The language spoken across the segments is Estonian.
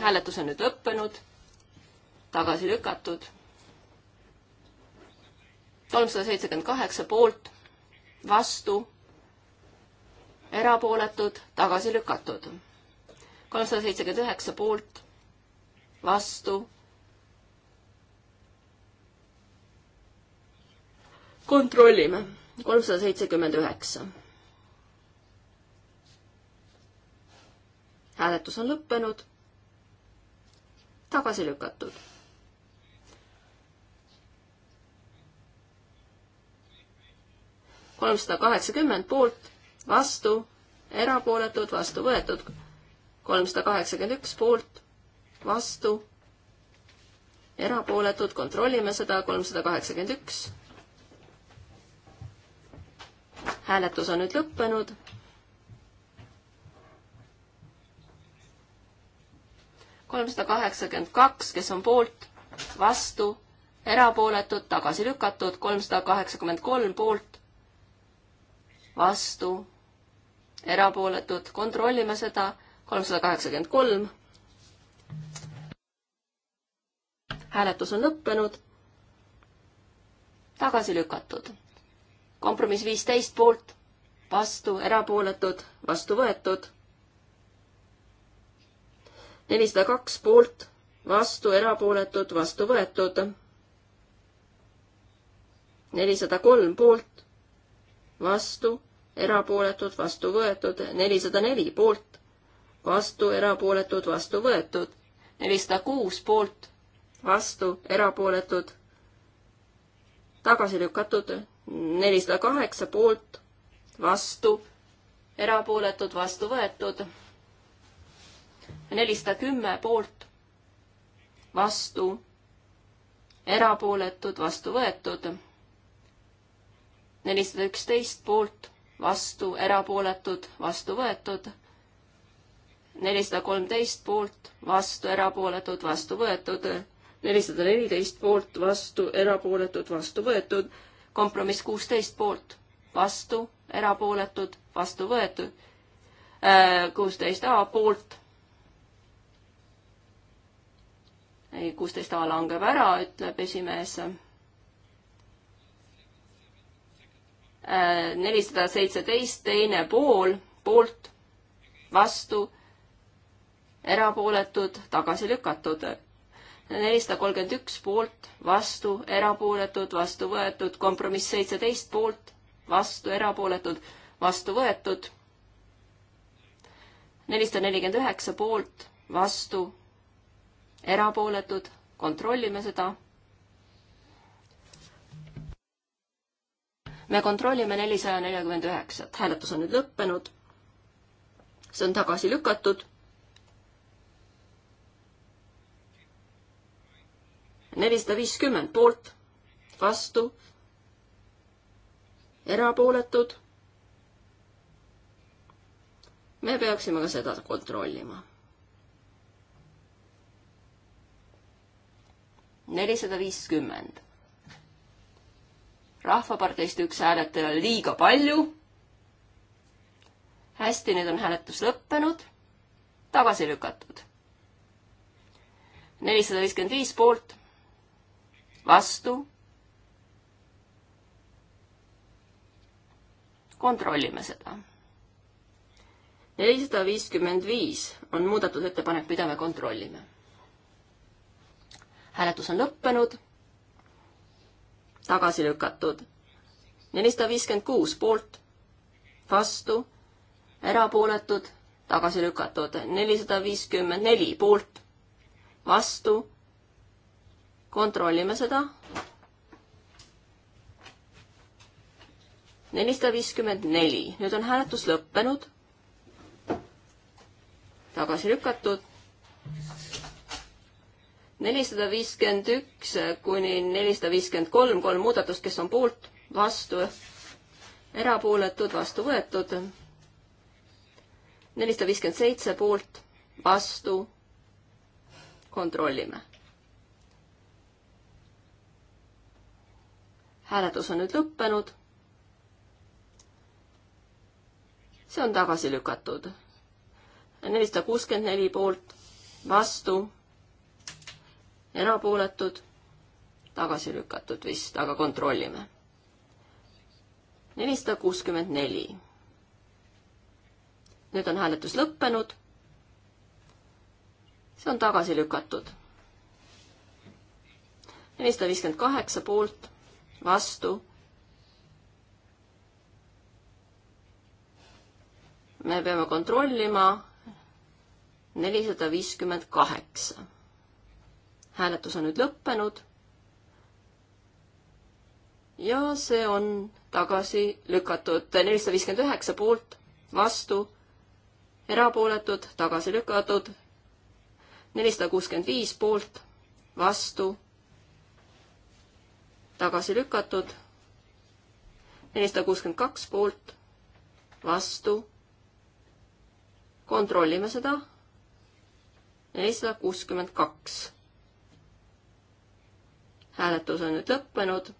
hääletus on nüüd lõppenud, tagasi lükatud. kolmsada seitsekümmend kaheksa poolt, vastu, erapooletud, tagasi lükatud. kolmsada seitsekümmend üheksa poolt, vastu. kontrollime, kolmsada seitsekümmend üheksa. hääletus on lõppenud tagasi lükatud. kolmsada kaheksakümmend poolt, vastu, erapooletud, vastu võetud. kolmsada kaheksakümmend üks poolt, vastu, erapooletud, kontrollime seda, kolmsada kaheksakümmend üks. hääletus on nüüd lõppenud kolmsada kaheksakümmend kaks, kes on poolt, vastu, erapooletud, tagasi lükatud, kolmsada kaheksakümmend kolm poolt, vastu, erapooletud, kontrollime seda, kolmsada kaheksakümmend kolm. hääletus on lõppenud, tagasi lükatud. kompromiss viisteist poolt, vastu, erapooletud, vastu võetud nelisada kaks poolt, vastu, erapooletud, vastu võetud. nelisada kolm poolt, vastu, erapooletud, vastu võetud, nelisada neli poolt, vastu, erapooletud, vastu võetud, nelisada kuus poolt, vastu, erapooletud, tagasi lükatud, nelisada kaheksa poolt, vastu, erapooletud, vastu võetud nelisada kümme poolt, vastu, erapooletud, vastu võetud. nelisada üksteist poolt, vastu, erapooletud, vastu võetud. nelisada kolmteist poolt, vastu, erapooletud, vastu võetud. nelisada neliteist poolt, vastu, erapooletud, vastu võetud. kompromiss kuusteist poolt, vastu, erapooletud, vastu võetud. kuusteist A poolt ei, kuusteist A langeb ära, ütleb esimees. Äh, nelisada seitseteist, teine pool, poolt, vastu, erapooletud, tagasi lükatud. nelisada kolmkümmend üks poolt, vastu, erapooletud, vastu võetud, kompromiss seitseteist poolt, vastu, erapooletud, vastu võetud. nelisada nelikümmend üheksa poolt, vastu erapooletud, kontrollime seda. me kontrollime nelisaja neljakümmend üheksat, hääletus on nüüd lõppenud. see on tagasi lükatud. nelisada viiskümmend poolt, vastu, erapooletud. me peaksime ka seda kontrollima nelisada viiskümmend. rahvaparteist üks hääletajal liiga palju. hästi, nüüd on hääletus lõppenud, tagasi lükatud. nelisada viiskümmend viis poolt, vastu. kontrollime seda nelisada viiskümmend viis on muudatusettepanek, mida me kontrollime hääletus on lõppenud. tagasi lükatud. nelisada viiskümmend kuus poolt, vastu, erapooletud, tagasi lükatud. nelisada viiskümmend neli poolt, vastu. kontrollime seda. nelisada viiskümmend neli, nüüd on hääletus lõppenud tagasi lükatud nelisada viiskümmend üks kuni nelisada viiskümmend kolm, kolm muudatust, kes on poolt, vastu, erapooletud, vastu võetud. nelisada viiskümmend seitse poolt, vastu, kontrollime. hääletus on nüüd lõppenud. see on tagasi lükatud. nelisada kuuskümmend neli poolt, vastu erapooletud, tagasi lükatud vist, aga kontrollime. nelisada kuuskümmend neli. nüüd on hääletus lõppenud. see on tagasi lükatud. nelisada viiskümmend kaheksa poolt, vastu me peame kontrollima nelisada viiskümmend kaheksa hääletus on nüüd lõppenud. ja see on tagasi lükatud nelisada viiskümmend üheksa poolt, vastu, erapooletud, tagasi lükatud, nelisada kuuskümmend viis poolt, vastu, tagasi lükatud, nelisada kuuskümmend kaks poolt, vastu, kontrollime seda, nelisada kuuskümmend kaks hääletus on nüüd lõppenud.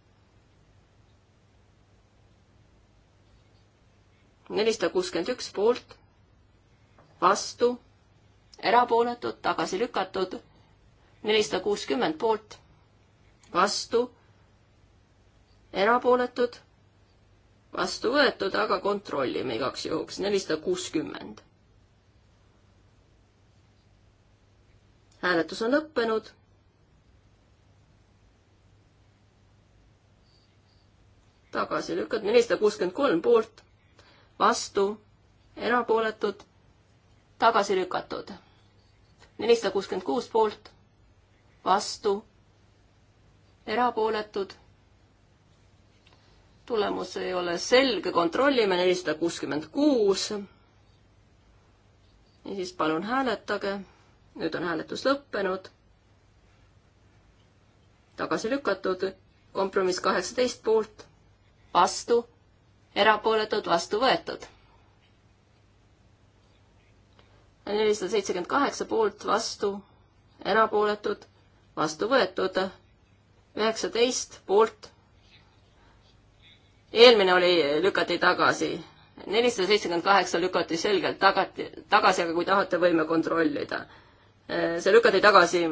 nelisada kuuskümmend üks poolt, vastu, erapooletud, tagasi lükatud, nelisada kuuskümmend poolt, vastu, erapooletud, vastu võetud, aga kontrollime igaks juhuks, nelisada kuuskümmend hääletus on lõppenud. tagasi lükatud, nelisada kuuskümmend kolm poolt, vastu, erapooletud, tagasi lükatud. nelisada kuuskümmend kuus poolt, vastu, erapooletud. tulemus ei ole selge, kontrollime nelisada kuuskümmend kuus. ja siis palun hääletage. nüüd on hääletus lõppenud. tagasi lükatud, kompromiss kaheksateist poolt vastu, erapooletud, vastu võetud. nelisada seitsekümmend kaheksa poolt, vastu, erapooletud, vastu võetud, üheksateist poolt. eelmine oli, lükati tagasi, nelisada seitsekümmend kaheksa lükati selgelt tagati, tagasi, aga kui tahate, võime kontrollida. see lükati tagasi,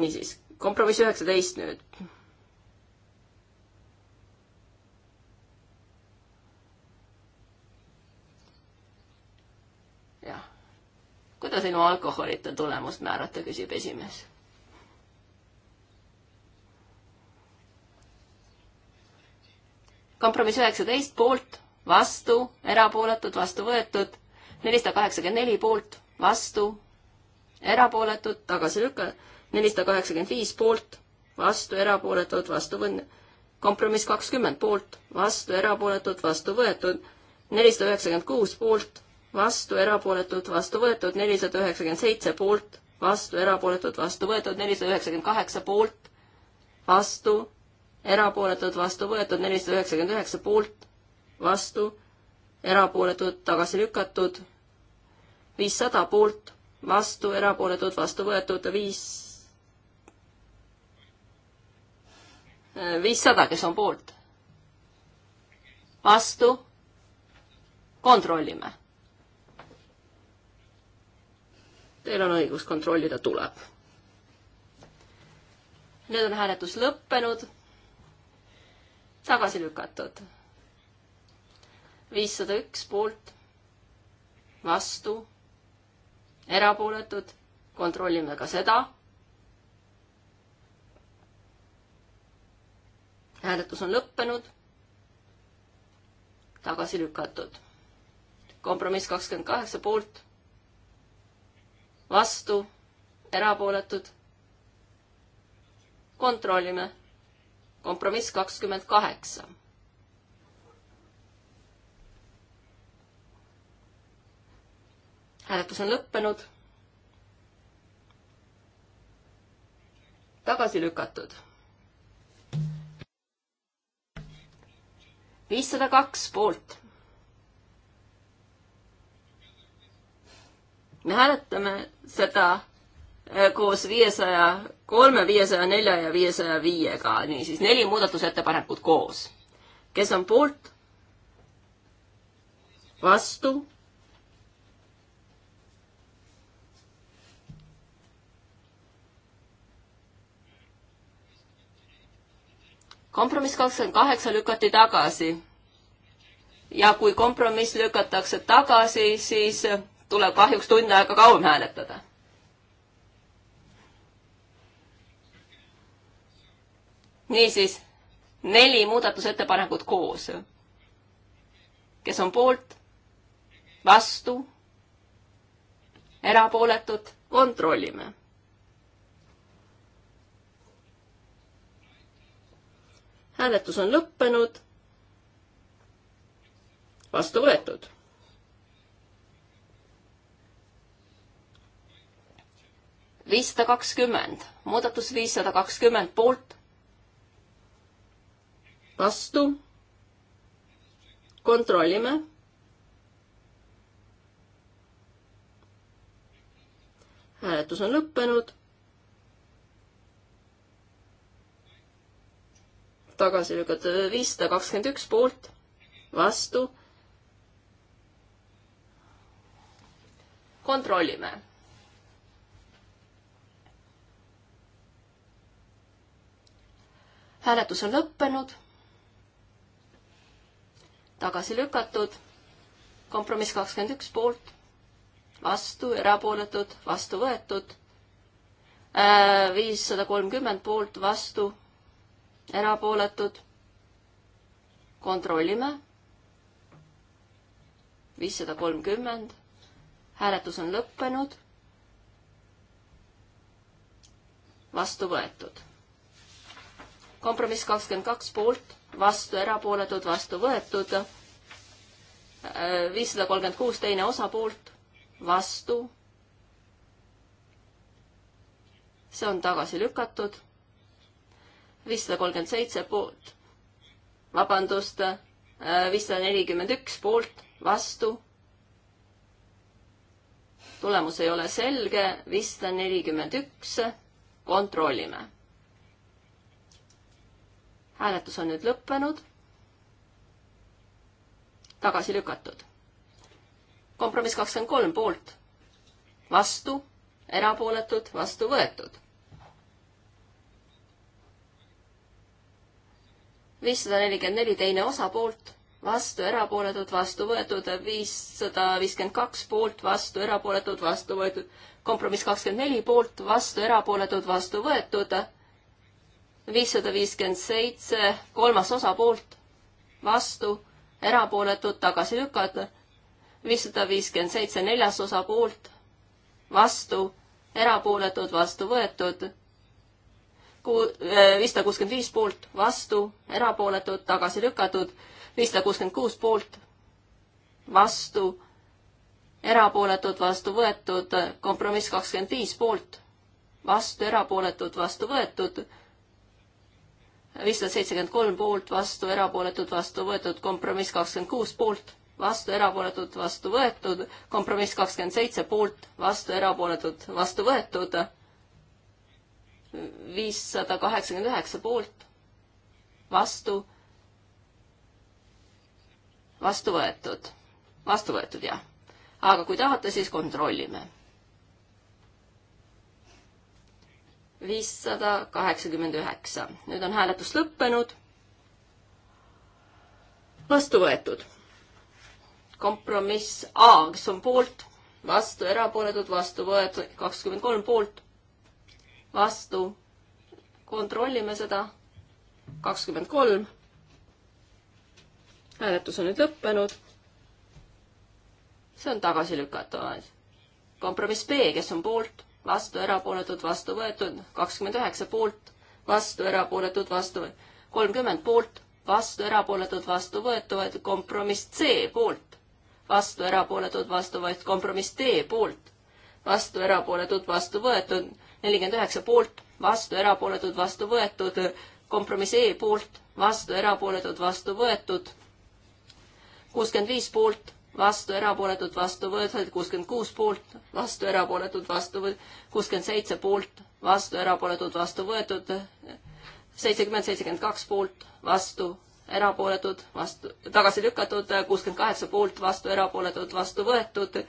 niisiis, kompromiss üheksateist nüüd kuidas ilma alkoholita tulemust määrata, küsib esimees. kompromiss üheksateist poolt, vastu, erapooletud, vastu võetud, nelisada kaheksakümmend neli poolt, vastu, erapooletud, tagasi lükka, nelisada kaheksakümmend viis poolt, vastu, erapooletud, vastu võetud, kompromiss kakskümmend poolt, vastu, erapooletud, vastu võetud, nelisada üheksakümmend kuus poolt, vastu, erapooletud, vastu võetud, nelisada üheksakümmend seitse poolt, vastu, erapooletud, vastu võetud, nelisada üheksakümmend kaheksa poolt, vastu, erapooletud, vastu võetud, nelisada üheksakümmend üheksa poolt, vastu, erapooletud, tagasi lükatud, viissada poolt, vastu, erapooletud, vastu võetud, viis, viissada, kes on poolt, vastu, kontrollime Teil on õigus, kontrollida tuleb. nüüd on hääletus lõppenud. tagasi lükatud. viissada üks poolt, vastu, erapooletud, kontrollime ka seda. hääletus on lõppenud. tagasi lükatud. kompromiss kakskümmend kaheksa poolt vastu, erapooletud. kontrollime. kompromiss kakskümmend kaheksa. hääletus on lõppenud. tagasi lükatud. viissada kaks poolt me hääletame seda äh, koos viiesaja kolme, viiesaja nelja ja viiesaja viiega, niisiis neli muudatusettepanekut koos. kes on poolt? vastu? kompromiss kakskümmend kaheksa lükati tagasi. ja kui kompromiss lükatakse tagasi, siis tuleb kahjuks tund aega kauem hääletada. niisiis, neli muudatusettepanekut koos. kes on poolt, vastu, erapooletud, kontrollime hääletus on lõppenud. vastu võetud viissada kakskümmend, muudatus viissada kakskümmend poolt, vastu, kontrollime. hääletus on lõppenud. tagasi lükatud viissada kakskümmend üks poolt, vastu. kontrollime hääletus on lõppenud. tagasi lükatud. kompromiss kakskümmend üks poolt, vastu, erapooletud, vastu võetud. Äh, viissada kolmkümmend poolt, vastu, erapooletud. kontrollime. viissada kolmkümmend. hääletus on lõppenud. vastu võetud kompromiss kakskümmend kaks poolt, vastu erapooletud, vastu võetud. Äh, viissada kolmkümmend kuus teine osapoolt, vastu. see on tagasi lükatud. viissada kolmkümmend seitse poolt, vabandust, äh, viissada nelikümmend üks poolt, vastu. tulemus ei ole selge, viissada nelikümmend üks, kontrollime hääletus on nüüd lõppenud. tagasi lükatud. kompromiss kakskümmend kolm poolt, vastu, erapooletud, vastu võetud. viissada nelikümmend neli teine osa poolt vastu, erapooletud, vastu võetud, viissada viiskümmend kaks poolt, vastu, erapooletud, vastu võetud, kompromiss kakskümmend neli poolt, vastu, erapooletud, vastu võetud, viissada viiskümmend seitse, kolmas osa poolt, vastu, erapooletud, tagasi lükata. viissada viiskümmend seitse, neljas osa poolt, vastu, erapooletud, vastu võetud. Ku-, äh, viissada kuuskümmend viis poolt, vastu, erapooletud, tagasi lükatud. viissada kuuskümmend kuus poolt, vastu, erapooletud, vastu võetud. kompromiss kakskümmend viis poolt, vastu, erapooletud, vastu võetud viissada seitsekümmend kolm poolt, vastu, erapooletud, vastu võetud, kompromiss kakskümmend kuus poolt, vastu, erapooletud, vastu võetud, kompromiss kakskümmend seitse poolt, vastu, erapooletud, vastu võetud, viissada kaheksakümmend üheksa poolt, vastu, vastu võetud, vastu võetud, jah. aga kui tahate, siis kontrollime viissada kaheksakümmend üheksa. nüüd on hääletus lõppenud. vastu võetud. kompromiss A, kes on poolt, vastu, erapooletud, vastu võetud, kakskümmend kolm poolt, vastu. kontrollime seda. kakskümmend kolm. hääletus on nüüd lõppenud. see on tagasi lükatav. kompromiss B, kes on poolt vastu, erapooletud, vastu võetud, kakskümmend üheksa poolt, vastu, erapooletud, vastu, kolmkümmend poolt, vastu, erapooletud, vastu võetud, kompromiss C poolt, vastu, erapooletud, vastu võetud, kompromiss D poolt, vastu, erapooletud, vastu võetud, nelikümmend üheksa poolt, vastu, erapooletud, vastu võetud, kompromiss E poolt, vastu, erapooletud, vastu võetud, kuuskümmend viis poolt vastu, erapooletud, vastu võetud, kuuskümmend kuus poolt, vastu, erapooletud, vastu võetud, kuuskümmend seitse poolt, vastu, erapooletud, vastu võetud, seitsekümmend, seitsekümmend kaks poolt, vastu, erapooletud, vastu, tagasi lükatud, kuuskümmend kaheksa poolt, vastu, erapooletud, vastu võetud,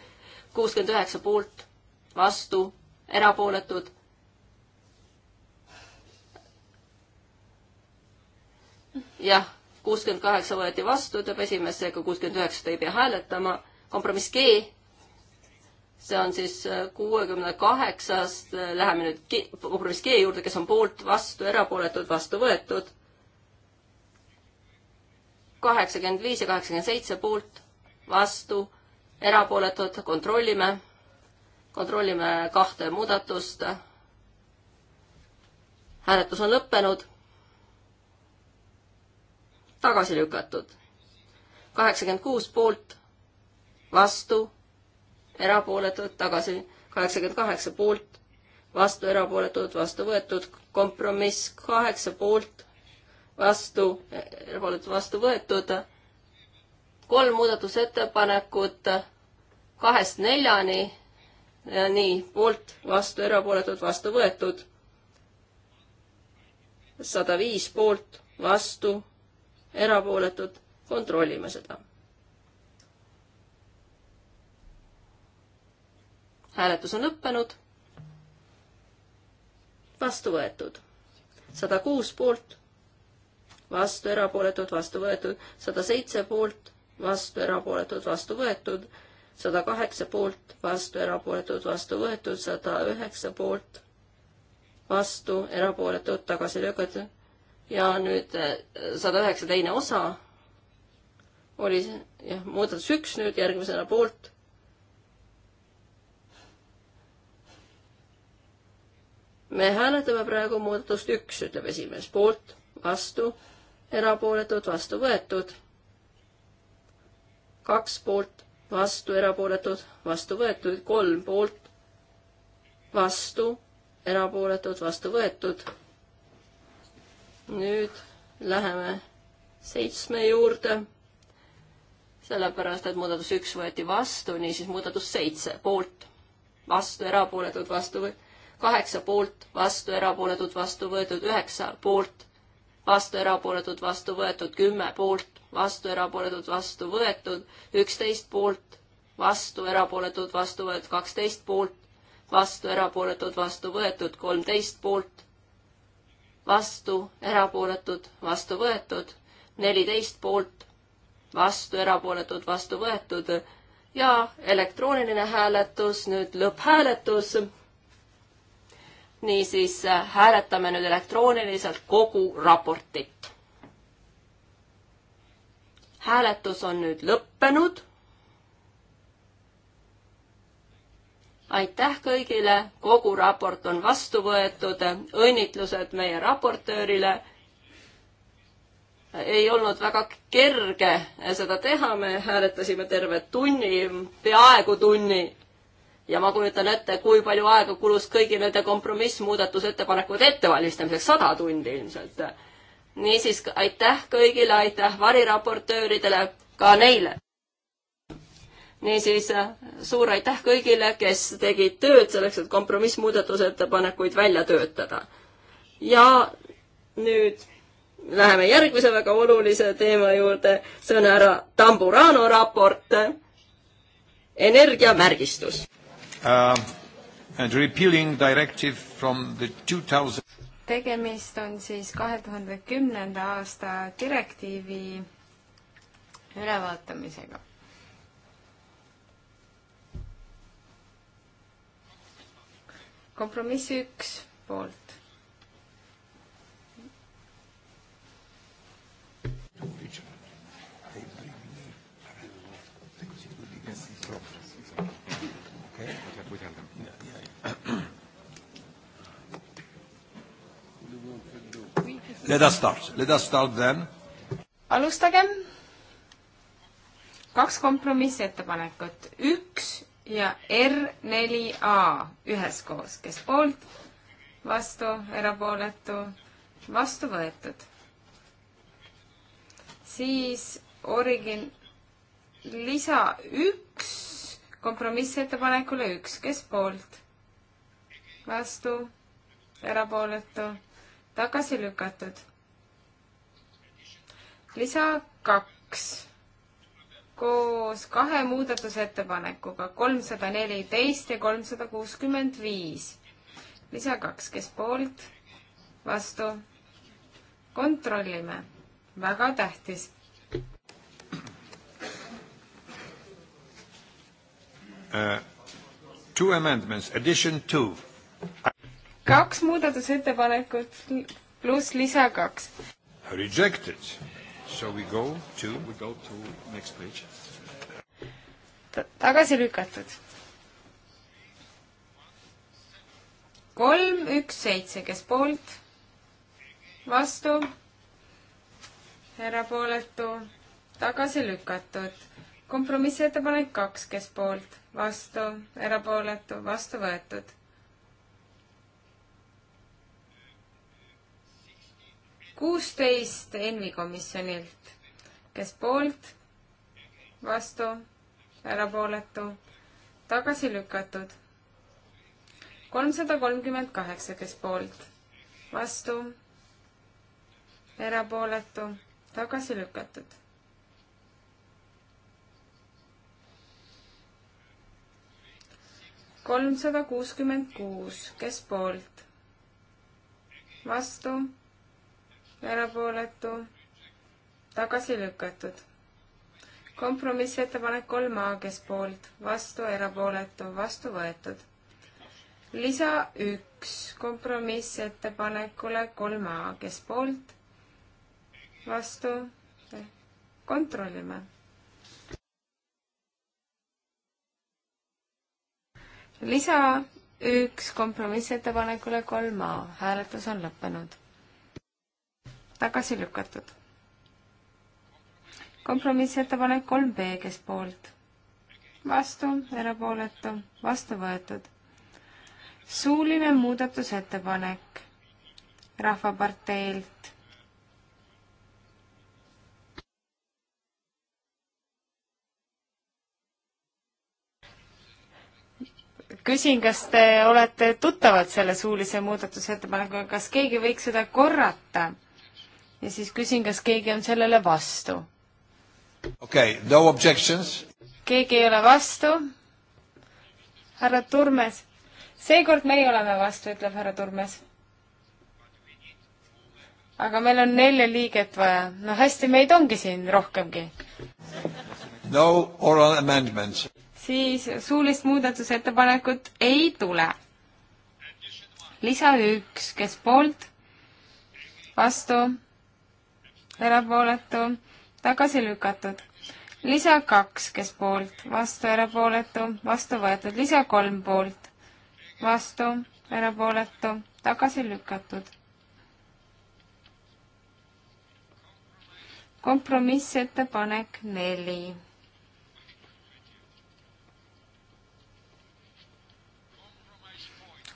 kuuskümmend üheksa poolt, vastu, erapooletud jah, kuuskümmend kaheksa võeti vastu, ütleb esimees, seega kuuskümmend üheksat ei pea hääletama. kompromiss G, see on siis äh, kuuekümne kaheksast, äh, läheme nüüd kompromiss G juurde, kes on poolt, vastu, erapooletud, vastu võetud. kaheksakümmend viis ja kaheksakümmend seitse poolt, vastu, erapooletud, kontrollime. kontrollime kahte muudatust. hääletus on lõppenud tagasi lükatud. kaheksakümmend kuus poolt, vastu, erapooletud, tagasi, kaheksakümmend kaheksa poolt, vastu, erapooletud, vastu võetud, kompromiss kaheksa poolt, vastu, erapooletud, vastu võetud, kolm muudatusettepanekut kahest neljani, nii, poolt, vastu, erapooletud, vastu võetud sada viis poolt, vastu, erapooletud, kontrollime seda. hääletus on lõppenud. vastu võetud sada kuus poolt, vastu erapooletud, vastu võetud, sada seitse poolt, vastu erapooletud, vastu võetud, sada kaheksa poolt, vastu erapooletud, vastu võetud, sada üheksa poolt, vastu erapooletud, tagasi lükatud ja nüüd eh, sada üheksa teine osa oli see, jah, muudatus üks nüüd järgmisena poolt. me hääletame praegu muudatust üks, ütleb esimees, poolt, vastu, erapooletud, vastu võetud. kaks poolt, vastu, erapooletud, vastu võetud, kolm poolt, vastu, erapooletud, vastu võetud nüüd läheme seitsme juurde, sellepärast et muudatus üks võeti vastu, niisiis muudatus seitse poolt, vastu, erapooletud, vastu või kaheksa poolt, vastu, erapooletud, vastu võetud, üheksa poolt, vastu, erapooletud, vastu võetud, kümme poolt, vastu, erapooletud, vastu võetud, üksteist poolt, vastu, erapooletud, vastu võetud, kaksteist poolt, vastu, erapooletud, vastu võetud, kolmteist poolt vastu, erapooletud, vastu võetud, neliteist poolt, vastu, erapooletud, vastu võetud ja elektrooniline hääletus, nüüd lõpphääletus. niisiis hääletame nüüd elektrooniliselt kogu raportit. hääletus on nüüd lõppenud aitäh kõigile, kogu raport on vastu võetud, õnnitlused meie raportöörile. ei olnud väga kerge seda teha, me hääletasime terve tunni, peaaegu tunni. ja ma kujutan ette, kui palju aega kulus kõigi nende kompromissmuudatusettepanekute ettevalmistamiseks, sada tundi ilmselt. niisiis aitäh kõigile, aitäh variraportööridele, ka neile niisiis suur aitäh kõigile, kes tegid tööd selleks, et kompromissmuudatusettepanekuid välja töötada. ja nüüd läheme järgmise väga olulise teema juurde, see on härra Tamburano raport, energiamärgistus uh,. And repealing directive from the 2000 tegemist on siis kahe tuhande kümnenda aasta direktiivi ülevaatamisega kompromiss üks poolt. Let us start. Let us start then. alustagem. kaks kompromissettepanekut, üks ja R4A üheskoos, kes poolt, vastu, erapooletu, vastu võetud. siis origin-, lisa üks kompromissettepanekule üks, kes poolt, vastu, erapooletu, tagasi lükatud. lisa kaks koos kahe muudatusettepanekuga, kolmsada neliteist ja kolmsada kuuskümmend viis. lisa kaks, kes poolt, vastu, kontrollime, väga tähtis. Uh, two amendments, addition two. kaks muudatusettepanekut pluss lisa kaks. Rejected So we go to, we go to next page. Ta tagasi lükatud. kolm, üks, seitse, kes poolt? vastu? erapooletu? tagasi lükatud. kompromissettepanek kaks, kes poolt? vastu? erapooletu? vastu võetud kuusteist ENVI komisjonilt, kes poolt, vastu, erapooletu, tagasi lükatud. kolmsada kolmkümmend kaheksa, kes poolt, vastu, erapooletu, tagasi lükatud. kolmsada kuuskümmend kuus, kes poolt, vastu erapooletu, tagasi lükatud. kompromissettepanek kolm A, kes poolt, vastu, erapooletu, vastu võetud. lisa üks kompromissettepanekule kolm A, kes poolt, vastu, kontrollime lisa üks kompromissettepanekule kolm A. hääletus on lõppenud tagasi lükatud. kompromissettepanek kolm B, kes poolt? vastu, erapooletu, vastu võetud. suuline muudatusettepanek Rahvaparteilt. küsin, kas te olete tuttavad selle suulise muudatusettepanekuga, kas keegi võiks seda korrata? ja siis küsin, kas keegi on sellele vastu. okei okay,, no objections. keegi ei ole vastu. härra Turmes, seekord meie oleme vastu, ütleb härra Turmes aga meil on nelja liiget vaja. no hästi, meid ongi siin rohkemgi. no oral amendments. siis suulist muudatusettepanekut ei tule. lisa üks, kes poolt, vastu, erapooletu, tagasi lükatud. lisa kaks, kes poolt, vastu, erapooletu, vastu võetud. lisa kolm poolt, vastu, erapooletu, tagasi lükatud. kompromissettepanek neli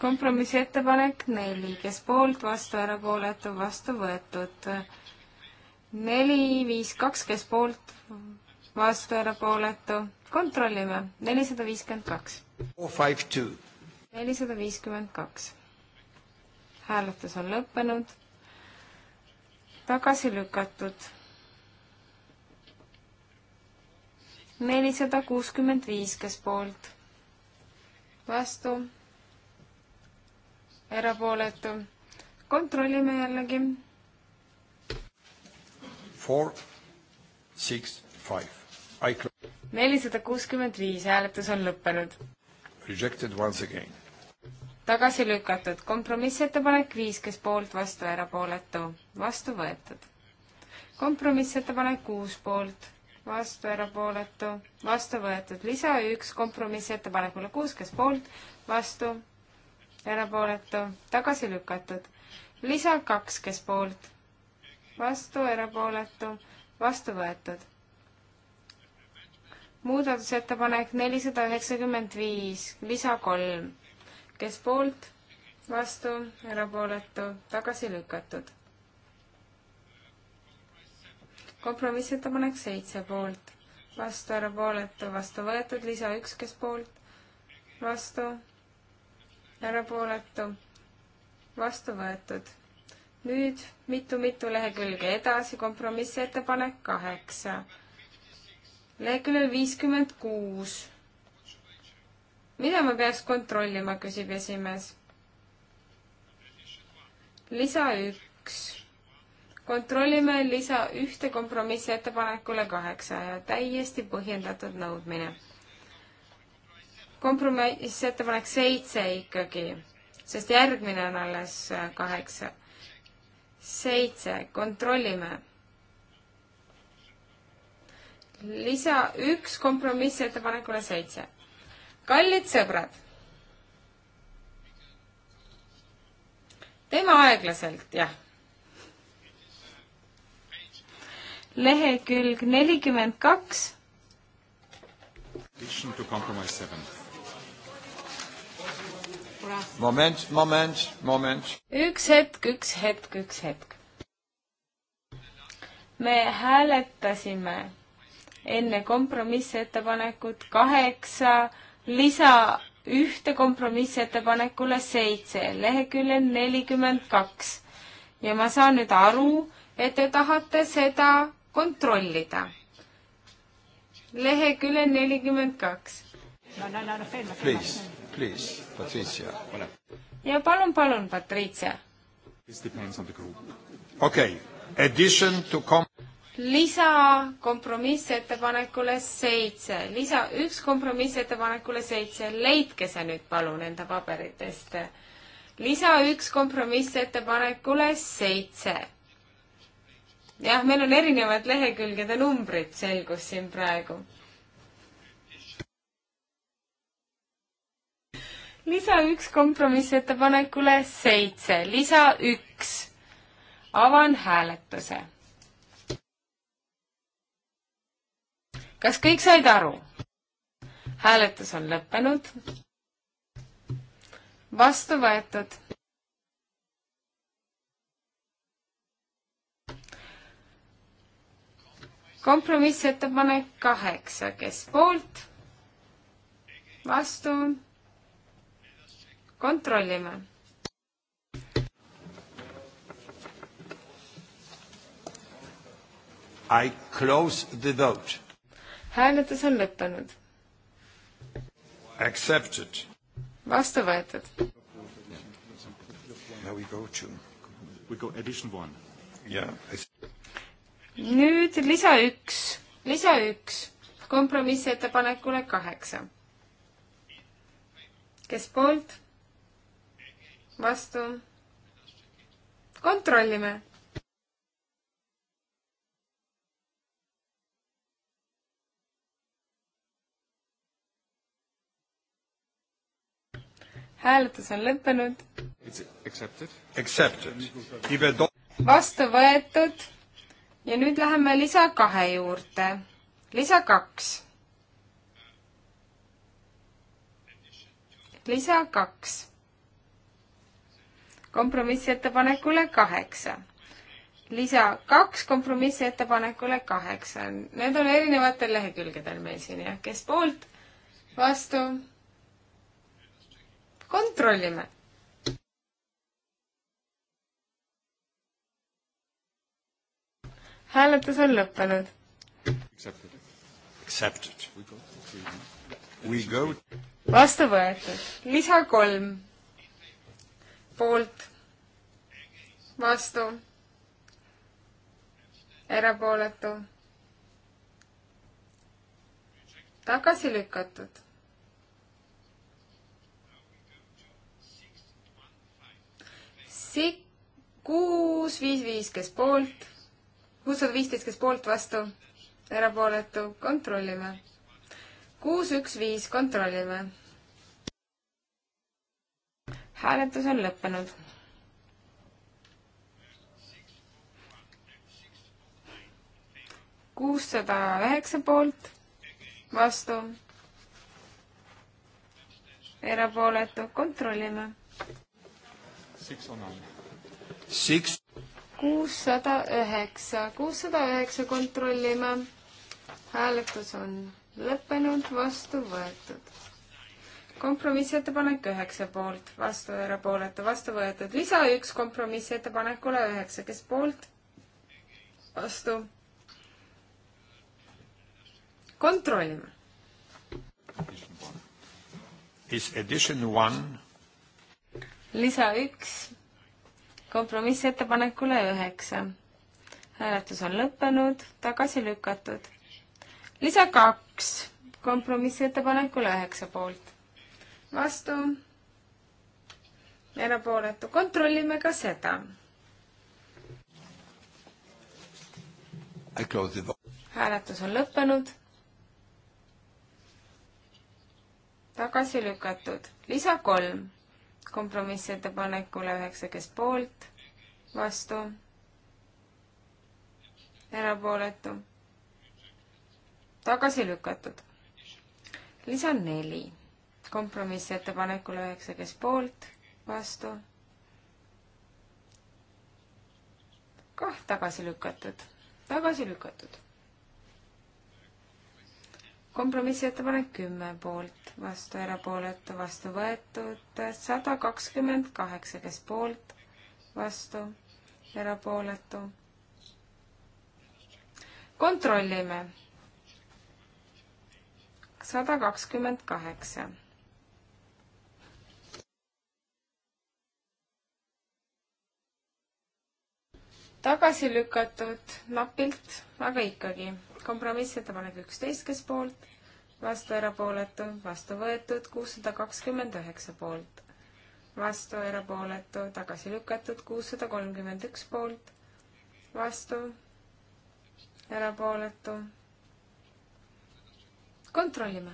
kompromissettepanek neli, kes poolt, vastu, erapooletu, vastu võetud neli, viis, kaks, kes poolt, vastu, erapooletu. kontrollime, nelisada viiskümmend kaks. nelisada viiskümmend kaks. hääletus on lõppenud. tagasi lükatud. nelisada kuuskümmend viis, kes poolt, vastu, erapooletu. kontrollime jällegi four, six, five. nelisada kuuskümmend viis hääletus on lõppenud. Rejected once again. tagasi lükatud, kompromissettepanek viis, kes poolt, vastu, erapooletu, vastu võetud. kompromissettepanek kuus poolt, vastu, erapooletu, vastu võetud, lisa üks kompromissettepanekule kuus, kes poolt, vastu, erapooletu, tagasi lükatud. lisa kaks, kes poolt vastu, erapooletu, vastu võetud. muudatusettepanek nelisada üheksakümmend viis, lisa kolm, kes poolt, vastu, erapooletu, tagasi lükatud. kompromissettepanek seitse poolt, vastu, erapooletu, vastu võetud, lisa üks, kes poolt, vastu, erapooletu, vastu võetud nüüd mitu-mitu lehekülge edasi, kompromissettepanek kaheksa. leheküljel viiskümmend kuus. mida ma peaks kontrollima, küsib esimees. lisa üks. kontrollime lisa ühte kompromissettepanekule kaheksa ja täiesti põhjendatud nõudmine. kompromissettepanek seitse ikkagi, sest järgmine on alles kaheksa seitse, kontrollime. lisa üks kompromissettepanekule seitse. kallid sõbrad. teeme aeglaselt, jah. lehekülg nelikümmend kaks. Addition to compromise seven moment, moment, moment. üks hetk, üks hetk, üks hetk. me hääletasime enne kompromissettepanekut kaheksa lisa ühte kompromissettepanekule seitse, leheküljel nelikümmend kaks. ja ma saan nüüd aru, et te tahate seda kontrollida. leheküljel nelikümmend kaks. no, no, no, no, Please Please, Patricia. ja palun, palun, Patricia. okei, addition to com-. lisa kompromissettepanekule seitse, lisa üks kompromissettepanekule seitse, leidke see nüüd palun enda paberitest. lisa üks kompromissettepanekule seitse jah, meil on erinevad lehekülgede numbrid, selgus siin praegu lisa üks kompromissettepanekule seitse, lisa üks. avan hääletuse. kas kõik said aru? hääletus on lõppenud. vastu võetud. kompromissettepanek kaheksa, kes poolt? vastu kontrollime. I close the vote. hääletus on lõppenud. Accepted. vastu võetud. Now we go to. We go addition one. Yeah. nüüd lisa üks, lisa üks kompromissettepanekule kaheksa. kes poolt? vastu. kontrollime. hääletus on lõppenud. vastu võetud ja nüüd läheme lisa kahe juurde. lisa kaks. lisa kaks kompromissettepanekule kaheksa. lisa kaks kompromissettepanekule kaheksa. Need on erinevatel lehekülgedel meil siin jah, kes poolt, vastu. kontrollime hääletus on lõppenud. vastu võetud. lisa kolm poolt, vastu, erapooletu, tagasi lükatud. Sik-, kuus, viis, viis, kes poolt, kuussada viisteist, kes poolt, vastu, erapooletu, kontrollime. kuus, üks, viis, kontrollime hääletus on lõppenud. kuussada üheksa poolt, vastu, erapooletu, kontrollime. kuussada üheksa, kuussada üheksa kontrollime. hääletus on lõppenud, vastu võetud kompromissettepanek üheksa poolt, vastu erapooletu, vastu võetud. lisa üks kompromissettepanekule üheksa, kes poolt? vastu. kontrollime. Is addition one? lisa üks kompromissettepanekule üheksa. hääletus on lõppenud, tagasi lükatud. lisa kaks kompromissettepanekule üheksa poolt vastu, erapooletu, kontrollime ka seda. hääletus on lõppenud. tagasi lükatud, lisa kolm, kompromissettepanekule üheksa, kes poolt, vastu, erapooletu, tagasi lükatud. lisa neli kompromissettepanekule üheksa, kes poolt, vastu. kah tagasi lükatud, tagasi lükatud. kompromissettepanek kümme poolt, vastu erapooletu, vastu võetud, sada kakskümmend kaheksa, kes poolt, vastu, erapooletu. kontrollime. sada kakskümmend kaheksa tagasi lükatud napilt, aga ikkagi. kompromissettepanek üksteist, kes poolt, vastu erapooletu, vastu võetud kuussada kakskümmend üheksa poolt, vastu erapooletu, tagasi lükatud kuussada kolmkümmend üks poolt, vastu erapooletu. kontrollime.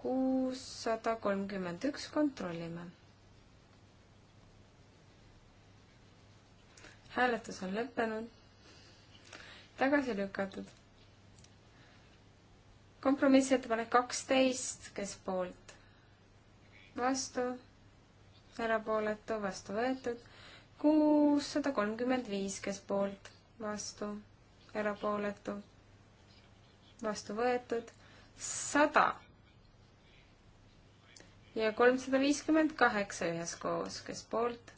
kuussada kolmkümmend üks, kontrollime hääletus on lõppenud. tagasi lükatud. kompromissettepanek kaksteist, kes poolt? vastu, erapooletu, vastu võetud. kuussada kolmkümmend viis, kes poolt? vastu, erapooletu, vastu võetud. sada ja kolmsada viiskümmend kaheksa üheskoos, kes poolt?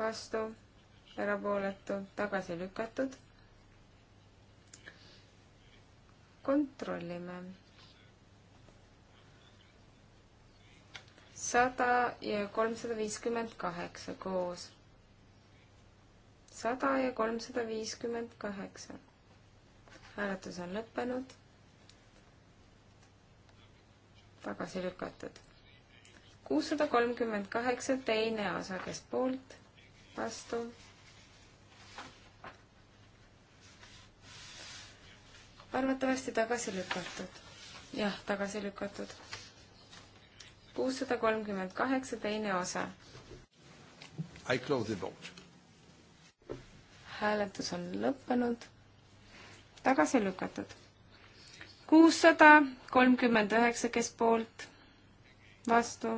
vastu erapooletu, tagasi lükatud. kontrollime. sada ja kolmsada viiskümmend kaheksa koos. sada ja kolmsada viiskümmend kaheksa. hääletus on lõppenud. tagasi lükatud. kuussada kolmkümmend kaheksa, teine osa, kes poolt, vastu arvatavasti tagasi lükatud. jah, tagasi lükatud. kuussada kolmkümmend kaheksa, teine osa. I close the vote. hääletus on lõppenud. tagasi lükatud. kuussada kolmkümmend üheksa, kes poolt, vastu,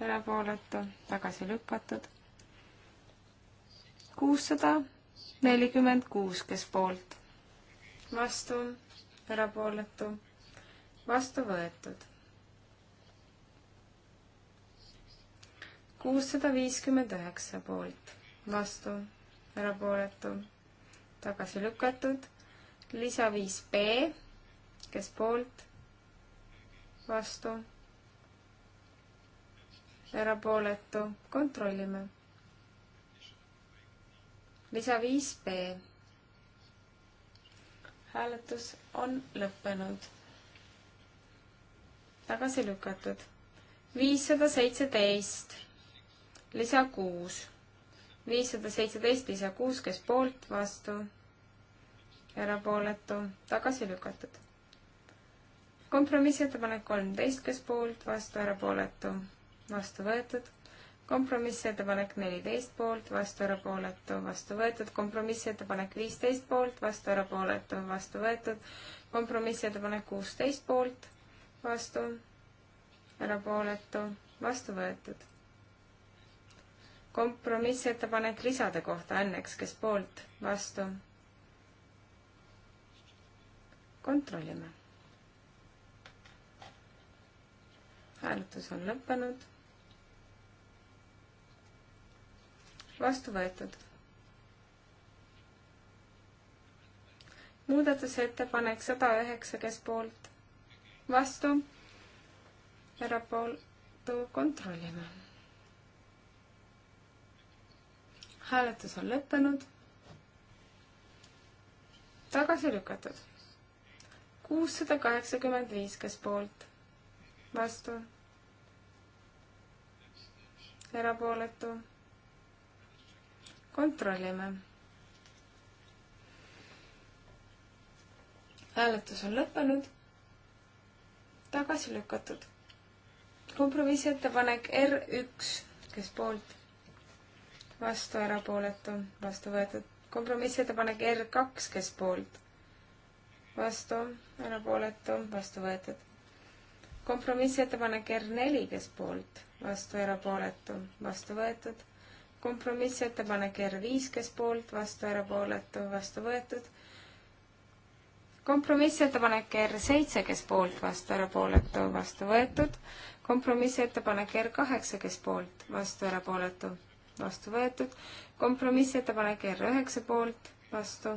erapooletu, tagasi lükatud. kuussada nelikümmend kuus, kes poolt vastu, erapooletu, vastu võetud. kuussada viiskümmend üheksa poolt, vastu, erapooletu, tagasi lükatud, lisa viis B, kes poolt, vastu, erapooletu, kontrollime. lisa viis B hääletus on lõppenud. tagasi lükatud. viissada seitseteist, lisa kuus. viissada seitseteist, lisa kuus, kes poolt, vastu, erapooletu, tagasi lükatud. kompromissettepanek kolmteist, kes poolt, vastu, erapooletu, vastu võetud kompromissettepanek neliteist poolt, vastu erapooletu, vastu võetud, kompromissettepanek viisteist poolt, vastu erapooletu, vastu võetud, kompromissettepanek kuusteist poolt, vastu erapooletu, vastu võetud. kompromissettepanek lisade kohta õnneks, kes poolt, vastu. kontrollime. hääletus on lõppenud vastu võetud. muudatusettepanek sada üheksa, kes poolt, vastu, erapooltu kontrollime. hääletus on lõppenud. tagasi lükatud. kuussada kaheksakümmend viis, kes poolt, vastu, erapooletu kontrollime. hääletus on lõppenud. tagasi lükatud. kompromissettepanek R üks, kes poolt? vastu, erapooletu, vastu võetud. kompromissettepanek R kaks, kes poolt? vastu, erapooletu, vastu võetud. kompromissettepanek R neli, kes poolt? vastu, erapooletu, vastu võetud kompromissettepanek R5, kes poolt, vastu, erapooletu, vastu võetud. kompromissettepanek R7, kes poolt, vastu, erapooletu, vastu võetud. kompromissettepanek R8, kes poolt, vastu, erapooletu, vastu võetud. kompromissettepanek R9 poolt, vastu,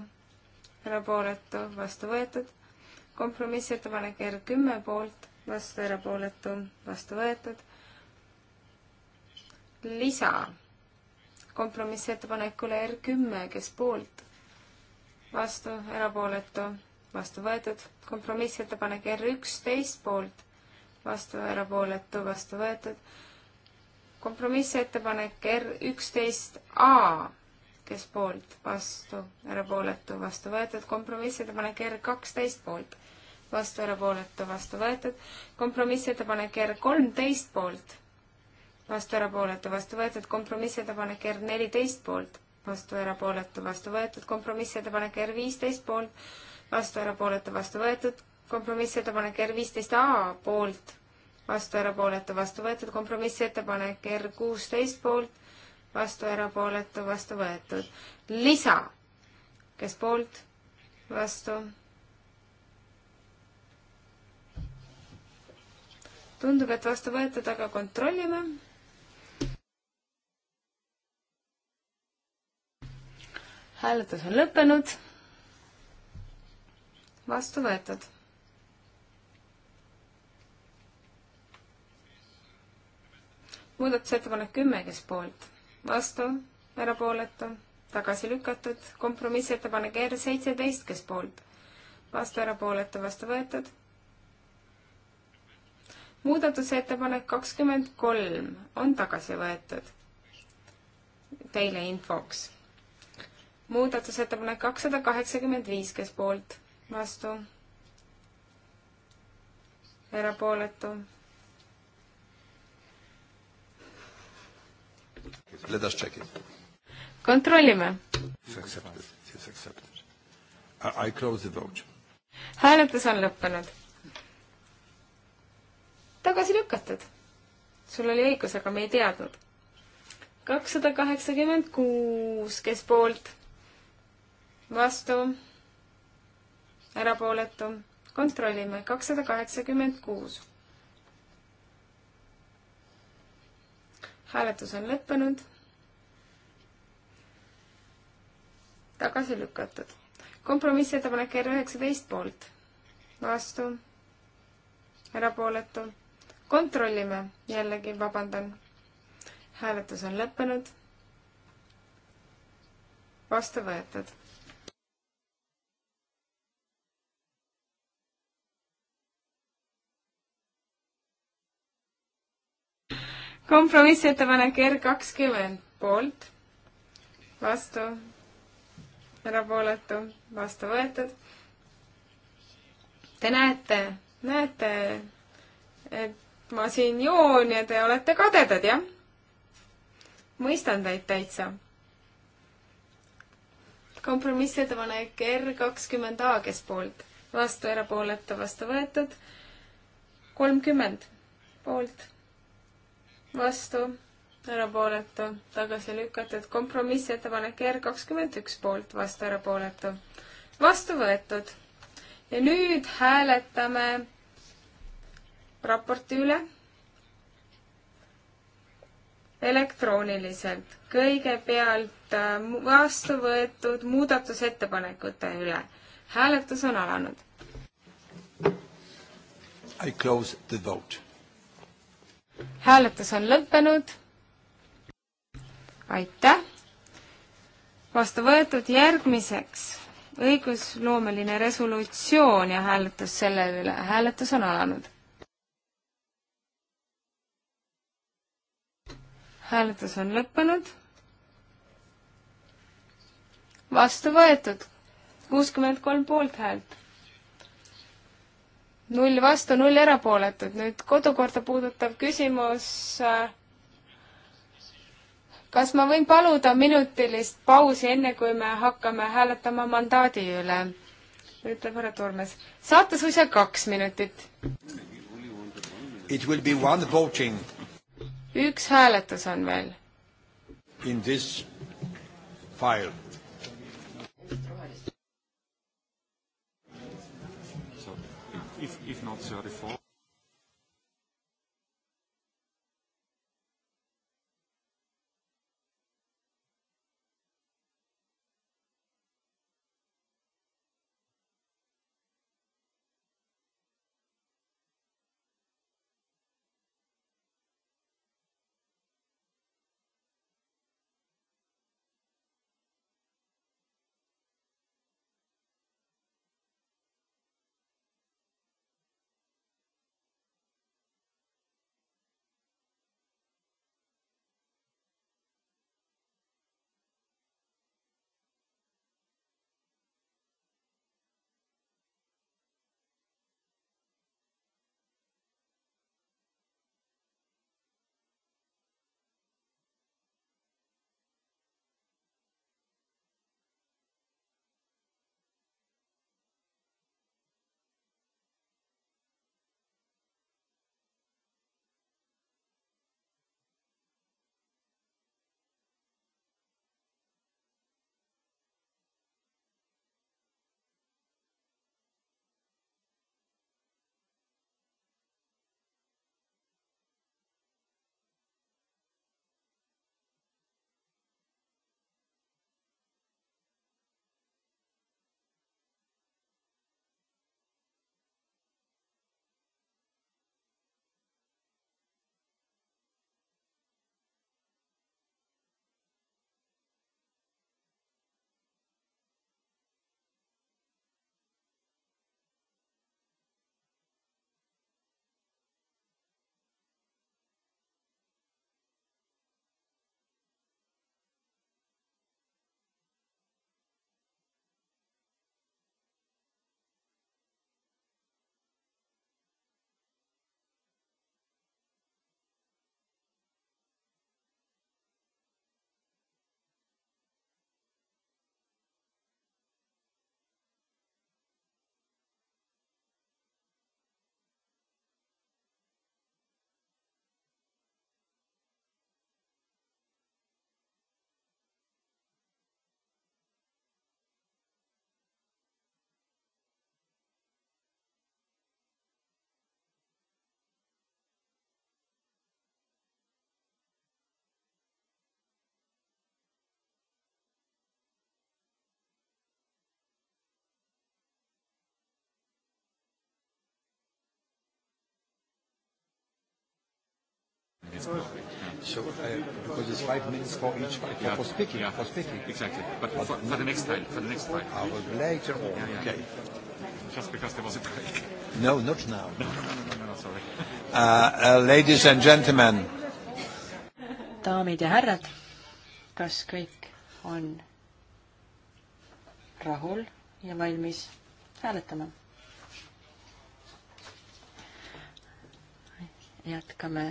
erapooletu, vastu võetud. kompromissettepanek R10 poolt, vastu, erapooletu, vastu võetud. lisa kompromissettepanekule R kümme, kes poolt, vastu, erapooletu, vastu võetud. kompromissettepanek R üksteist poolt, vastu, erapooletu, vastu võetud. kompromissettepanek R üksteist A, kes poolt, vastu, erapooletu, vastu võetud. kompromissettepanek R kaksteist poolt, vastu, erapooletu, vastu võetud. kompromissettepanek R kolmteist poolt vastu erapooletu, vastu võetud kompromissettepanek R neliteist poolt, vastu erapooletu, vastu võetud kompromissettepanek R viisteist poolt, vastu erapooletu, vastu võetud kompromissettepanek R viisteist A poolt, vastu erapooletu, vastu võetud kompromissettepanek R kuusteist poolt, vastu erapooletu, vastu võetud. lisa, kes poolt, vastu. tundub, et vastu võetud, aga kontrollime hääletus on lõppenud. vastu võetud. muudatusettepanek kümme, kes poolt, vastu, erapooletu, tagasi lükatud, kompromissettepanek R seitseteist, kes poolt, vastu, erapooletu, vastu võetud muudatusettepanek kakskümmend kolm on tagasi võetud. Teile infoks muudatusettepanek kakssada kaheksakümmend viis, kes poolt, vastu, erapooletu. Let us check it. kontrollime. I close the vote. hääletus on lõppenud. tagasi lükatud. sul oli õigus, aga me ei teadnud. kakssada kaheksakümmend kuus, kes poolt vastu, erapooletu. kontrollime, kakssada kaheksakümmend kuus. hääletus on lõppenud. tagasi lükatud. kompromissettepanek R üheksateist poolt, vastu, erapooletu. kontrollime, jällegi vabandan. hääletus on lõppenud. vastu võetud kompromissettepanek R kakskümmend poolt, vastu, erapooletu, vastu võetud. Te näete, näete, et ma siin joon ja te olete kadedad, jah? mõistan teid täitsa. kompromissettepanek R kakskümmend A, kes poolt, vastu, erapooletu, vastu võetud, kolmkümmend poolt vastu, erapooletu, tagasi lükatud, kompromissettepanek R kakskümmend üks poolt, vastu, erapooletu, vastu võetud. ja nüüd hääletame raporti üle elektrooniliselt, kõigepealt äh, vastu võetud muudatusettepanekute üle. hääletus on alanud. I close the vote hääletus on lõppenud. aitäh. vastu võetud järgmiseks õigusloomeline resolutsioon ja hääletus selle üle. hääletus on alanud. hääletus on lõppenud. vastu võetud kuuskümmend kolm poolthäält null vastu, null erapooletut. nüüd kodukorda puudutav küsimus. Äh, kas ma võin paluda minutilist pausi, enne kui me hakkame hääletama mandaadi üle? ütleb härra Turmes. saate suisa kaks minutit. It will be one voting. üks hääletus on veel. In this file finanzielle Reform. So, uh, because it's five minutes for each for, yeah. for speaking. Yeah. For speaking. Exactly. But, but for, for the next time. For the next time. I will later on. Yeah, yeah. Okay. Just because there was a break. No, not now. No, no, no, no, no, no sorry. Uh, uh, ladies and gentlemen. daamid ja härrad, kas kõik on rahul ja valmis hääletama? jätkame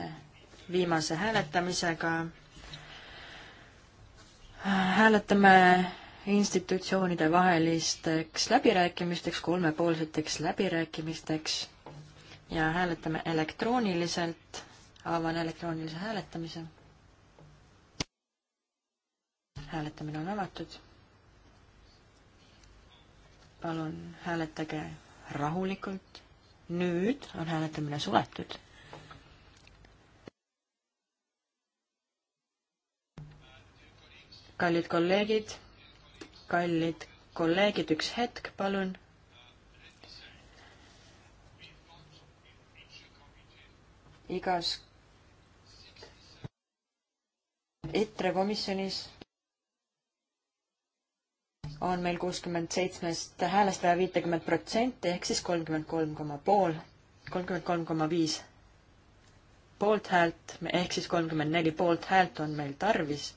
viimase hääletamisega. hääletame institutsioonide vahelisteks läbirääkimisteks, kolmepoolseteks läbirääkimisteks ja hääletame elektrooniliselt. avan elektroonilise hääletamise. hääletamine on avatud. palun hääletage rahulikult. nüüd on hääletamine suletud kallid kolleegid, kallid kolleegid, üks hetk, palun. igas ITRE komisjonis on meil kuuskümmend seitsmest häälest vaja viitekümmet protsenti ehk siis kolmkümmend kolm koma pool, kolmkümmend kolm koma viis poolthäält ehk siis kolmkümmend neli poolthäält on meil tarvis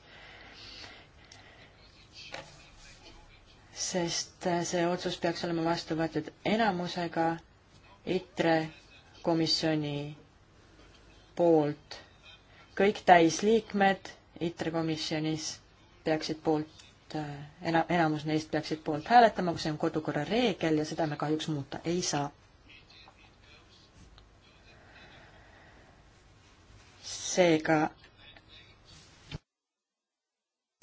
sest äh, see otsus peaks olema vastu võetud enamusega ITRE komisjoni poolt. kõik täisliikmed ITRE komisjonis peaksid poolt, äh, ena-, enamus neist peaksid poolt hääletama, see on kodukorra reegel ja seda me kahjuks muuta ei saa. seega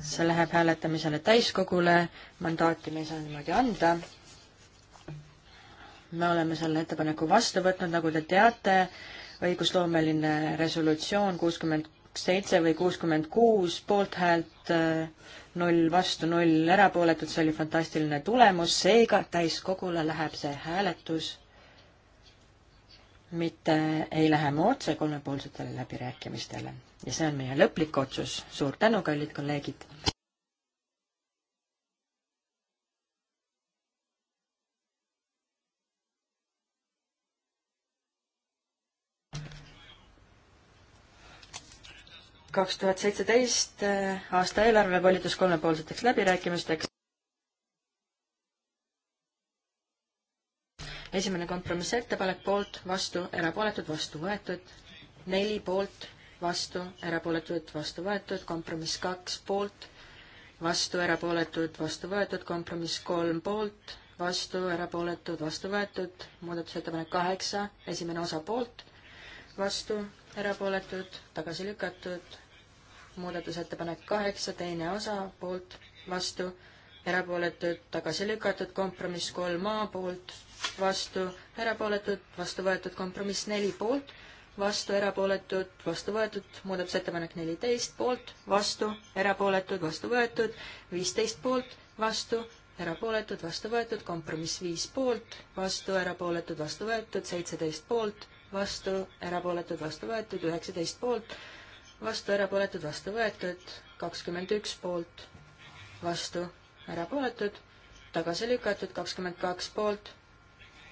see läheb hääletamisele täiskogule, mandaati me ei saa niimoodi anda. me oleme selle ettepaneku vastu võtnud, nagu te teate, õigusloomeline resolutsioon kuuskümmend seitse või kuuskümmend kuus poolthäält, äh, null vastu, null erapooletut, see oli fantastiline tulemus, seega täiskogule läheb see hääletus mitte ei lähe me otse kolmepoolsetele läbirääkimistele ja see on meie lõplik otsus. suur tänu, kallid kolleegid! kaks tuhat seitseteist äh, aasta eelarve volitus kolmepoolseteks läbirääkimisteks. esimene kompromissettepanek poolt, vastu, erapooletud, vastu võetud. neli poolt, vastu, erapooletud, vastu võetud, kompromiss kaks poolt, vastu, erapooletud, vastu võetud, kompromiss kolm poolt, vastu, erapooletud, vastu võetud, muudatusettepanek kaheksa, esimene osa poolt, vastu, erapooletud, tagasi lükatud, muudatusettepanek kaheksa, teine osa poolt, vastu, erapooletud, tagasi lükatud, kompromiss kolm A poolt, vastu, erapooletud, vastu võetud, kompromiss neli poolt, vastu, erapooletud, vastu võetud, muudatusettepanek neliteist poolt, vastu, erapooletud, vastu võetud, viisteist poolt, vastu, erapooletud, vastu võetud, kompromiss viis poolt, vastu, erapooletud, vastu võetud, seitseteist poolt, vastu, erapooletud, vastu võetud, üheksateist poolt, vastu, erapooletud, vastu võetud, kakskümmend üks poolt, vastu, erapooletud, tagasi lükatud, kakskümmend kaks poolt,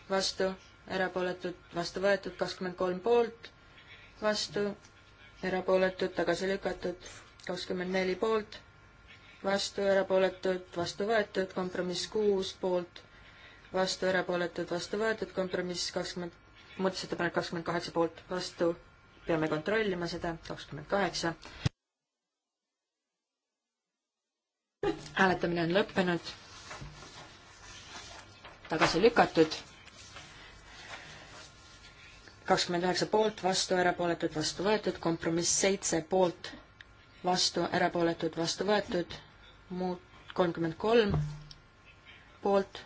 vastu, erapooletud, vastu võetud, kakskümmend kolm poolt, vastu, erapooletud, tagasi lükatud, kakskümmend neli poolt, vastu, erapooletud, vastu võetud, kompromiss kuus poolt, vastu, erapooletud, vastu võetud, kompromiss kakskümmend, muudatusettepanek kakskümmend kaheksa poolt, vastu, peame kontrollima seda, kakskümmend kaheksa. hääletamine on lõppenud, tagasi lükatud kakskümmend üheksa poolt, vastu, erapooletud, vastu võetud, kompromiss seitse poolt, vastu, erapooletud, vastu võetud, muud kolmkümmend kolm poolt,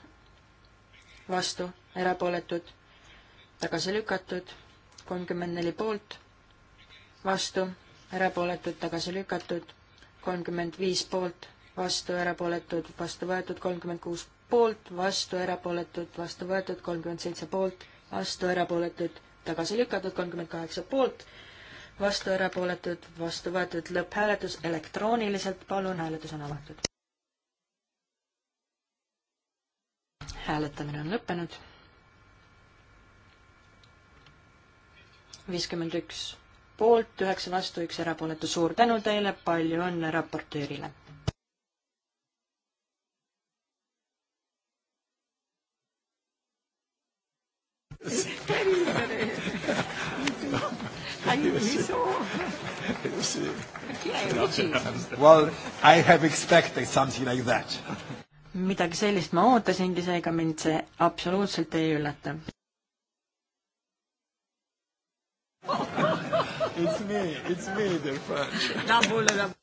vastu, erapooletud, tagasi lükatud, kolmkümmend neli poolt, vastu, erapooletud, tagasi lükatud, kolmkümmend viis poolt, vastu, erapooletud, vastu võetud, kolmkümmend kuus poolt, vastu, erapooletud, vastu võetud, kolmkümmend seitse poolt, vastu, erapooletud tagasi lükatud, kolmkümmend kaheksa poolt, vastu erapooletud, vastu võetud lõpphääletus elektrooniliselt, palun, hääletus on avatud. hääletamine on lõppenud. viiskümmend üks poolt, üheksa vastu, üks erapooletu, suur tänu teile, palju õnne raportöörile It's very, very Well, I have expected something like that. midagi sellist ma ootasingi, seega mind see absoluutselt ei üllata. It's me, it's me, dear friend.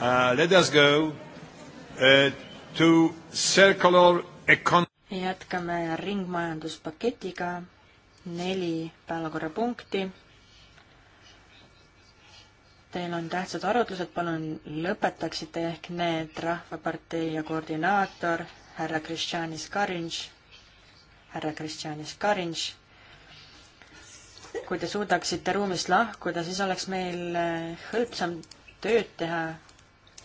Uh, let us go uh, to circular econ-. jätkame ringmajanduspaketiga, neli päevakorrapunkti. Teil on tähtsad arutlused, palun lõpetaksite ehk need Rahvapartei ja koordinaator härra Kristjanis Karinš, härra Kristjanis Karinš. kui te suudaksite ruumist lahkuda, siis oleks meil äh, hõlpsam tööd teha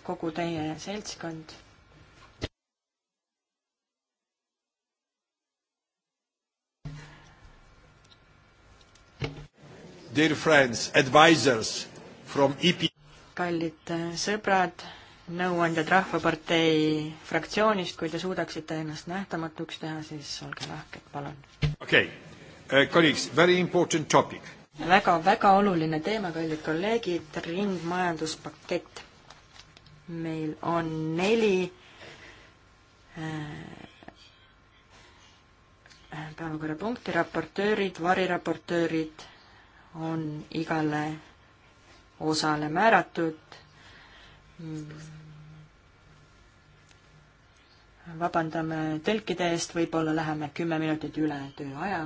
kogu teie seltskond. Dear friends, advisors from EP. kallid äh, sõbrad, nõuandjad Rahvapartei fraktsioonist, kui te suudaksite ennast nähtamatuks teha, siis olge lahked, palun. okei okay. uh,, colleagues, very important topic väga-väga oluline teema, kallid kolleegid, ringmajanduspakett meil on neli äh, äh, päevakorrapunkti, raportöörid, variraportöörid on igale osale määratud. Mm. vabandame tõlkide eest, võib-olla läheme kümme minutit üle tööaja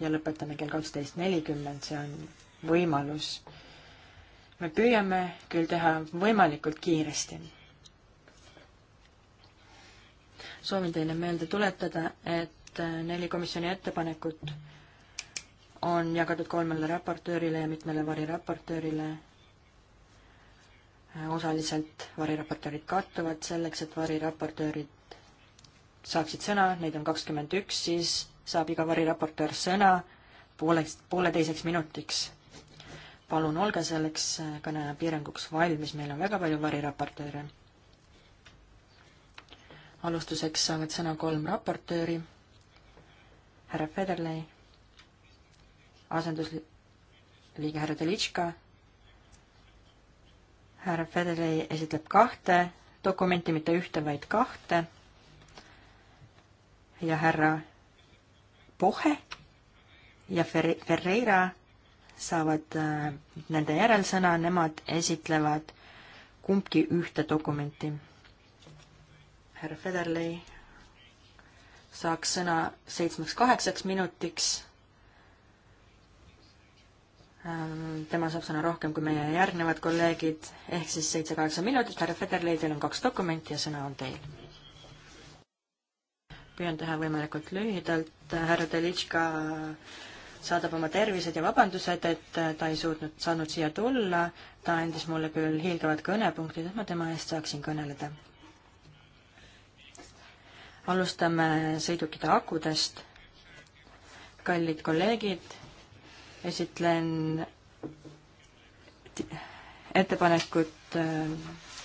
ja lõpetame kell kaksteist nelikümmend, see on võimalus me püüame küll teha võimalikult kiiresti. soovin teile meelde tuletada, et neli komisjoni ettepanekut on jagatud kolmele raportöörile ja mitmele variraportöörile. osaliselt variraportöörid kattuvad selleks, et variraportöörid saaksid sõna, neid on kakskümmend üks, siis saab iga variraportöör sõna pooleks, pooleteiseks minutiks palun olge selleks kõnepiiranguks valmis, meil on väga palju variraportööre. alustuseks saavad sõna kolm raportööri, härra Federley, asendusliige härra Delitška, härra Federley esitleb kahte dokumenti, mitte ühte, vaid kahte, ja härra Pohe ja Ferreira saavad äh, nende järelsõna, nemad esitlevad kumbki ühte dokumenti. härra Federley saaks sõna seitsmeks-kaheksaks minutiks. Ähm, tema saab sõna rohkem kui meie järgnevad kolleegid, ehk siis seitse-kaheksa minutit. härra Federley, teil on kaks dokumenti ja sõna on teil. püüan teha võimalikult lühidalt. härra Delitška saadab oma tervised ja vabandused, et äh, ta ei suutnud, saanud siia tulla, ta andis mulle küll hiilgavad kõnepunktid, et ma tema eest saaksin kõneleda. alustame sõidukite akudest. kallid kolleegid, esitlen ettepanekut äh,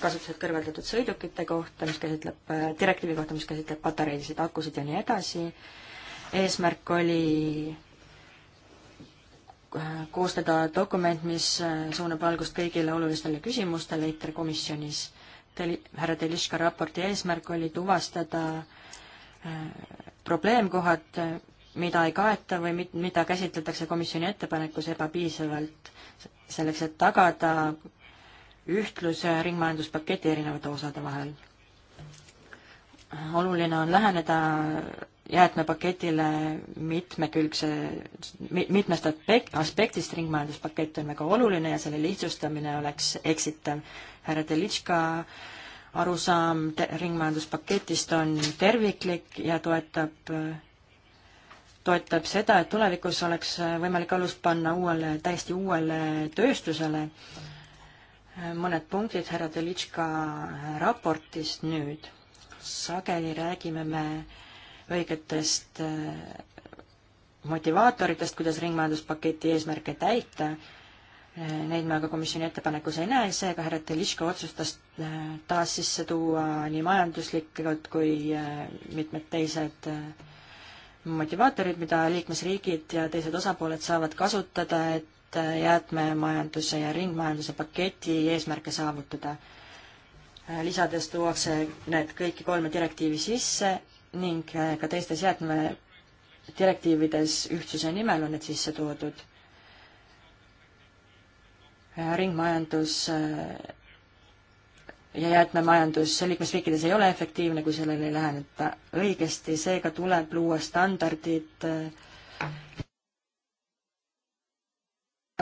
kasutuselt kõrvaldatud sõidukite kohta, mis käsitleb, äh, direktiivi kohta, mis käsitleb patareisid, akusid ja nii edasi. eesmärk oli koostada dokument, mis suunab valgust kõigile olulistele küsimustele ITRE komisjonis. Teli-, härra Teliška raporti eesmärk oli tuvastada äh, probleemkohad, mida ei kaeta või mit-, mida käsitletakse komisjoni ettepanekus ebapiisavalt, selleks et tagada ühtlus ringmajanduspaketi erinevate osade vahel. oluline on läheneda jäätmepaketile mitmekülgse, mitmest aspektist, ringmajanduspakett on väga oluline ja selle lihtsustamine oleks eksitav. härra Delitška arusaam ringmajanduspaketist on terviklik ja toetab toetab seda, et tulevikus oleks võimalik alust panna uuele, täiesti uuele tööstusele. mõned punktid härra Delitška raportist nüüd. sageli räägime me õigetest äh, motivaatoritest, kuidas ringmajanduspaketi eesmärke täita. Äh, neid me aga komisjoni ettepanekus ei näe, seega härra Teliško otsustas äh, taas sisse tuua nii majanduslikud kui mitmed teised motivaatorid, mida liikmesriigid ja teised osapooled saavad kasutada, et jäätmemajanduse ja ringmajanduse paketi eesmärke saavutada. lisades tuuakse need kõiki kolme direktiivi sisse ning äh, ka teistes jäätmedirektiivides ühtsuse nimel on need sisse toodud. Äh, ringmajandus äh, ja jäätmemajandus liikmesriikides ei ole efektiivne, kui sellele ei läheneta õigesti, seega tuleb luua standardid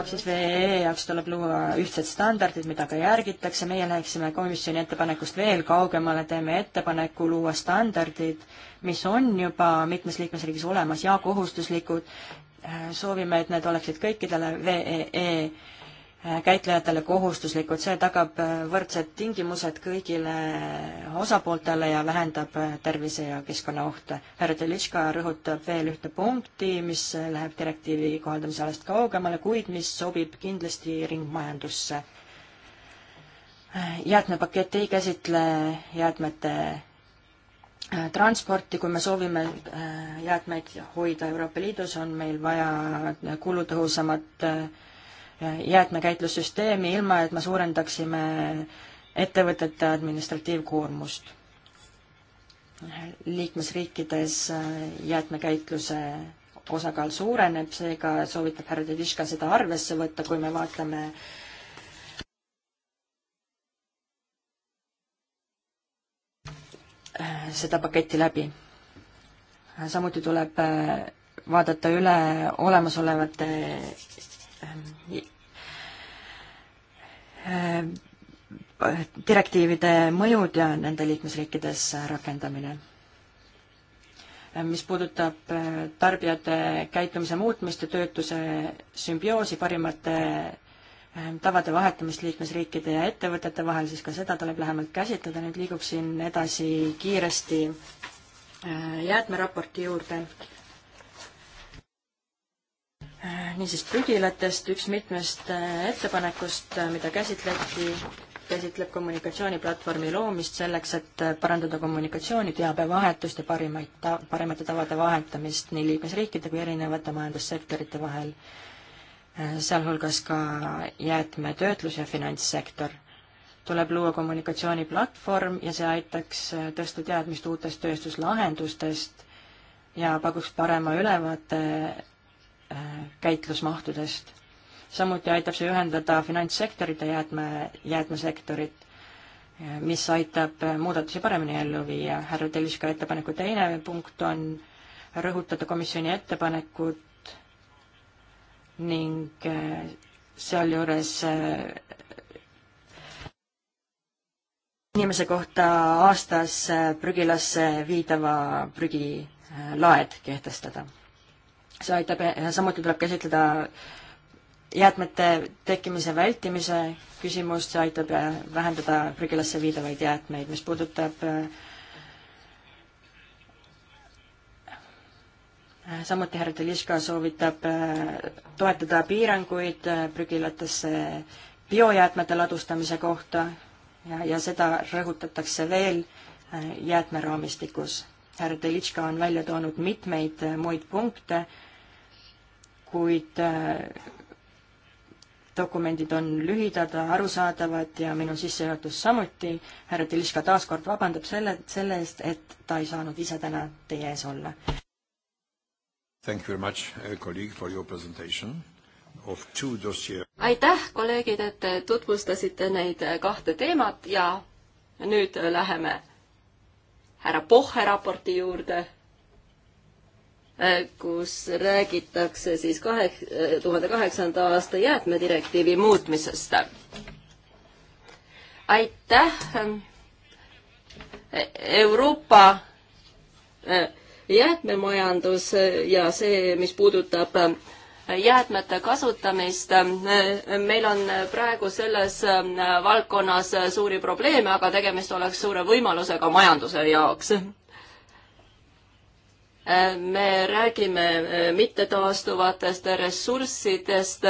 jaoks, siis VEE e jaoks tuleb luua ühtsed standardid, mida ka järgitakse, meie läheksime komisjoni ettepanekust veel kaugemale, teeme ettepaneku luua standardid, mis on juba mitmes liikmesriigis olemas ja kohustuslikud, äh, soovime, et need oleksid kõikidele VEE e Äh, käitlejatele kohustuslikud, see tagab äh, võrdsed tingimused kõigile osapooltele ja vähendab äh, tervise- ja keskkonnaohte. härra Telitška rõhutab veel ühte punkti, mis läheb direktiivi kohaldamise alast kaugemale, kuid mis sobib kindlasti ringmajandusse. jäätmepakett ei käsitle jäätmete transporti, kui me soovime jäätmeid hoida Euroopa Liidus, on meil vaja kulutõhusamat jäätmekäitlussüsteemi, ilma et me suurendaksime ettevõtete administratiivkoormust. liikmesriikides äh, jäätmekäitluse osakaal suureneb, seega soovitab härra Dediška seda arvesse võtta, kui me vaatame seda paketti läbi. samuti tuleb äh, vaadata üle olemasolevate Ähm, ähm, äh, direktiivide mõjud ja nende liikmesriikides rakendamine. Ähm, mis puudutab äh, tarbijate käitumise muutmist ja töötuse sümbioosi parimate tavade vahetamist liikmesriikide ja ettevõtete vahel, siis ka seda tuleb lähemalt käsitleda, nüüd liiguksin edasi kiiresti äh, jäätmeraporti juurde Äh, niisiis prügilatest üks mitmest äh, ettepanekust, äh, mida käsitleti, käsitleb kommunikatsiooniplatvormi loomist selleks, et parandada kommunikatsiooni, teabevahetust ja parimaid ta-, paremate tavade vahetamist nii liikmesriikide kui erinevate majandussektorite vahel, sealhulgas ka jäätmetöötlus ja finantssektor tuleb luua kommunikatsiooniplatvorm ja see aitaks tõsta teadmist uutest tööstuslahendustest ja pakuks parema ülevaate käitlusmahtudest. samuti aitab see ühendada finantssektorit ja jäätme, jäätmesektorit, mis aitab muudatusi paremini ellu viia. härra Telliska ettepaneku teine punkt on rõhutada komisjoni ettepanekut ning eh, sealjuures eh, inimese kohta aastas eh, prügilasse viidava prügilaed kehtestada see aitab, samuti tuleb käsitleda jäätmete tekkimise vältimise küsimust, see aitab äh, vähendada prügilasse viidavaid jäätmeid, mis puudutab äh, äh, samuti härra Teliška soovitab toetada piiranguid prügilatesse biojäätmete ladustamise kohta ja, ja seda rõhutatakse veel jäätmeraamistikus. härra Telitška on välja toonud mitmeid muid punkte kuid äh, dokumendid on lühidad, arusaadavad ja minu sissejuhatus samuti. härra Tiliška taas kord vabandab selle, selle eest, et ta ei saanud ise täna teie ees olla. Thank you very much, kolleeg, uh, for your presentation of two dossier. aitäh, kolleegid, et te tutvustasite neid kahte teemat ja nüüd läheme härra Pohhe raporti juurde kus räägitakse siis kahe, tuhande kaheksanda aasta jäätmedirektiivi muutmisest. aitäh. Euroopa e, jäätmemajandus ja see, mis puudutab e, jäätmete kasutamist. E, meil on praegu selles valdkonnas suuri probleeme, aga tegemist oleks suure võimalusega majanduse jaoks me räägime e, mittetaastuvatest ressurssidest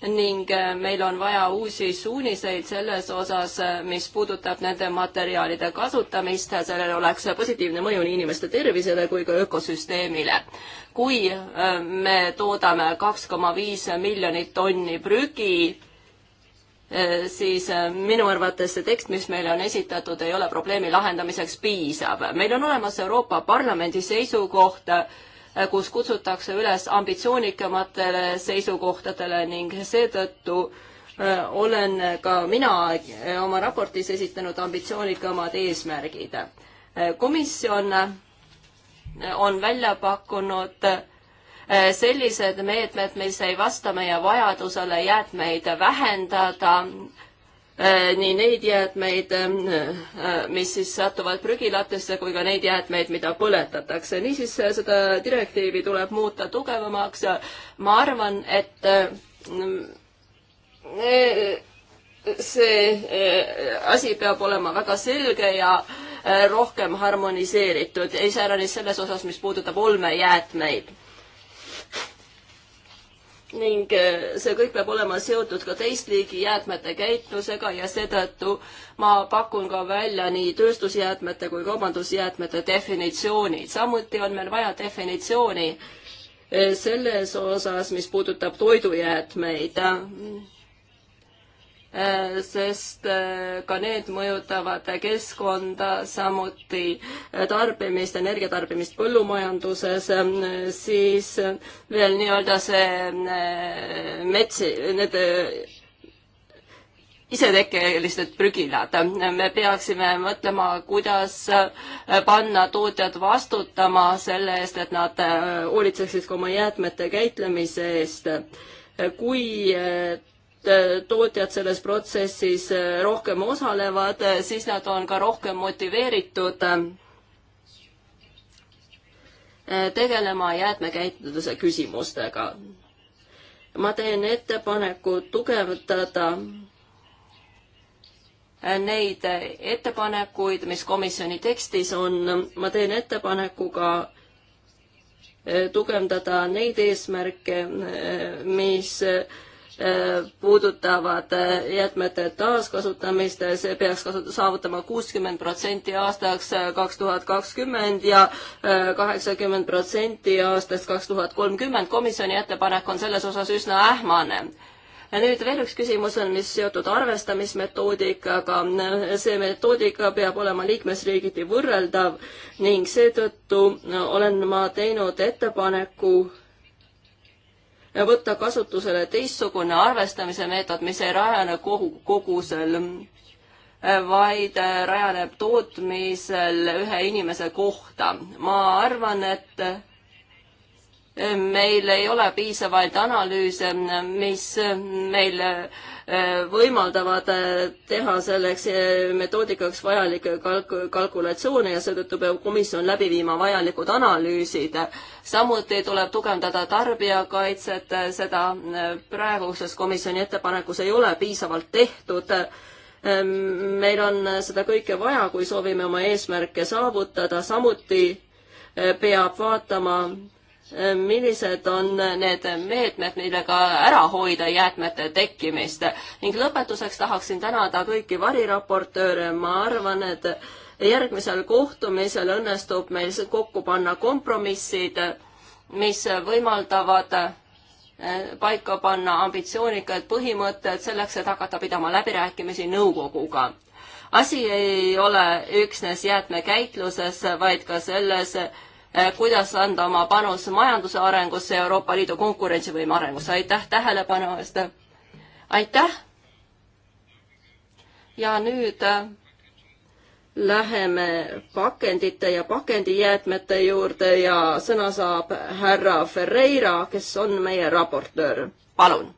ning e, meil on vaja uusi suuniseid selles osas, e, mis puudutab nende materjalide kasutamist, sellel oleks positiivne mõju nii inimeste tervisele kui ka ökosüsteemile. kui me toodame kaks koma viis miljonit tonni prügi, Äh, siis äh, minu arvates see tekst, mis meile on esitatud, ei ole probleemi lahendamiseks piisav. meil on olemas Euroopa Parlamendi seisukoht, äh, kus kutsutakse üles ambitsioonikamatele seisukohtadele ning seetõttu olen ka mina oma raportis esitanud ambitsioonikamad eesmärgid. komisjon on välja pakkunud Eh, sellised meetmed, mis ei vasta meie vajadusele jäätmeid vähendada, eh, nii neid jäätmeid, eh, mis siis satuvad prügilatesse, kui ka neid jäätmeid, mida põletatakse. niisiis seda direktiivi tuleb muuta tugevamaks ja ma arvan, et see asi peab olema väga selge ja rohkem harmoniseeritud, iseäranis selles osas, mis puudutab olmejäätmeid ning äh, see kõik peab olema seotud ka teist liigi jäätmete käitlusega ja seetõttu ma pakun ka välja nii tööstusjäätmete kui kaubandusjäätmete definitsioonid. samuti on meil vaja definitsiooni äh, selles osas, mis puudutab toidujäätmeid Äh, sest äh, ka need mõjutavad keskkonda, samuti äh, tarbimist, energiatarbimist põllumajanduses, siis veel nii-öelda see mets, need isetekkelised prügilad. me peaksime mõtlema, kuidas panna tootjad vastutama selle eest, et nad hoolitseksid ka oma jäätmete käitlemise eest. kui Äh, tootjad selles protsessis äh, rohkem osalevad, äh, siis nad on ka rohkem motiveeritud tegelema jäätmekäitluse küsimustega. ma teen ettepaneku tugevdada neid ettepanekuid, mis komisjoni tekstis on, ma teen ettepaneku ka tugevdada neid eesmärke, mis Äh, puudutavad äh, jäätmete taaskasutamist, see peaks kasut-, saavutama kuuskümmend protsenti aastaks äh, kaks tuhat kakskümmend ja kaheksakümmend protsenti aastast kaks tuhat kolmkümmend. komisjoni ettepanek on selles osas üsna ähmane ja nüüd veel üks küsimus on, mis seotud arvestamismetoodikaga. see metoodika peab olema liikmesriigiti võrreldav ning seetõttu olen ma teinud ettepaneku võtta kasutusele teistsugune arvestamise meetod, mis ei rajane kogu, kogusel, vaid rajaneb tootmisel ühe inimese kohta. ma arvan, et meil ei ole piisavaid analüüse, mis meil võimaldavad äh, teha selleks äh, metoodikaks vajalikke kalk-, kalkulatsioone ja seetõttu peab komisjon läbi viima vajalikud analüüsid. samuti tuleb tugevdada tarbijakaitset, äh, seda praeguses komisjoni ettepanekus ei ole piisavalt tehtud ähm, meil on seda kõike vaja, kui soovime oma eesmärke saavutada, samuti peab vaatama, millised on need meetmed, millega ära hoida jäätmete tekkimist. ning lõpetuseks tahaksin tänada kõiki variraportööre, ma arvan, et järgmisel kohtumisel õnnestub meil kokku panna kompromissid, mis võimaldavad eh, paika panna ambitsioonikad põhimõtted selleks, et hakata pidama läbirääkimisi nõukoguga asi ei ole üksnes jäätmekäitluses, vaid ka selles, Äh, kuidas anda oma panus majanduse arengusse ja Euroopa Liidu konkurentsivõime arengusse. aitäh tähelepanu eest! aitäh! ja nüüd äh, läheme pakendite ja pakendijäätmete juurde ja sõna saab härra Ferreira, kes on meie raportöör. palun!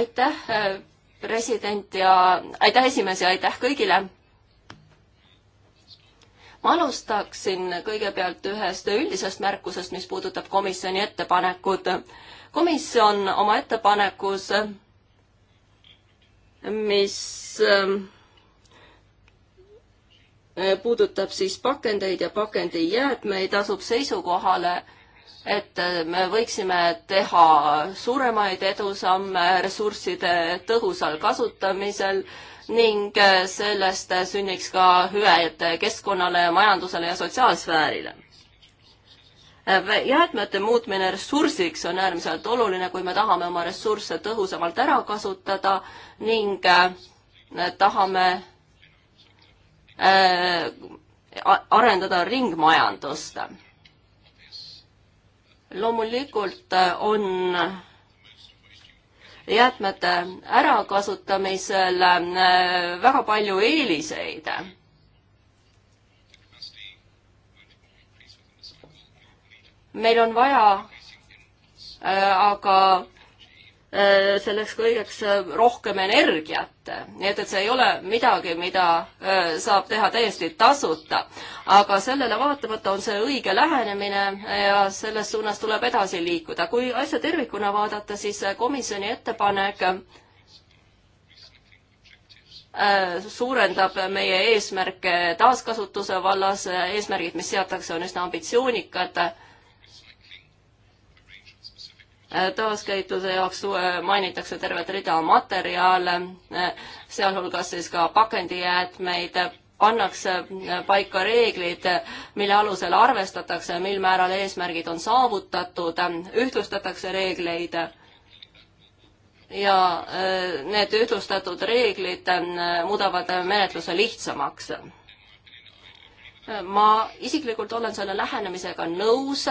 aitäh, äh, president ja aitäh, esimees ja aitäh kõigile ma alustaksin kõigepealt ühest üldisest märkusest, mis puudutab komisjoni ettepanekut. komisjon oma ettepanekus, mis ähm, puudutab siis pakendeid ja pakendijäätmeid, asub seisukohale, et me võiksime teha suuremaid edusamme ressursside tõhusal kasutamisel ning äh, sellest äh, sünniks ka hüved keskkonnale, majandusele ja sotsiaalsfäärile. Äh, jäätmete muutmine ressursiks on äärmiselt oluline, kui me tahame oma ressursse tõhusamalt ära kasutada ning tahame arendada ringmajandust. loomulikult on jäätmete ärakasutamisel äh, väga palju eeliseid. meil on vaja äh, aga Äh, selleks kõigeks äh, rohkem energiat. nii et, et see ei ole midagi, mida äh, saab teha täiesti tasuta. aga sellele vaatamata on see õige lähenemine ja selles suunas tuleb edasi liikuda. kui asja tervikuna vaadata, siis komisjoni ettepanek suurendab meie eesmärke taaskasutuse vallas, eesmärgid, mis seatakse, on üsna ambitsioonikad Äh, taaskäitluse jaoks äh, mainitakse tervet rida materjale, äh, sealhulgas siis ka pakendijäätmeid, pannakse paika reeglid, mille alusel arvestatakse, mil määral eesmärgid on saavutatud, ühtlustatakse reegleid ja need ühtlustatud reeglid muudavad menetluse lihtsamaks ma isiklikult olen selle lähenemisega nõus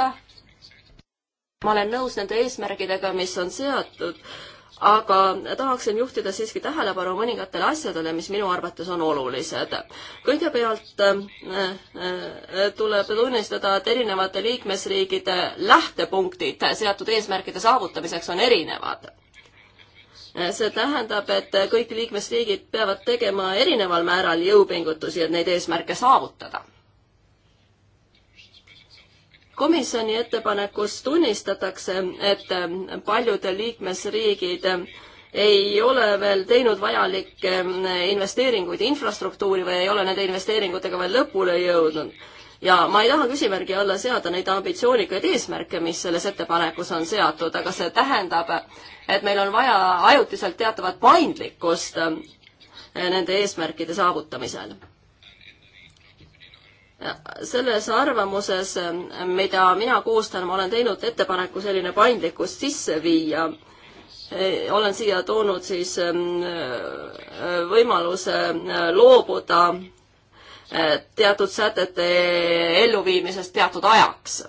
ma olen nõus nende eesmärgidega, mis on seatud, aga tahaksin juhtida siiski tähelepanu mõningatele asjadele, mis minu arvates on olulised. kõigepealt äh, äh, tuleb tunnistada, et erinevate liikmesriigide lähtepunktid seatud eesmärkide saavutamiseks on erinevad äh, see tähendab, et kõik liikmesriigid peavad tegema erineval määral jõupingutusi, et neid eesmärke saavutada komisjoni ettepanekus tunnistatakse, et ähm, paljud liikmesriigid ähm, ei ole veel teinud vajalikke ähm, investeeringuid infrastruktuuri või ei ole nende investeeringutega veel lõpule jõudnud. ja ma ei taha küsimärgi alla seada neid ambitsioonikaid eesmärke, mis selles ettepanekus on seatud, aga see tähendab, et meil on vaja ajutiselt teatavat paindlikkust nende eesmärkide saavutamisel selles arvamuses, mida mina koostan, ma olen teinud ettepaneku selline paindlikkus sisse viia. olen siia toonud siis ähm, võimaluse äh, loobuda äh, teatud sätete elluviimisest teatud ajaks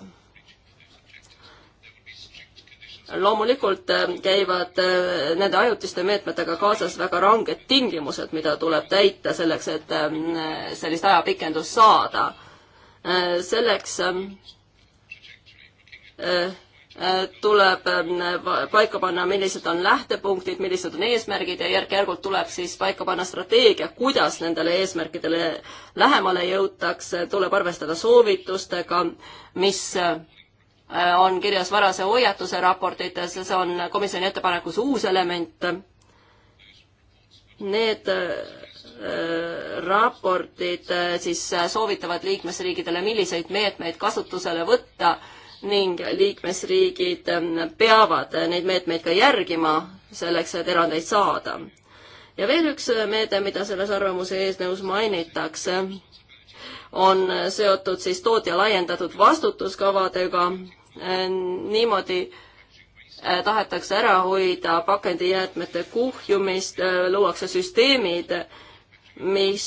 loomulikult äh, käivad äh, nende ajutiste meetmetega kaasas väga ranged tingimused, mida tuleb täita selleks, et ähm, sellist ajapikendust saada. Äh, selleks ähm, tuleb ähm, paika panna, millised on lähtepunktid, millised on eesmärgid ja järk-järgult tuleb siis paika panna strateegia, kuidas nendele eesmärkidele lähemale jõutakse, tuleb arvestada soovitustega, mis Äh, on kirjas varase hoiatuse raportites, see on komisjoni ettepanekus uus element. Need äh, äh, raportid siis soovitavad liikmesriigidele, milliseid meetmeid kasutusele võtta ning liikmesriigid ähm, peavad neid meetmeid ka järgima selleks, et erandeid saada. ja veel üks meede, mida selles arvamuse eelnõus mainitakse, on seotud siis tootja laiendatud vastutuskavadega Äh, niimoodi äh, tahetakse ära hoida pakendijäätmete kuhjumist, äh, luuakse süsteemid, mis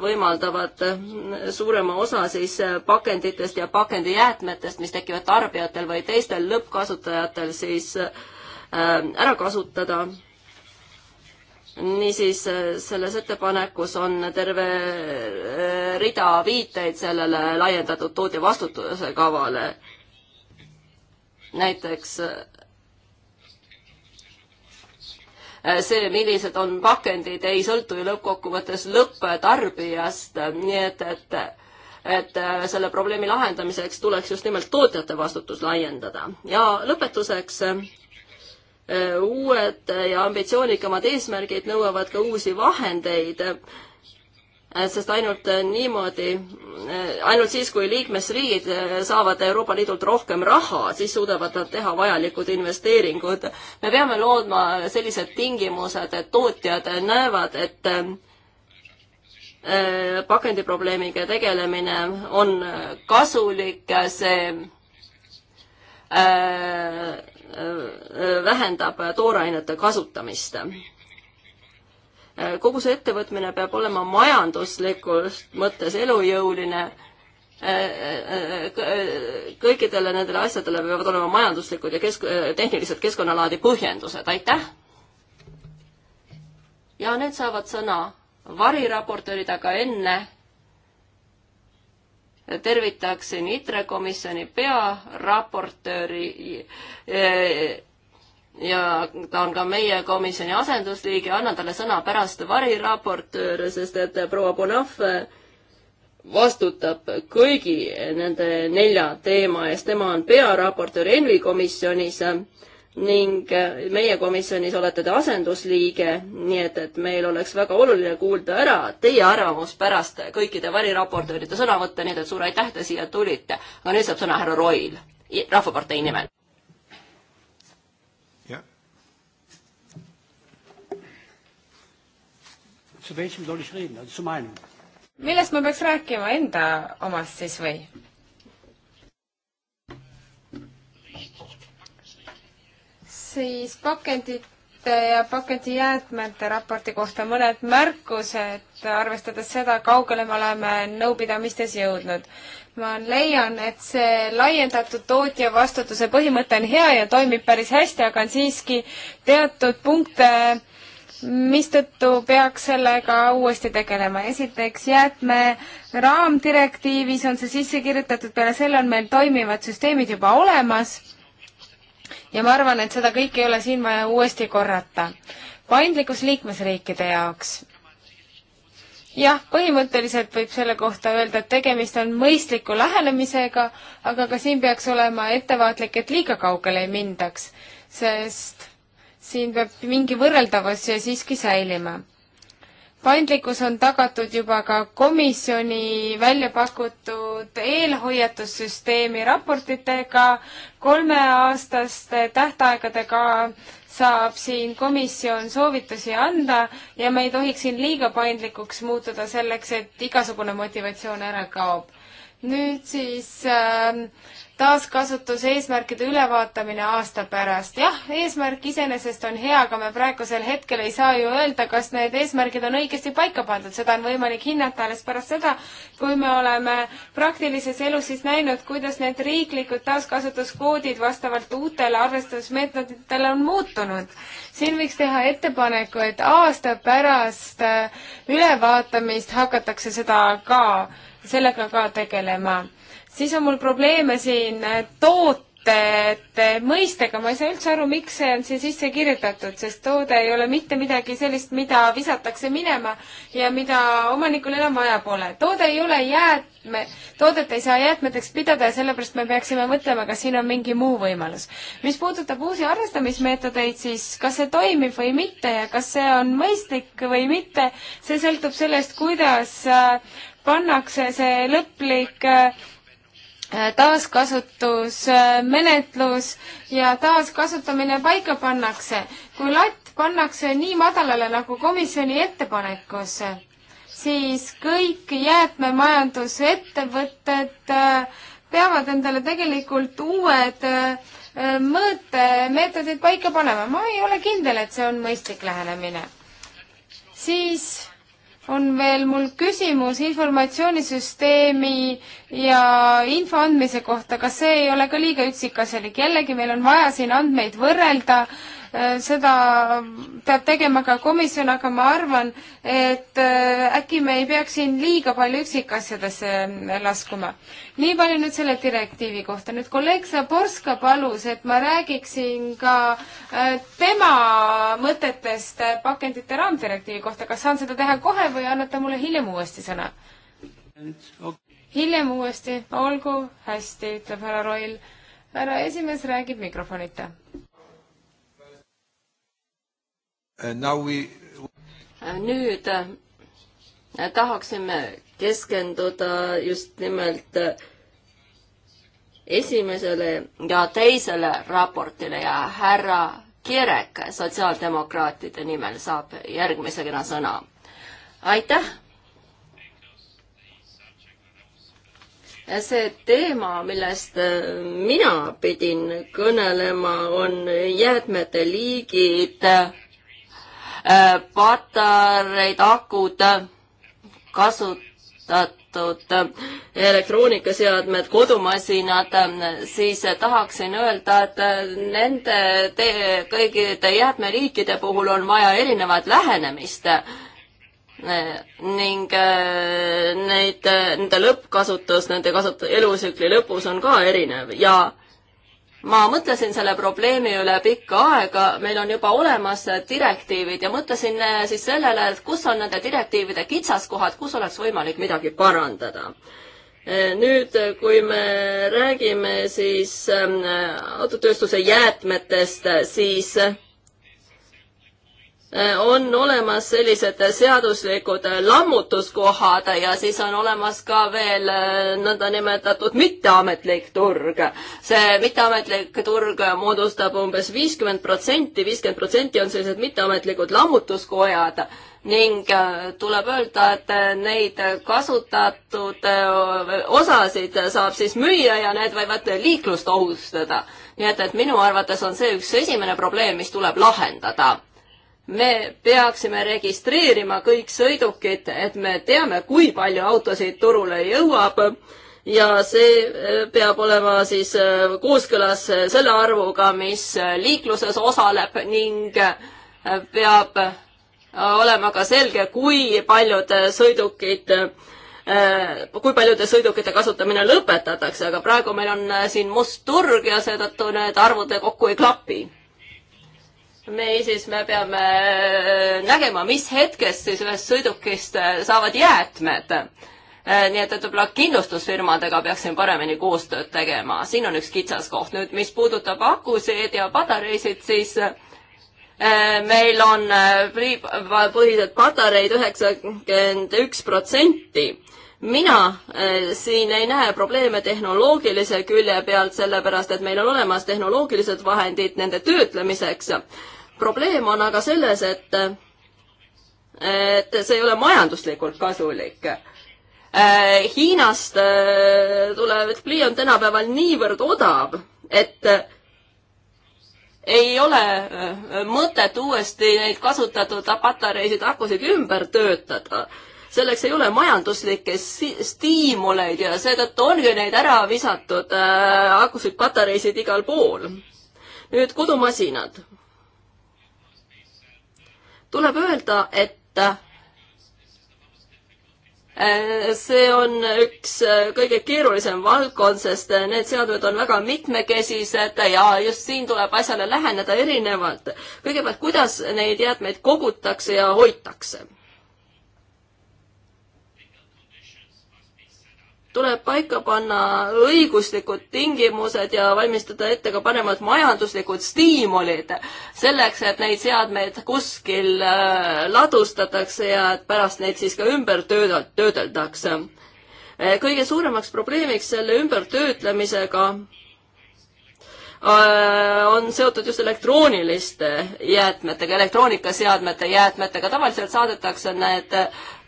võimaldavad suurema osa siis pakenditest ja pakendijäätmetest, mis tekivad tarbijatel või teistel lõppkasutajatel siis ära kasutada. niisiis, selles ettepanekus on terve rida viiteid sellele laiendatud tootja vastutuse kavale näiteks äh, see, millised on pakendid, ei sõltu ju lõppkokkuvõttes lõpptarbijast, nii et, et et äh, selle probleemi lahendamiseks tuleks just nimelt tootjate vastutus laiendada. ja lõpetuseks, äh, uued ja ambitsioonikamad eesmärgid nõuavad ka uusi vahendeid Äh, sest ainult äh, niimoodi, äh, ainult siis, kui liikmesriigid saavad Euroopa Liidult rohkem raha, siis suudavad nad teha vajalikud investeeringud. me peame loodma sellised tingimused, et tootjad näevad, et pakendiprobleemiga tegelemine on kasulik, see vähendab toorainete kasutamist Äh, kogu see ettevõtmine peab olema majanduslikus mõttes elujõuline. Äh, äh, kõikidele nendele asjadele peavad olema majanduslikud ja kesk-, tehnilised keskkonnalaadi põhjendused, aitäh! ja nüüd saavad sõna variraportöörid, aga enne tervitaksin ITRE komisjoni pearaportööri ja ta on ka meie komisjoni asendusliige, annan talle sõna pärast variraportööre, sest et proua Bonaf vastutab kõigi nende nelja teema eest, tema on pearaportöör ENVI komisjonis ning meie komisjonis olete te asendusliige, nii et, et meil oleks väga oluline kuulda ära teie arvamus pärast kõikide variraportööride sõnavõtte, nii et suur aitäh, te siia tulite. aga nüüd saab sõna härra Roil, Rahvapartei nimel zu welchem soll ich reden, also zu meinem? millest ma peaks rääkima, enda omast siis või? siis pakendite ja pakendijäätmete raporti kohta mõned märkused, arvestades seda, kaugele me oleme nõupidamistes jõudnud. ma leian, et see laiendatud tootja vastutuse põhimõte on hea ja toimib päris hästi, aga on siiski teatud punkte, mistõttu peaks sellega uuesti tegelema. esiteks jäätme raamdirektiivis on see sisse kirjutatud, peale selle on meil toimivad süsteemid juba olemas ja ma arvan, et seda kõike ei ole siin vaja uuesti korrata. paindlikkus liikmesriikide jaoks. jah, põhimõtteliselt võib selle kohta öelda, et tegemist on mõistliku lähenemisega, aga ka siin peaks olema ettevaatlik, et liiga kaugele ei mindaks, sest siin peab mingi võrreldavus siiski säilima. paindlikkus on tagatud juba ka komisjoni välja pakutud eelhoiatussüsteemi raportitega, kolmeaastaste tähtaegadega saab siin komisjon soovitusi anda ja me ei tohiks siin liiga paindlikuks muutuda selleks, et igasugune motivatsioon ära kaob nüüd siis äh, taaskasutuse eesmärkide ülevaatamine aasta pärast. jah, eesmärk iseenesest on hea, aga me praegusel hetkel ei saa ju öelda, kas need eesmärgid on õigesti paika pandud, seda on võimalik hinnata alles pärast seda, kui me oleme praktilises elus siis näinud, kuidas need riiklikud taaskasutuskoodid vastavalt uutele arvestusmeetmetele on muutunud. siin võiks teha ettepaneku, et aasta pärast äh, ülevaatamist hakatakse seda ka sellega ka tegelema. siis on mul probleeme siin tootete mõistega, ma ei saa üldse aru, miks see on siia sisse kirjutatud, sest toode ei ole mitte midagi sellist, mida visatakse minema ja mida omanikul enam vaja pole. toode ei ole jäätme, toodet ei saa jäätmeteks pidada ja sellepärast me peaksime mõtlema, kas siin on mingi muu võimalus. mis puudutab uusi arvestamismeetodeid, siis kas see toimib või mitte ja kas see on mõistlik või mitte, see sõltub sellest, kuidas äh, pannakse see lõplik äh, taaskasutusmenetlus ja taaskasutamine paika pannakse. kui latt pannakse nii madalale nagu komisjoni ettepanekus, siis kõik jäätmemajandusettevõtted äh, peavad endale tegelikult uued äh, mõõtemeetodid paika panema. ma ei ole kindel, et see on mõistlik lähenemine. siis on veel mul küsimus informatsioonisüsteemi ja info andmise kohta, kas see ei ole ka liiga üksikasjalik? jällegi, meil on vaja siin andmeid võrrelda Äh, seda peab tegema ka komisjon, aga ma arvan, et äh, äkki me ei peaks siin liiga palju üksikasjadesse äh, laskuma. nii palju nüüd selle direktiivi kohta. nüüd kolleeg Zaborska palus, et ma räägiksin ka tema mõtetest pakendite raamdirektiivi kohta. kas saan seda teha kohe või annate mulle hiljem uuesti sõna? hiljem uuesti, olgu hästi, ütleb härra Roil. härra esimees räägib mikrofonita. We... nüüd äh, tahaksime keskenduda just nimelt äh, esimesele ja teisele raportile ja härra Kirek sotsiaaldemokraatide nimel saab järgmisena sõna. aitäh! see teema, millest äh, mina pidin kõnelema, on jäätmete liigid Äh, patareid, akud, äh, kasutatud äh, elektroonikaseadmed, kodumasinad, siis tahaksin öelda, et nende te, kõigide jäätmeliikide puhul on vaja erinevat lähenemist ning neid, nende lõppkasutus, nende kasut-, elusükli lõpus on ka erinev ja ma mõtlesin selle probleemi üle pikka aega, meil on juba olemas direktiivid ja mõtlesin eh, siis sellele, et kus on nende direktiivide kitsaskohad, kus oleks võimalik midagi parandada. Eh, nüüd, kui me räägime siis ehm, autotööstuse jäätmetest, siis Äh, on olemas sellised seaduslikud äh, lammutuskohad ja siis on olemas ka veel äh, nõndanimetatud mitteametlik turg. see mitteametlik turg moodustab umbes viiskümmend protsenti, viiskümmend protsenti on sellised mitteametlikud lammutuskojad ning tuleb öelda, et neid kasutatud osasid saab siis müüa ja need võivad liiklust ohustada. nii et, et minu arvates on see üks esimene probleem, mis tuleb lahendada me peaksime registreerima kõik sõidukid, et me teame, kui palju autosid turule jõuab ja see eh, peab olema siis eh, kooskõlas selle arvuga, mis eh, liikluses osaleb ning peab olema ka selge, kui paljud sõidukid kui paljude sõidukite kasutamine lõpetatakse, aga praegu meil on siin must turg ja seetõttu need arvud kokku ei klapi me siis, me peame äh, nägema, mis hetkest siis ühest sõidukist äh, saavad jäätmed. Äh, nii et, et võib-olla kindlustusfirmadega peaksime paremini koostööd tegema, siin on üks kitsaskoht. nüüd, mis puudutab akusid ja patareisid, siis meil on põhised patareid üheksakümmend üks protsenti mina äh, siin ei näe probleeme tehnoloogilise külje pealt, sellepärast et meil on olemas tehnoloogilised vahendid nende töötlemiseks probleem on aga selles, et, et see ei ole majanduslikult kasulik. Äh, Hiinast äh, tulev plii on tänapäeval niivõrd odav, et ei ole äh, mõtet uuesti neid kasutatud patareisid, akusid ümber töötada selleks ei ole majanduslikke stiimuleid ja seetõttu ongi neid ära visatud äh, akusid patareisid igal pool. nüüd kodumasinad tuleb öelda, et äh, see on üks äh, kõige keerulisem valdkond, sest äh, need seadmed on väga mitmekesised ja just siin tuleb asjale läheneda erinevalt. kõigepealt, kuidas neid jäätmeid kogutakse ja hoitakse tuleb paika panna õiguslikud tingimused ja valmistada ette ka paremad majanduslikud stiimulid selleks, et neid seadmeid kuskil äh, ladustatakse ja et pärast neid siis ka ümber töödel-, töödeldakse. Äh, kõige suuremaks probleemiks selle ümbertöötlemisega äh, on seotud just elektrooniliste jäätmetega, elektroonikaseadmete jäätmetega, tavaliselt saadetakse need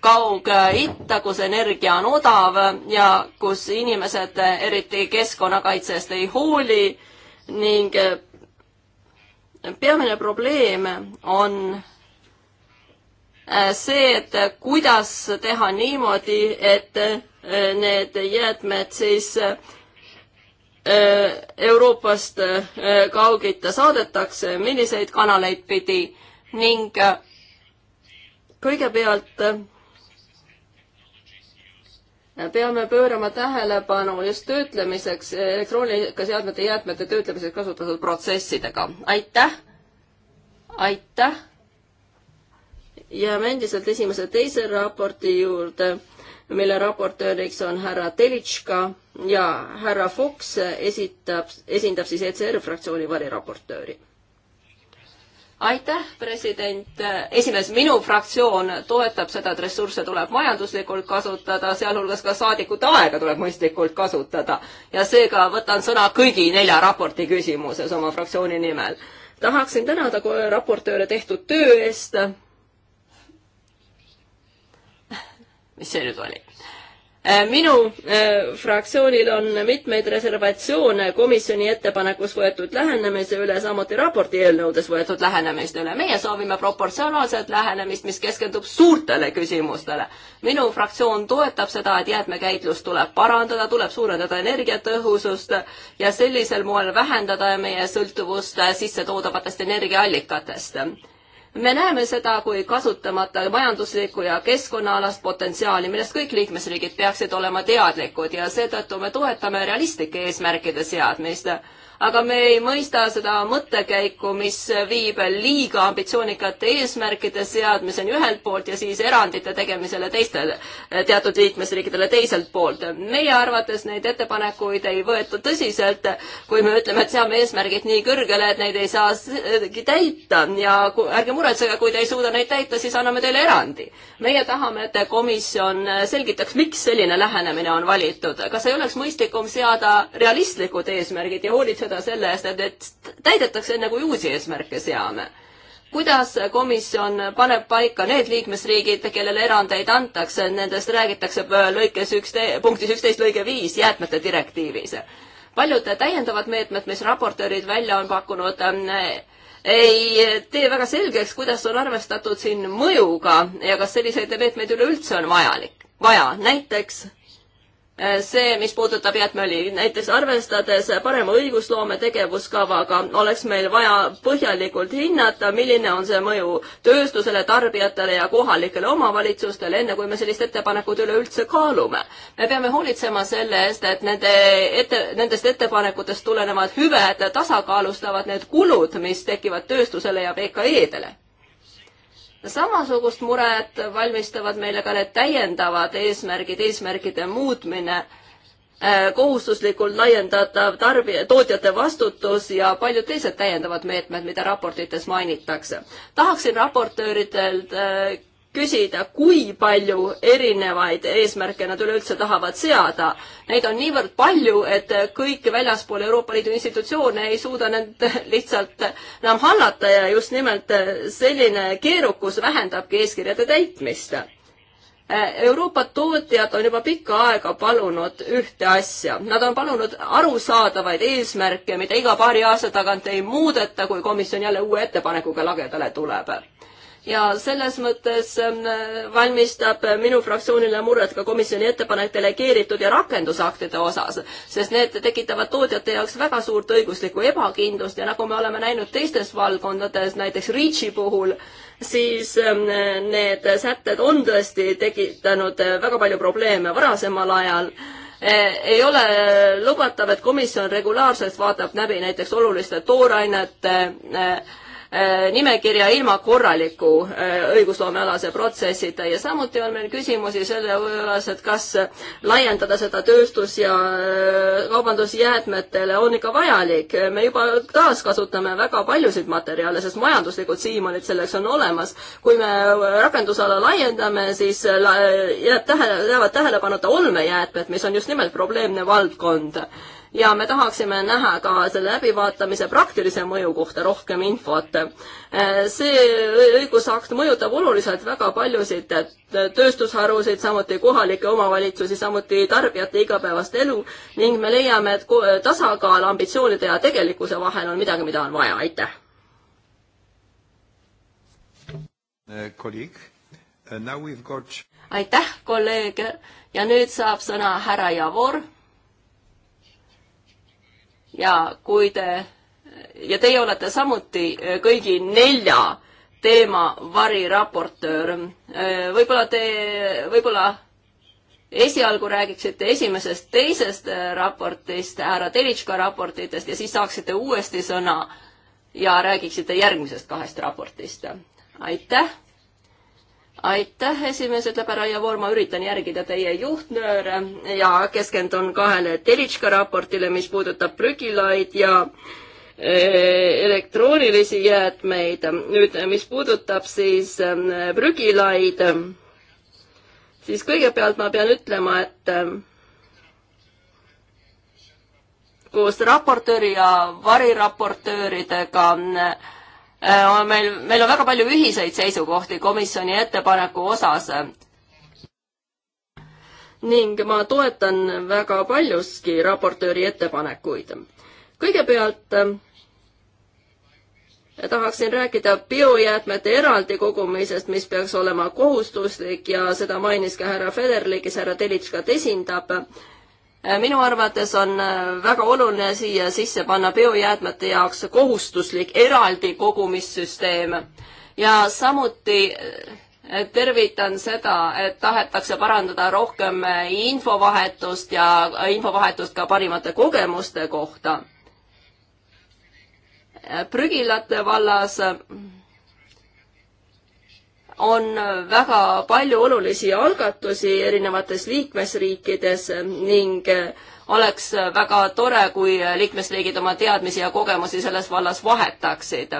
Kaug-Itta, kus energia on odav ja kus inimesed eriti keskkonnakaitsest ei hooli ning eh, peamine probleem on eh, see, et kuidas teha niimoodi, et eh, need jäätmed siis Euroopast kaugita saadetakse, milliseid kanaleid pidi ning kõigepealt peame pöörama tähelepanu just töötlemiseks, elektroonikaseadmete jäätmete töötlemiseks kasutatud protsessidega. aitäh! aitäh! jääme endiselt esimese teise raporti juurde, mille raportööriks on härra Telitška ja härra Fox esitab, esindab siis ECR fraktsiooni variraportööri aitäh, president, esimees, minu fraktsioon toetab seda, et ressursse tuleb majanduslikult kasutada, sealhulgas ka saadikute aega tuleb mõistlikult kasutada. ja seega võtan sõna kõigi nelja raporti küsimuses oma fraktsiooni nimel. tahaksin tänada raportööre tehtud töö eest. mis see nüüd oli? Äh, minu äh, fraktsioonil on mitmeid reservatsioone komisjoni ettepanekus võetud lähenemise üle, samuti raporti eelnõudes võetud lähenemiste üle. meie soovime proportsionaalset lähenemist, mis keskendub suurtele küsimustele. minu fraktsioon toetab seda, et jäätmekäitlus tuleb parandada, tuleb suurendada energiatõhusust ja sellisel moel vähendada meie sõltuvust sissetoodavatest energiaallikatest me näeme seda kui kasutamata majanduslikku ja keskkonnaalast potentsiaali, millest kõik liikmesriigid peaksid olema teadlikud ja seetõttu me toetame realistlike eesmärkide seadmist aga me ei mõista seda mõttekäiku, mis viib liiga ambitsioonikate eesmärkide seadmiseni ühelt poolt ja siis erandite tegemisele teistele, teatud liikmesriikidele teiselt poolt. meie arvates neid ettepanekuid ei võeta tõsiselt, kui me ütleme, et seame eesmärgid nii kõrgele, et neid ei saagi täita ja ärge muretsege, kui te ei suuda neid täita, siis anname teile erandi. meie tahame, et komisjon selgitaks, miks selline lähenemine on valitud. kas ei oleks mõistlikum seada realistlikud eesmärgid ja hoolitseda hoolitseda selle eest, et need täidetakse enne, kui uusi eesmärke seame kuidas komisjon paneb paika need liikmesriigid, kellele erandeid antakse, nendest räägitakse lõikes üksteist, punktis üksteist lõige viis jäätmete direktiivis. paljud täiendavad meetmed, mis raportöörid välja on pakkunud, ei tee väga selgeks, kuidas on arvestatud siin mõjuga ja kas selliseid meetmeid üleüldse on vajalik, vaja. näiteks see, mis puudutab jäätmeõli, näiteks arvestades parema õigusloome tegevuskavaga, oleks meil vaja põhjalikult hinnata, milline on see mõju tööstusele, tarbijatele ja kohalikele omavalitsustele, enne kui me sellist ettepanekut üleüldse kaalume. me peame hoolitsema selle eest, et nende ette, nendest ettepanekutest tulenevad hüved tasakaalustavad need kulud, mis tekivad tööstusele ja VKE-dele samasugust muret valmistavad meile ka need täiendavad eesmärgid, eesmärgide muutmine, äh, kohustuslikult laiendatav tarbi-, tootjate vastutus ja paljud teised täiendavad meetmed, mida raportites mainitakse. tahaksin raportööridelt äh, küsida, kui palju erinevaid eesmärke nad üleüldse tahavad seada. Neid on niivõrd palju, et kõik väljaspool Euroopa Liidu institutsioone ei suuda need lihtsalt enam hallata ja just nimelt selline keerukus vähendabki eeskirjade täitmist. Euroopa tootjad on juba pikka aega palunud ühte asja. Nad on palunud arusaadavaid eesmärke, mida iga paari aasta tagant ei muudeta, kui komisjon jälle uue ettepanekuga lagedale tuleb ja selles mõttes ähm, valmistab minu fraktsioonile muret ka komisjoni ettepanek delegeeritud ja rakendusaktide osas, sest need tekitavad tootjate jaoks väga suurt õiguslikku ebakindlust ja nagu me oleme näinud teistes valdkondades, näiteks REACH-i puhul, siis ähm, need sätted on tõesti tekitanud äh, väga palju probleeme varasemal ajal äh, ei ole lubatav, et komisjon regulaarselt vaatab läbi näiteks oluliste toorainete äh, Äh, nimekirja ilma korraliku äh, õigusloomealase protsessita ja samuti on meil küsimusi selle osas, et kas laiendada seda tööstus- ja äh, kaubandusjäätmetele on ikka vajalik. me juba taaskasutame väga paljusid materjale, sest majanduslikud siimanid selleks on olemas. kui me rakendusala laiendame, siis jääb tähele, jäävad tähelepanuta olmejäätmed, mis on just nimelt probleemne valdkond ja me tahaksime näha ka selle läbivaatamise praktilise mõju kohta rohkem infot. Äh, see õigusakt mõjutab oluliselt väga paljusid äh, tööstusharusid, samuti kohalikke omavalitsusi, samuti tarbijate igapäevast elu ning me leiame, et tasakaal ambitsioonide ja tegelikkuse vahel on midagi, mida on vaja, aitäh. Äh, kolleeg Got... aitäh, kolleeg ja nüüd saab sõna härra Javor ja kui te, ja teie olete samuti äh, kõigi nelja teema variraportöör. Äh, võib-olla te, võib-olla esialgu räägiksite esimesest, teisest äh, raportist, härra Telitška raportitest ja siis saaksite uuesti sõna ja räägiksite järgmisest kahest raportist. aitäh! aitäh, esimees, ütleb härra Javor, ma üritan järgida teie juhtnööre ja keskendun kahele Telitška raportile, mis puudutab prügilaid ja eh, elektroonilisi jäätmeid. nüüd, mis puudutab siis eh, prügilaid, siis kõigepealt ma pean ütlema, et eh, koos raportööri ja variraportööridega Äh, on meil, meil on väga palju ühiseid seisukohti komisjoni ettepaneku osas. ning ma toetan väga paljuski raportööri ettepanekuid. kõigepealt äh, tahaksin rääkida biojäätmete eraldi kogumisest, mis peaks olema kohustuslik ja seda mainis ka härra Federli, kes härra Telitškat esindab Äh, minu arvates on äh, väga oluline siia sisse panna biojäätmete jaoks kohustuslik eraldi kogumissüsteem ja samuti äh, tervitan seda, et tahetakse parandada rohkem infovahetust ja infovahetust ka parimate kogemuste kohta. prügilate vallas on väga palju olulisi algatusi erinevates liikmesriikides ning oleks väga tore, kui liikmesriigid oma teadmisi ja kogemusi selles vallas vahetaksid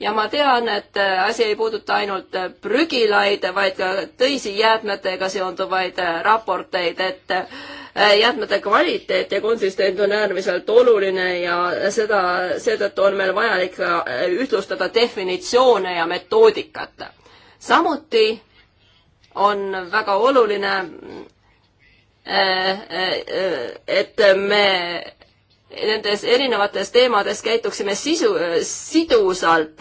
ja ma tean, et asi ei puuduta ainult prügilaid, vaid ka teisi jäätmetega seonduvaid raporteid, et äh, jäätmete kvaliteet ja konsistent on äärmiselt oluline ja seda, seetõttu on meil vajalik ühtlustada definitsioone ja metoodikat samuti on väga oluline, äh, äh, et me nendes erinevates teemades käituksime sisu, sidusalt.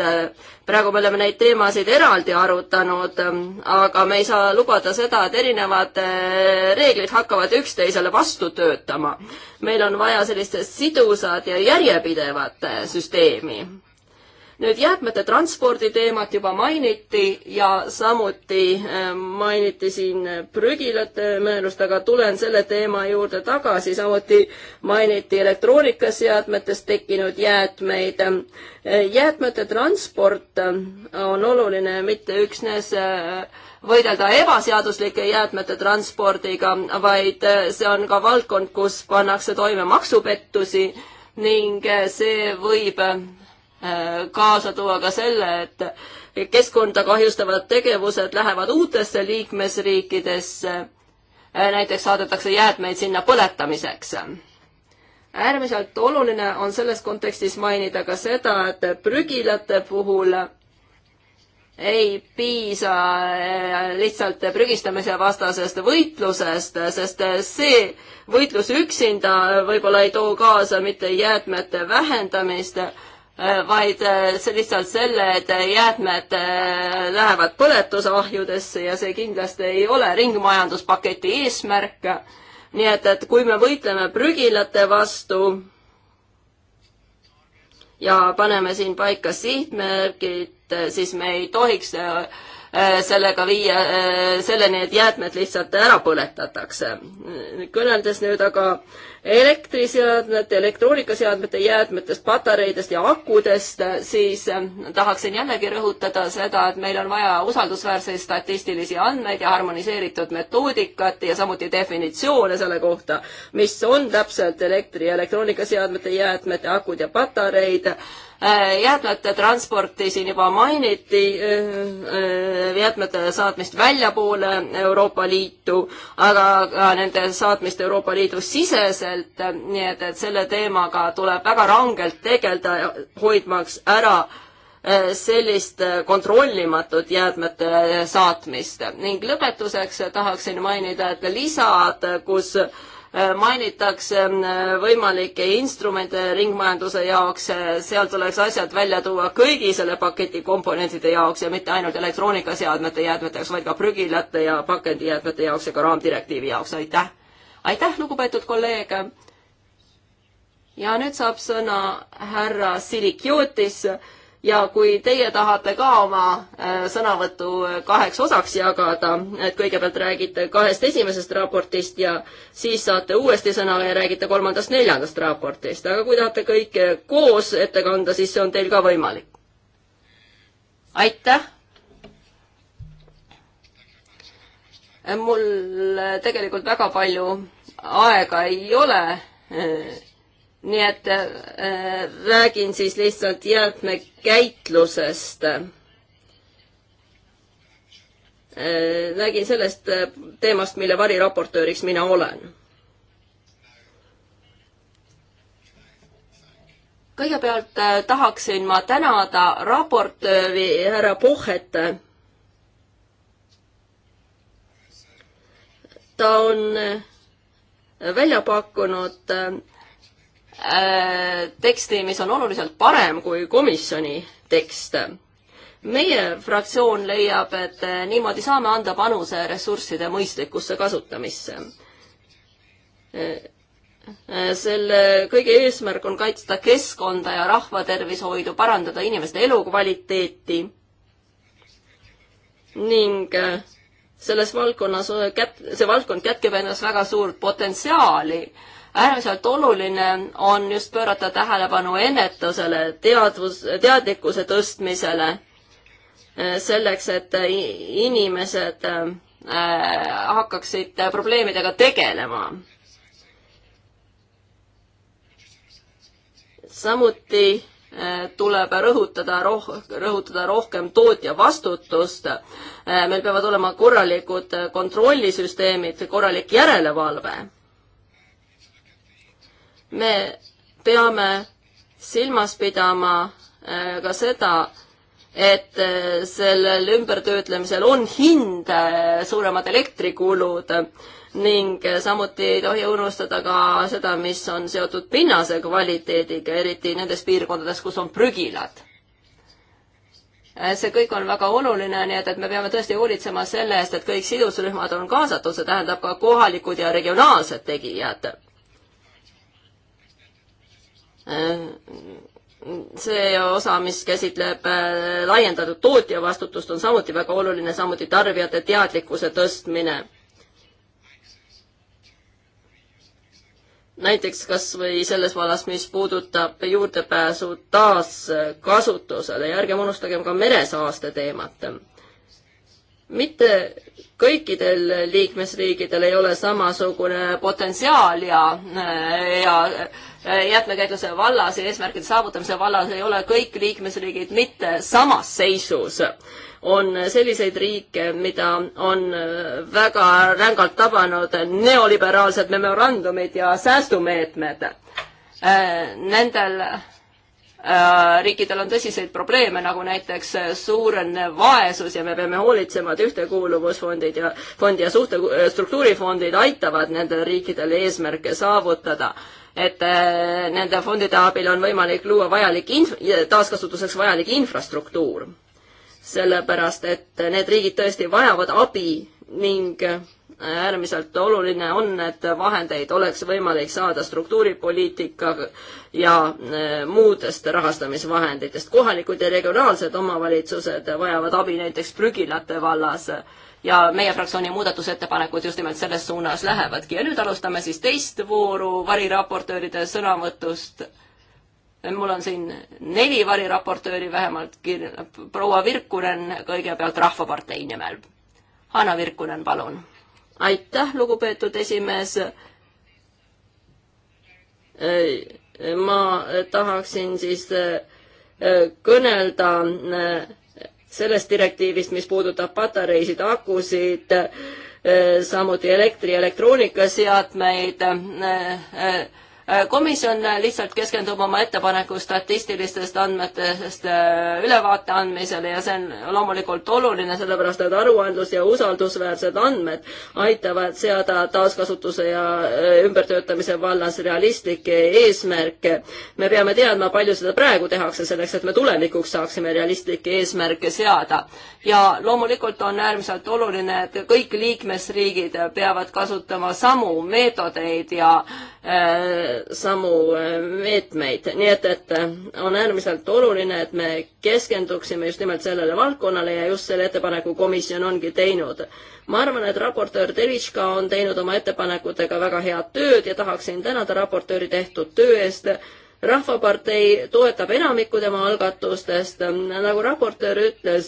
praegu me oleme neid teemasid eraldi arutanud, aga me ei saa lubada seda, et erinevad äh, reeglid hakkavad üksteisele vastu töötama. meil on vaja sellist sidusat ja järjepidevat süsteemi nüüd jäätmete transpordi teemat juba mainiti ja samuti äh, mainiti siin prügilate määrust, aga tulen selle teema juurde tagasi, samuti mainiti elektroonikaseadmetest tekkinud jäätmeid. Äh, jäätmete transport on oluline mitte üksnes äh, võidelda ebaseaduslike jäätmete transpordiga, vaid see on ka valdkond, kus pannakse toime maksupettusi ning see võib Äh, kaasa tuua ka selle, et keskkonda kahjustavad tegevused lähevad uutesse liikmesriikidesse. Äh, näiteks saadetakse jäätmeid sinna põletamiseks. äärmiselt oluline on selles kontekstis mainida ka seda, et prügilate puhul ei piisa äh, lihtsalt prügistamise vastasest võitlusest, sest see võitlus üksinda võib-olla ei too kaasa mitte jäätmete vähendamist, Äh, vaid äh, lihtsalt selle, et jäätmed äh, lähevad põletusahjudesse ja see kindlasti ei ole ringmajanduspaketi eesmärk. nii et, et kui me võitleme prügilate vastu ja paneme siin paika sihtmärgid, siis me ei tohiks Äh, sellega viia äh, selleni, et jäätmed lihtsalt ära põletatakse. kõneldes nüüd aga elektriseadmete, elektroonikaseadmete jäätmetest, patareidest ja akudest, siis äh, tahaksin jällegi rõhutada seda, et meil on vaja usaldusväärseid statistilisi andmeid ja harmoniseeritud metoodikat ja samuti definitsioone selle kohta, mis on täpselt elektri- ja elektroonikaseadmete jäätmete, akud ja patareid Äh, jäätmete transporti siin juba mainiti, äh, äh, jäätmete saatmist väljapoole Euroopa Liitu, aga ka nende saatmist Euroopa Liidu siseselt, nii et, et selle teemaga tuleb väga rangelt tegeleda, hoidmaks ära sellist kontrollimatut jäätmete saatmist ning lõpetuseks tahaksin mainida, et lisad, kus Äh, mainitakse äh, võimalikke instrumente ringmajanduse jaoks, äh, seal tuleks asjad välja tuua kõigi selle paketi komponentide jaoks ja mitte ainult elektroonikaseadmete jäätmete jaoks, vaid ka prügilate ja pakendijäätmete jaoks ja ka raamdirektiivi jaoks, aitäh! aitäh, lugupeetud kolleeg! ja nüüd saab sõna härra Silikiotis ja kui teie tahate ka oma äh, sõnavõttu äh, kaheks osaks jagada, et kõigepealt räägite kahest esimesest raportist ja siis saate uuesti sõna ja räägite kolmandast-neljandast raportist, aga kui tahate kõike äh, koos ette kanda, siis see on teil ka võimalik. aitäh! mul tegelikult väga palju aega ei ole nii et äh, räägin siis lihtsalt jäätmekäitlusest äh,. räägin sellest äh, teemast, mille variraportööriks mina olen. kõigepealt äh, tahaksin ma tänada raportööri härra Pohhet. ta on äh, välja pakkunud äh, Äh, teksti, mis on oluliselt parem kui komisjoni tekst. meie fraktsioon leiab, et äh, niimoodi saame anda panuse ressursside mõistlikusse kasutamisse. Äh, selle kõige eesmärk on kaitsta keskkonda ja rahvatervishoidu, parandada inimeste elukvaliteeti ning selles valdkonnas, see valdkond kätkeb endas väga suurt potentsiaali äärmiselt oluline on just pöörata tähelepanu ennetusele, teadvus, teadlikkuse tõstmisele, eh, selleks, et inimesed eh, hakkaksid probleemidega tegelema. samuti eh, tuleb rõhutada roh-, rõhutada rohkem tootja vastutust. meil peavad olema korralikud kontrollisüsteemid, korralik järelevalve me peame silmas pidama äh, ka seda, et äh, sellel ümbertöötlemisel on hind, äh, suuremad elektrikulud ning samuti ei tohi unustada ka seda, mis on seotud pinnase kvaliteediga, eriti nendes piirkondades, kus on prügilad. see kõik on väga oluline, nii et, et me peame tõesti hoolitsema selle eest, et kõik sidusrühmad on kaasatud, see tähendab ka kohalikud ja regionaalsed tegijad see osa, mis käsitleb äh, laiendatud tootja vastutust, on samuti väga oluline, samuti tarbijate teadlikkuse tõstmine. näiteks kas või selles vallas, mis puudutab juurdepääsu taaskasutusele ja ärgem unustagem ka meresaaste teemat mitte kõikidel liikmesriikidel ei ole samasugune potentsiaal ja, ja jäätmekäitluse vallas ja eesmärkide saavutamise vallas ei ole kõik liikmesriigid mitte samas seisus. on selliseid riike, mida on väga rängalt tabanud neoliberaalsed memorandumid ja säästumeetmed. Äh, nendel Äh, riikidel on tõsiseid probleeme, nagu näiteks äh, suurenev vaesus ja me peame hoolitsema, et ühtekuuluvusfondid ja fondi ja suhte, äh, struktuurifondid aitavad nendel riikidel eesmärke saavutada. et nende fondide abil on võimalik luua vajalik inf-, taaskasutuseks vajalik infrastruktuur. sellepärast, et need riigid tõesti vajavad abi ning äärmiselt oluline on, et vahendeid oleks võimalik saada struktuuripoliitika ja eh, muudest rahastamisvahenditest. kohalikud ja regionaalsed omavalitsused vajavad abi näiteks prügilate vallas ja meie fraktsiooni muudatusettepanekud just nimelt selles suunas lähevadki. ja nüüd alustame siis teist vooru variraportööride sõnavõtust. mul on siin neli variraportööri vähemalt, proua Virkunen kõigepealt Rahvapartei nimel. Hanna Virkunen, palun aitäh, lugupeetud esimees. ma tahaksin siis e, kõnelda e, sellest direktiivist, mis puudutab patareisid, akusid, e, samuti elektri, elektroonikaseadmeid komisjon lihtsalt keskendub oma ettepaneku statistilistest andmetest äh, ülevaate andmisele ja see on loomulikult oluline, sellepärast et aruandlus ja usaldusväärsed andmed aitavad seada taaskasutuse ja äh, ümbertöötamise vallas realistlikke eesmärke. me peame teadma, palju seda praegu tehakse, selleks et me tulevikuks saaksime realistlikke eesmärke seada. ja loomulikult on äärmiselt oluline, et kõik liikmesriigid peavad kasutama samu meetodeid ja äh, samu äh, meetmeid, nii et, et äh, on äärmiselt oluline, et me keskenduksime just nimelt sellele valdkonnale ja just selle ettepaneku komisjon ongi teinud. ma arvan, et raportöör Telitška on teinud oma ettepanekutega väga head tööd ja tahaksin tänada raportööri tehtud töö eest rahvapartei toetab enamikku tema algatustest, nagu raportöör ütles,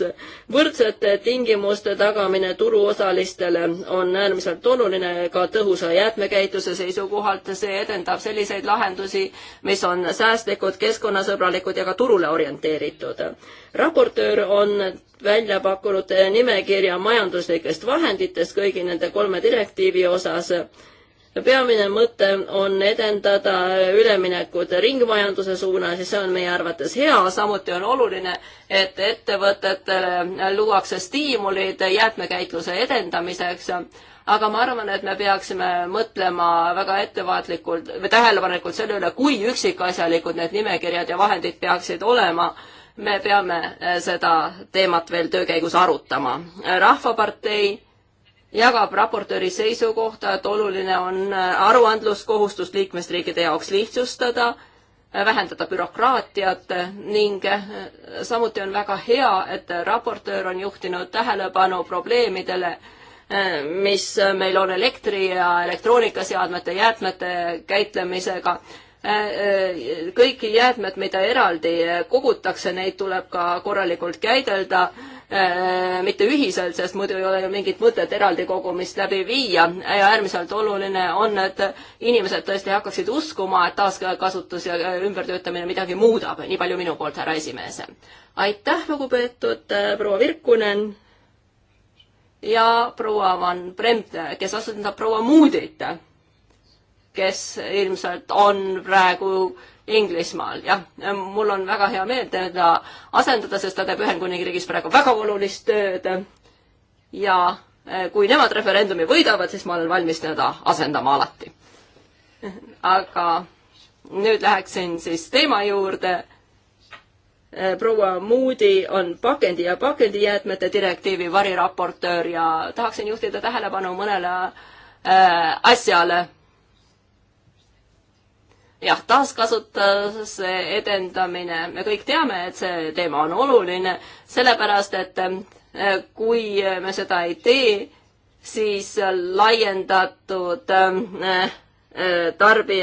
võrdsete tingimuste tagamine turuosalistele on äärmiselt oluline ka tõhusa jäätmekäitluse seisukohalt, see edendab selliseid lahendusi, mis on säästlikud, keskkonnasõbralikud ja ka turule orienteeritud. raportöör on välja pakkunud nimekirja majanduslikest vahenditest kõigi nende kolme direktiivi osas peamine mõte on edendada üleminekut ringmajanduse suunas ja see on meie arvates hea, samuti on oluline, et ettevõtetele luuakse stiimulid jäätmekäitluse edendamiseks, aga ma arvan, et me peaksime mõtlema väga ettevaatlikult või tähelepanelikult selle üle, kui üksikasjalikud need nimekirjad ja vahendid peaksid olema. me peame seda teemat veel töö käigus arutama. rahvapartei jagab raportööri seisukohta, et oluline on äh, aruandluskohustust liikmesriikide jaoks lihtsustada, äh, vähendada bürokraatiat äh, ning samuti on väga hea, et raportöör on juhtinud tähelepanu probleemidele, mis meil on elektri ja elektroonikaseadmete jäätmete käitlemisega. kõik jäätmed, mida eraldi kogutakse, neid tuleb ka korralikult käidelda Äh, mitte ühiselt, sest muidu ei ole ju mingit mõtet eraldi kogumist läbi viia ja äärmiselt oluline on, et inimesed tõesti hakkaksid uskuma, et taaskasutus ja ümbertöötamine midagi muudab, nii palju minu poolt, härra esimees. aitäh, lugupeetud äh, proua Virkunen ja proua Van Bremt, kes asendab proua Moodit, kes ilmselt on praegu Inglismaal, jah. mul on väga hea meel teda asendada, sest ta teeb Ühendkuningriigis praegu väga olulist tööd. ja eh, kui nemad referendumi võidavad, siis ma olen valmis teda asendama alati. aga nüüd läheksin siis teema juurde. Eh, proua Moody on pakendi ja pakendijäätmete direktiivi variraportöör ja tahaksin juhtida tähelepanu mõnele äh, asjale jah, taaskasutuse edendamine, me kõik teame, et see teema on oluline, sellepärast et eh, kui me seda ei tee, siis laiendatud eh, eh, tarbi,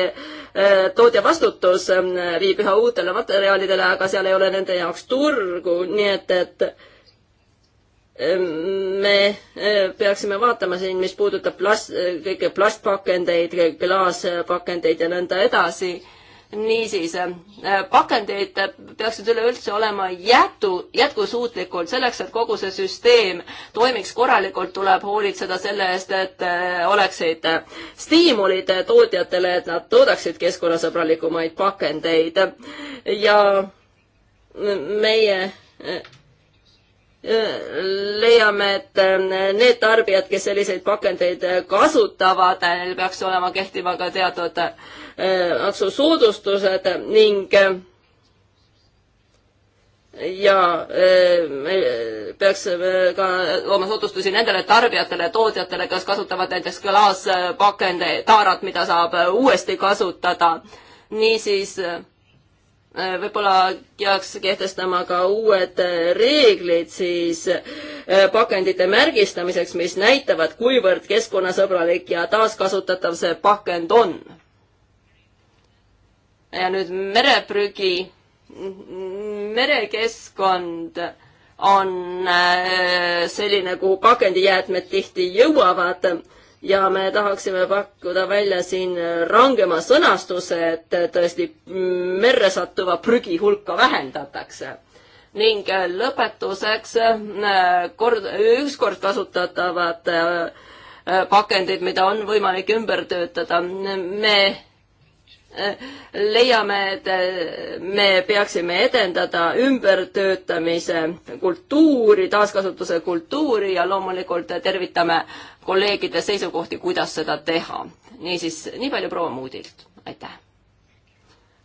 tootja vastutus viib üha uutele materjalidele, aga seal ei ole nende jaoks turgu, nii et, et me e, peaksime vaatama siin, mis puudutab plast, e, kõike plastpakendeid, klaaspakendeid ja nõnda edasi. niisiis, e, pakendid peaksid üleüldse olema jätu, jätkusuutlikult, selleks et kogu see süsteem toimiks korralikult, tuleb hoolitseda selle eest, et oleksid stiimulid tootjatele, et nad toodaksid keskkonnasõbralikumaid pakendeid ja meie leiame, et äh, need tarbijad, kes selliseid pakendeid äh, kasutavad, neil äh, peaks olema kehtima ka teatud maksusoodustused ning ja me peaks ka looma soodustusi nendele tarbijatele, tootjatele, kes kasutavad näiteks klaaspakendeid, taarat, mida saab uuesti kasutada. niisiis Äh, võib-olla peaks kehtestama ka uued äh, reeglid siis äh, pakendite märgistamiseks, mis näitavad, kuivõrd keskkonnasõbralik ja taaskasutatav see pakend on. ja nüüd mereprügi, merekeskkond on selline, kuhu pakendijäätmed tihti jõuavad ja me tahaksime pakkuda välja siin rangema sõnastuse, et tõesti merre sattuva prügi hulka vähendatakse. ning lõpetuseks äh, kord, ükskord kasutatavad äh, pakendid, mida on võimalik ümber töötada, me leiame, et äh, me peaksime edendada ümbertöötamise kultuuri, taaskasutuse kultuuri ja loomulikult tervitame kolleegide seisukohti, kuidas seda teha. niisiis, nii palju proua Moodilt, aitäh.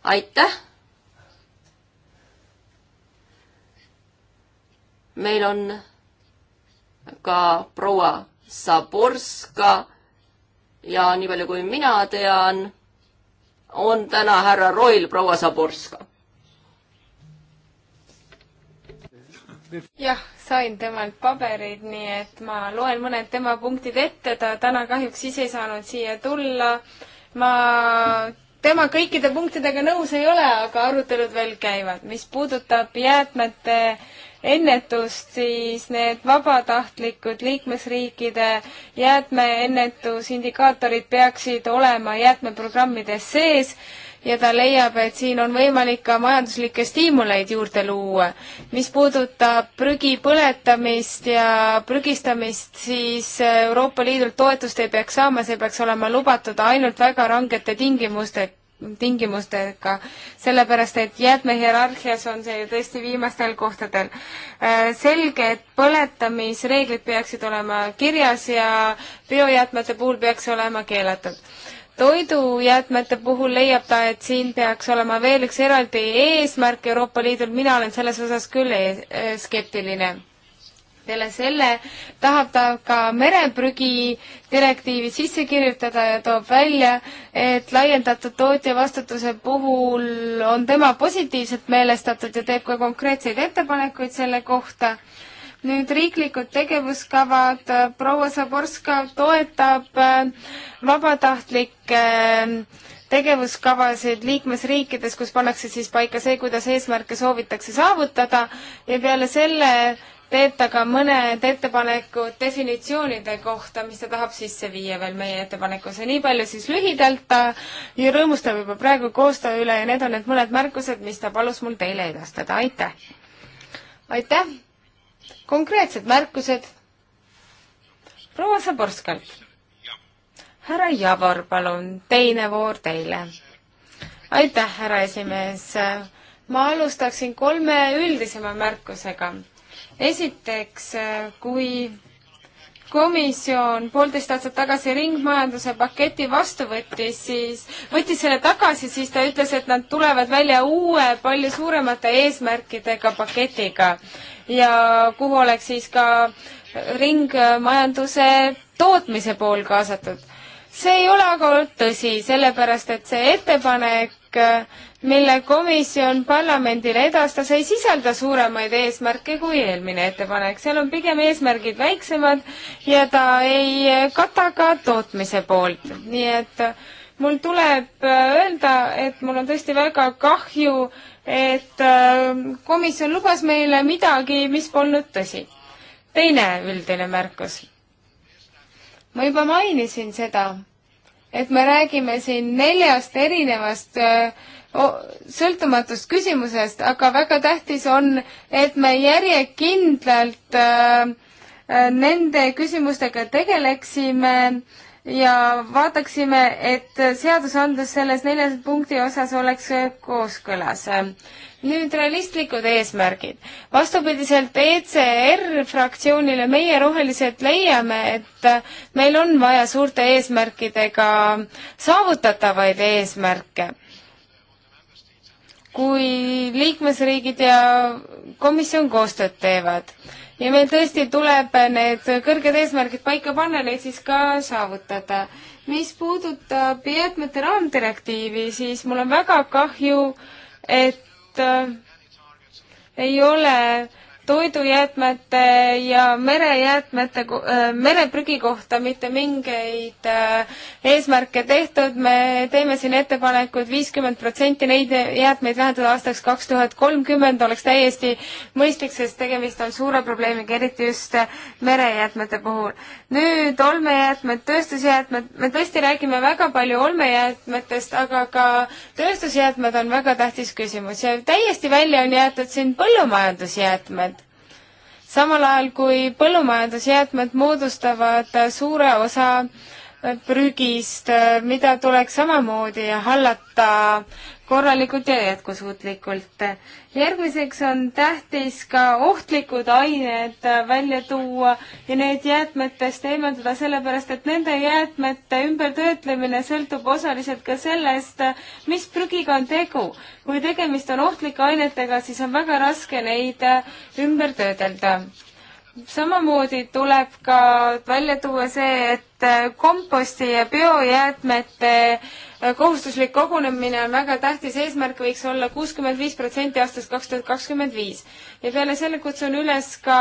aitäh. meil on ka proua Saborska ja nii palju, kui mina tean on täna härra Roil proua Saborska. jah, sain temalt paberid, nii et ma loen mõned tema punktid ette, ta täna kahjuks ise ei saanud siia tulla. ma tema kõikide punktidega nõus ei ole, aga arutelud veel käivad. mis puudutab jäätmete äh, ennetust, siis need vabatahtlikud liikmesriikide jäätmeennetusindikaatorid peaksid olema jäätmeprogrammides sees ja ta leiab, et siin on võimalik ka majanduslikke stiimuleid juurde luua. mis puudutab prügi põletamist ja prügistamist, siis Euroopa Liidult toetust ei peaks saama, see peaks olema lubatud ainult väga rangete tingimuste tingimustega, sellepärast et jäätmehierarhias on see ju tõesti viimastel kohtadel. Äh, selge, et põletamisreeglid peaksid olema kirjas ja biojäätmete puhul peaks see olema keelatud toidujäätmete puhul leiab ta, et siin peaks olema veel üks eraldi eesmärk Euroopa Liidul, mina olen selles osas küll e-, skeptiline peale selle tahab ta ka mereprügi direktiivi sisse kirjutada ja toob välja, et laiendatud tootja vastutuse puhul on tema positiivselt meelestatud ja teeb ka konkreetseid ettepanekuid selle kohta. nüüd riiklikud tegevuskavad, proua Zaborska toetab äh, vabatahtlikke äh, tegevuskavasid liikmesriikides, kus pannakse siis paika see, kuidas eesmärke soovitakse saavutada ja peale selle teete ka mõned ettepanekud definitsioonide kohta, mis ta tahab sisse viia veel meie ettepanekusse. nii palju siis lühidalt, ta rõõmustab juba praegu koostöö üle ja need on need mõned märkused, mis ta palus mul teile edastada, aitäh! aitäh! konkreetsed märkused? proua Saborskalt. härra Javor, palun, teine voor teile. aitäh, härra esimees! ma alustaksin kolme üldisema märkusega esiteks, äh, kui komisjon poolteist aastat tagasi ringmajanduse paketi vastu võttis, siis võttis selle tagasi, siis ta ütles, et nad tulevad välja uue, palju suuremate eesmärkidega paketiga ja kuhu oleks siis ka ringmajanduse tootmise pool kaasatud. see ei ole aga olnud tõsi, sellepärast et see ettepanek Äh, mille komisjon parlamendile edastas, ei sisalda suuremaid eesmärke kui eelmine ettepanek, seal on pigem eesmärgid väiksemad ja ta ei kata ka tootmise poolt, nii et äh, mul tuleb äh, öelda, et mul on tõesti väga kahju, et komisjon lubas meile midagi, mis polnud tõsi. teine üldine märkus. ma juba mainisin seda et me räägime siin neljast erinevast sõltumatust küsimusest, aga väga tähtis on, et me järjekindlalt nende küsimustega tegeleksime ja vaataksime, et seadusandlus selles neljas punkti osas oleks kooskõlas. nüüd realistlikud eesmärgid. vastupidiselt ECR fraktsioonile meie rohelised leiame, et meil on vaja suurte eesmärkidega saavutatavaid eesmärke kui liikmesriigid ja komisjon koostööd teevad ja meil tõesti tuleb need kõrged eesmärgid paika panna, neid siis ka saavutada. mis puudutab jäätmete raamdirektiivi, siis mul on väga kahju, et äh, ei ole äh, toidujäätmete ja merejäätmete, äh, mereprügi kohta mitte mingeid äh, eesmärke tehtud, me teeme siin ettepanekud viiskümmend protsenti neid jäätmeid vähendada aastaks kaks tuhat kolmkümmend oleks täiesti mõistlik, sest tegemist on suure probleemiga, eriti just äh, merejäätmete puhul. nüüd olmejäätmed, tööstusjäätmed, me tõesti räägime väga palju olmejäätmetest, aga ka tööstusjäätmed on väga tähtis küsimus ja täiesti välja on jäetud siin põllumajandusjäätmed samal ajal kui põllumajandusjäätmed moodustavad suure osa äh, prügist, äh, mida tuleks samamoodi hallata korralikult ja jätkusuutlikult. järgmiseks on tähtis ka ohtlikud ained välja tuua ja need jäätmetest eemaldada, sellepärast et nende jäätmete ümbertöötlemine sõltub osaliselt ka sellest, mis prügiga on tegu. kui tegemist on ohtlike ainetega, siis on väga raske neid ümber töödelda samamoodi tuleb ka välja tuua see, et äh, komposti ja biojäätmete äh, kohustuslik kogunemine on väga tähtis eesmärk, võiks olla kuuskümmend viis protsenti aastast kaks tuhat kakskümmend viis. ja peale selle kutsun üles ka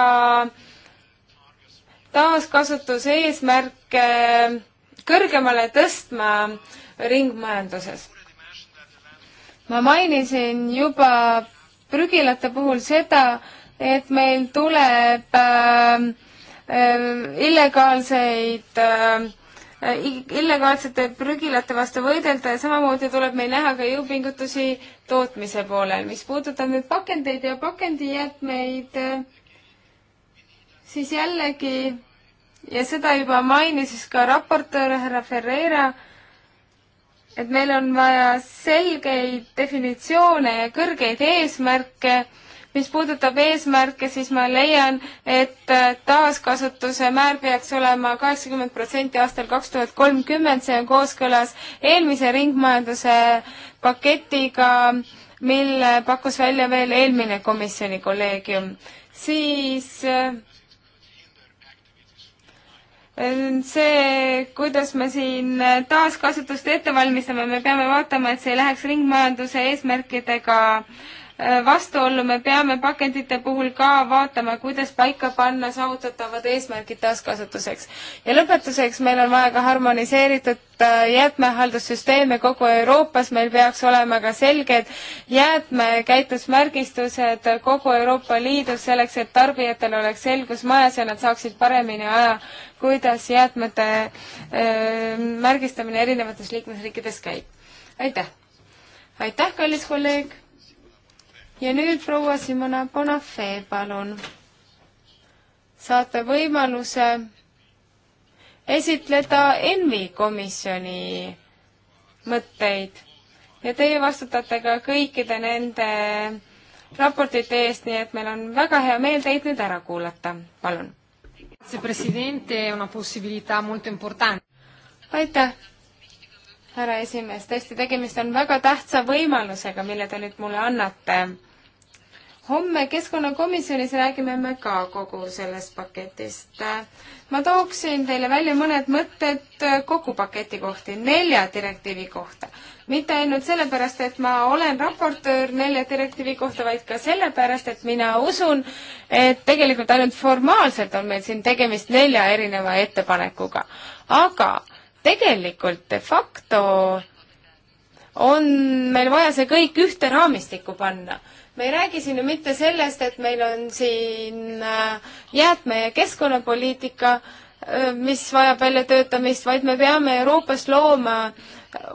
taaskasutuse eesmärke äh, kõrgemale tõstma ringmajanduses. ma mainisin juba prügilate puhul seda, et meil tuleb ähm, äh, illegaalseid äh, illegaalsete prügilate vastu võidelda ja samamoodi tuleb meil näha ka jõupingutusi tootmise poolel. mis puudutab nüüd pakendeid ja pakendijäätmeid, äh, siis jällegi ja seda juba mainis ka raportöör härra Ferreira, et meil on vaja selgeid definitsioone ja kõrgeid eesmärke mis puudutab eesmärke, siis ma leian, et äh, taaskasutuse määr peaks olema kaheksakümmend protsenti aastal kaks tuhat kolmkümmend, see on kooskõlas eelmise ringmajanduse paketiga, mille pakkus välja veel eelmine komisjoni kolleegium. siis äh, see, kuidas me siin äh, taaskasutust ette valmistame, me peame vaatama, et see ei läheks ringmajanduse eesmärkidega äh, Äh, vastuollu, me peame pakendite puhul ka vaatama, kuidas paika panna saavutatavad eesmärgid taaskasutuseks. ja lõpetuseks, meil on vaja ka harmoniseeritud äh, jäätmehaldussüsteeme kogu Euroopas, meil peaks olema ka selged jäätmekäitlusmärgistused kogu Euroopa Liidus, selleks et tarbijatel oleks selgus majas ja nad saaksid paremini aja, kuidas jäätmete öö, äh, märgistamine erinevates liikmesriikides käib. aitäh! aitäh, kallis kolleeg! ja nüüd proua Simona Bonafé, palun. saate võimaluse esitleda ENVI komisjoni mõtteid ja teie vastutate ka kõikide nende raportite eest, nii et meil on väga hea meel teid nüüd ära kuulata, palun. aitäh, härra esimees, tõesti, tegemist on väga tähtsa võimalusega, mille te nüüd mulle annate. homme Keskkonnakomisjonis räägime me ka kogu sellest paketist. ma tooksin teile välja mõned mõtted kogu paketi kohti, nelja direktiivi kohta. mitte ainult sellepärast, et ma olen raportöör nelja direktiivi kohta, vaid ka sellepärast, et mina usun, et tegelikult ainult formaalselt on meil siin tegemist nelja erineva ettepanekuga. aga tegelikult de facto on meil vaja see kõik ühte raamistikku panna. me ei räägi siin ju mitte sellest, et meil on siin äh, jäätme- ja keskkonnapoliitika, äh, mis vajab väljatöötamist, vaid me peame Euroopas looma äh,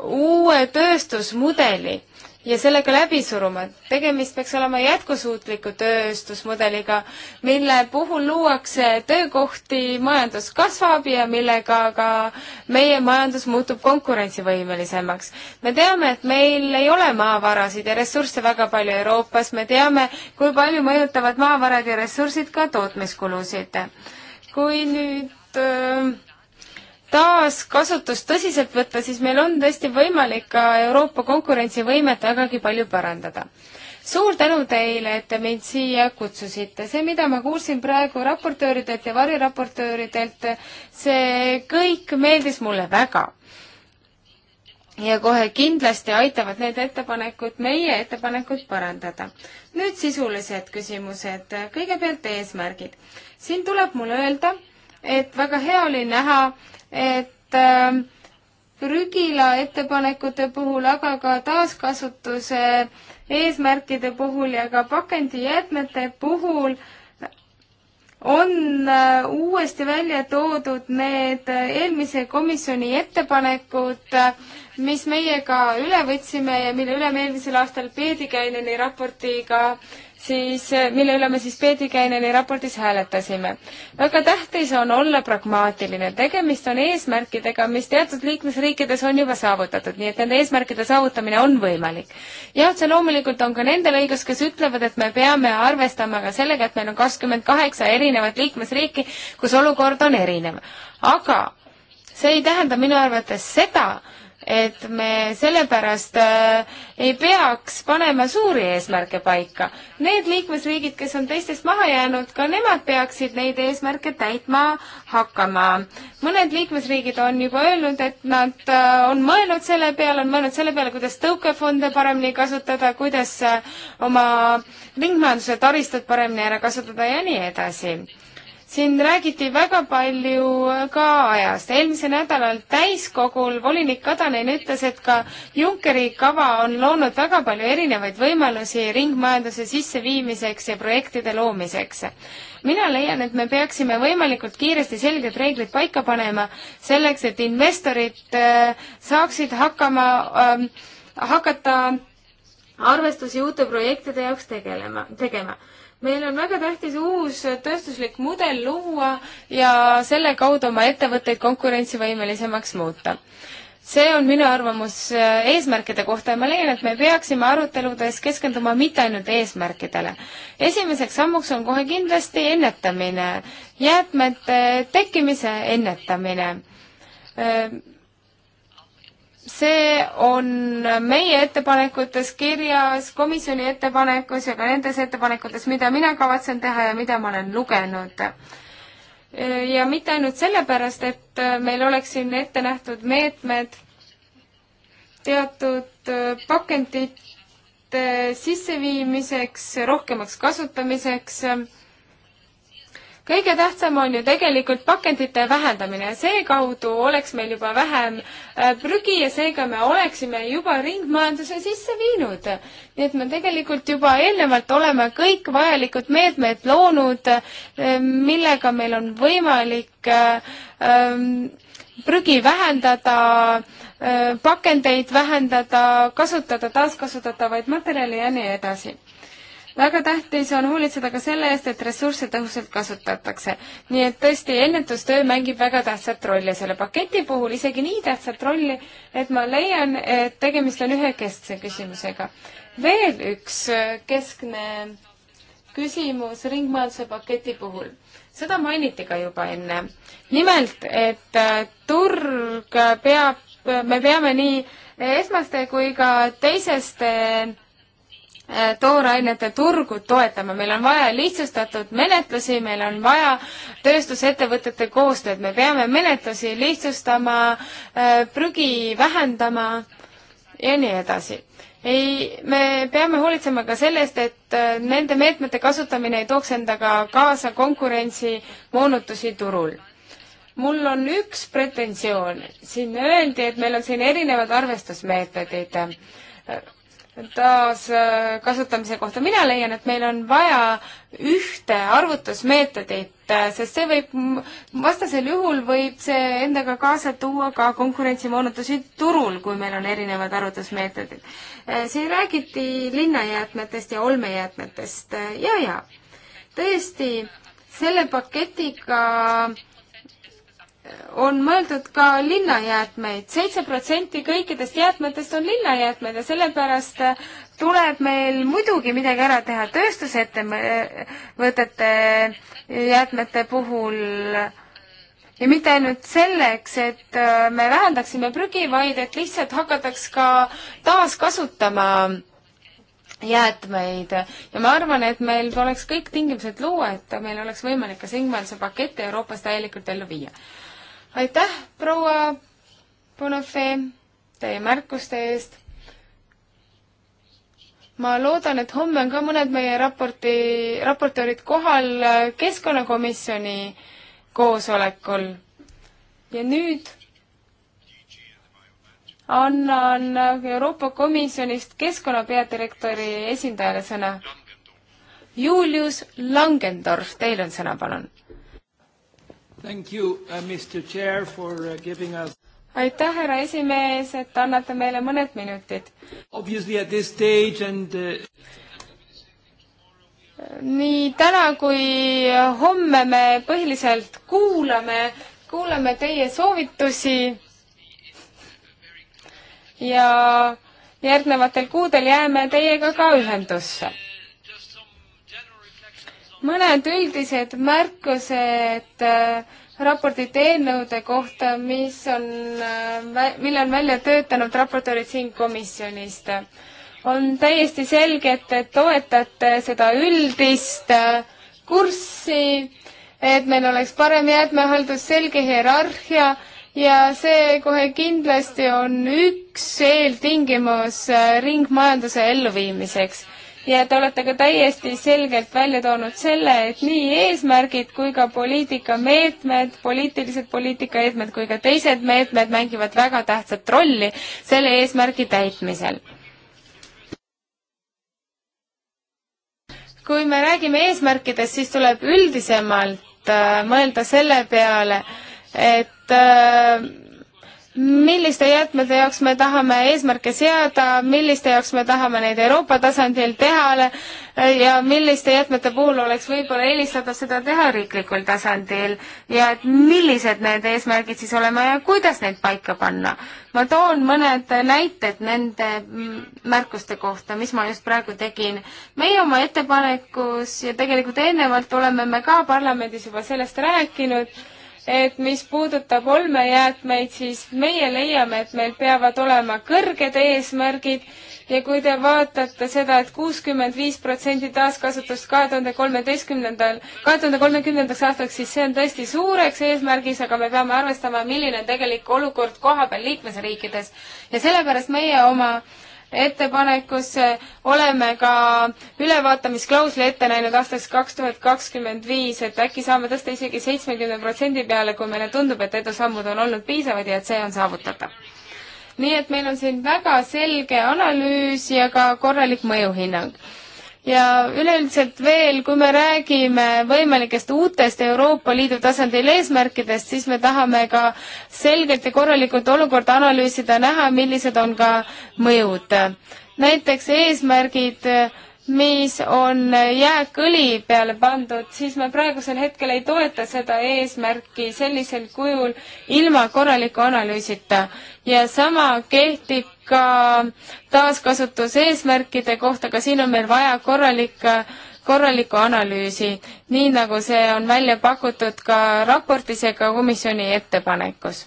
uue tööstusmudeli ja sellega läbi suruma. tegemist peaks olema jätkusuutliku tööstusmudeliga, mille puhul luuakse töökohti, majandus kasvab ja millega ka meie majandus muutub konkurentsivõimelisemaks. me teame, et meil ei ole maavarasid ja ressursse väga palju Euroopas, me teame, kui palju mõjutavad maavarad ja ressursid ka tootmiskulusid. kui nüüd öö, taaskasutust tõsiselt võtta, siis meil on tõesti võimalik ka Euroopa konkurentsivõimet vägagi palju parandada. suur tänu teile, et te mind siia kutsusite. see, mida ma kuulsin praegu raportööridelt ja variraportööridelt, see kõik meeldis mulle väga. ja kohe kindlasti aitavad need ettepanekud meie ettepanekut parandada. nüüd sisulised küsimused, kõigepealt eesmärgid. siin tuleb mul öelda, et väga hea oli näha, et äh, prügila ettepanekute puhul, aga ka taaskasutuse eesmärkide puhul ja ka pakendijäätmete puhul on äh, uuesti välja toodud need äh, eelmise komisjoni ettepanekud, äh, mis meie ka üle võtsime ja mille üle me eelmisel aastal Peedikäineni raportiga äh, siis, eh, mille üle me siis Peeti Käineni raportis hääletasime. väga tähtis on olla pragmaatiline, tegemist on eesmärkidega, mis teatud liikmesriikides on juba saavutatud, nii et nende eesmärkide saavutamine on võimalik. jah, see loomulikult on ka nendel õigus, kes ütlevad, et me peame arvestama ka sellega, et meil on kakskümmend kaheksa erinevat liikmesriiki, kus olukord on erinev. aga see ei tähenda minu arvates seda, et me sellepärast äh, ei peaks panema suuri eesmärke paika. Need liikmesriigid, kes on teistest maha jäänud, ka nemad peaksid neid eesmärke täitma hakkama. mõned liikmesriigid on juba öelnud, et nad äh, on mõelnud selle peale, on mõelnud selle peale, kuidas tõukefonde paremini kasutada, kuidas äh, oma ringmajanduse taristut paremini ära kasutada ja nii edasi siin räägiti väga palju äh, ka ajast. eelmisel nädalal täiskogul volinik Kadanen ütles, et ka Junckeri kava on loonud väga palju erinevaid võimalusi ringmajanduse sisseviimiseks ja projektide loomiseks mina leian, et me peaksime võimalikult kiiresti selged reeglid paika panema selleks, et investorid äh, saaksid hakkama ähm,, hakata arvestusi uute projektide jaoks tegelema, tegema meil on väga tähtis uus tööstuslik mudel luua ja selle kaudu oma ettevõtteid konkurentsivõimelisemaks muuta. see on minu arvamus eh, eesmärkide kohta ja ma leian, et me peaksime aruteludes keskenduma mitte ainult eesmärkidele. esimeseks sammuks on kohe kindlasti ennetamine, jäätmete tekkimise ennetamine eh, see on meie ettepanekutes kirjas, komisjoni ettepanekus ja ka nendes ettepanekutes, mida mina kavatsen teha ja mida ma olen lugenud. ja mitte ainult sellepärast, et meil oleks siin ette nähtud meetmed teatud pakendite sisseviimiseks, rohkemaks kasutamiseks kõige tähtsam on ju tegelikult pakendite vähendamine, seekaudu oleks meil juba vähem äh, prügi ja seega me oleksime juba ringmajanduse sisse viinud. nii et me tegelikult juba eelnevalt oleme kõik vajalikud meetmed loonud, äh, millega meil on võimalik äh, ähm, prügi vähendada, pakendeid vähendada, kasutada taaskasutatavaid materjale ja nii edasi väga tähtis on hoolitseda ka selle eest, et ressursse tõhusalt kasutatakse. nii et tõesti, ennetustöö mängib väga tähtsat rolli selle paketi puhul, isegi nii tähtsat rolli, et ma leian, et tegemist on ühe keskse küsimusega. veel üks äh, keskne küsimus ringmajanduse paketi puhul. seda mainiti ka juba enne. nimelt, et äh, turg peab, me peame nii esmaste kui ka teiseste Eh, toorainete turgu toetama, meil on vaja lihtsustatud menetlusi, meil on vaja tööstusettevõtete koostööd, me peame menetlusi lihtsustama, eh, prügi vähendama ja nii edasi. ei, me peame hoolitsema ka sellest, et eh, nende meetmete kasutamine ei tooks endaga kaasa konkurentsimoonutusi turul mul on üks pretensioon, siin öeldi, et meil on siin erinevad arvestusmeetodid taaskasutamise äh, kohta. mina leian, et meil on vaja ühte arvutusmeetodit, äh, sest see võib, vastasel juhul võib see endaga kaasa tuua ka konkurentsimoonutusi turul, kui meil on erinevad arvutusmeetodid. Äh, siin räägiti linnajäätmetest ja olmejäätmetest ja, ja tõesti, selle paketiga äh, on mõeldud ka linnajäätmeid. seitse protsenti kõikidest jäätmetest on linnajäätmed ja sellepärast tuleb meil muidugi midagi ära teha tööstusettevõtete jäätmete puhul ja mitte ainult selleks, et äh, me vähendaksime prügi, vaid et lihtsalt hakataks ka taaskasutama jäätmeid ja ma arvan, et meil oleks kõik tingimused luua, et meil oleks võimalik ka Singmalise pakett Euroopas täielikult ellu viia aitäh, proua Bonafé, teie märkuste eest. ma loodan, et homme on ka mõned meie raporti, raportöörid kohal keskkonnakomisjoni koosolekul. ja nüüd annan Euroopa Komisjonist keskkonna peadirektori esindajale sõna. Julius Langendorf, teil on sõna, palun You, uh, Chair, for, uh, us... aitäh, härra esimees, et annate meile mõned minutid. And, uh... nii täna kui homme me põhiliselt kuulame, kuulame teie soovitusi ja järgnevatel kuudel jääme teiega ka ühendusse mõned üldised märkused äh, raportite eelnõude kohta, mis on, äh, mille on välja töötanud raportöörid siin komisjonist. on täiesti selge, et te toetate seda üldist äh, kurssi, et meil oleks parem jäätmehaldus, selge hierarhia ja see kohe kindlasti on üks eeltingimus ringmajanduse elluviimiseks ja te olete ka täiesti selgelt välja toonud selle, et nii eesmärgid kui ka poliitikameetmed, poliitilised poliitikameetmed kui ka teised meetmed mängivad väga tähtsat rolli selle eesmärgi täitmisel. kui me räägime eesmärkidest, siis tuleb üldisemalt äh, mõelda selle peale, et äh, milliste jäätmete jaoks me tahame eesmärke seada, milliste jaoks me tahame neid Euroopa tasandil teha äh, ja milliste jäätmete puhul oleks võib-olla eelistada seda teha riiklikul tasandil ja et millised need eesmärgid siis olema ja kuidas neid paika panna. ma toon mõned näited nende märkuste kohta, mis ma just praegu tegin. meie oma ettepanekus ja tegelikult eelnevalt oleme me ka parlamendis juba sellest rääkinud et mis puudutab olmejäätmeid, siis meie leiame, et meil peavad olema kõrged eesmärgid ja kui te vaatate seda et, et kuuskümmend viis protsenti taaskasutust kahe tuhande kolmeteistkümnendal, kahe tuhande kolmekümnendaks aastaks, siis see on tõesti suureks eesmärgis, aga me peame arvestama, milline on tegelik olukord kohapeal liikmesriikides ja sellepärast meie oma äh, ettepanekus oleme ka ülevaatamisklausli ette näinud aastaks kaks tuhat kakskümmend viis, et äkki saame tõsta isegi seitsmekümne protsendi peale, kui meile tundub, et edusammud on olnud piisavad ja et see on saavutatav. nii et meil on siin väga selge analüüs ja ka korralik mõjuhinnang ja üleüldiselt veel, kui me räägime võimalikest uutest Euroopa Liidu tasandil eesmärkidest, siis me tahame ka selgelt ja korralikult olukorda analüüsida, näha, millised on ka mõjud. näiteks eesmärgid äh, mis on jääkõli peale pandud, siis me praegusel hetkel ei toeta seda eesmärki sellisel kujul ilma korraliku analüüsita. ja sama kehtib ka taaskasutuse eesmärkide kohta, ka siin on meil vaja korralikke korralikku analüüsi, nii nagu see on välja pakutud ka raportis ega komisjoni ettepanekus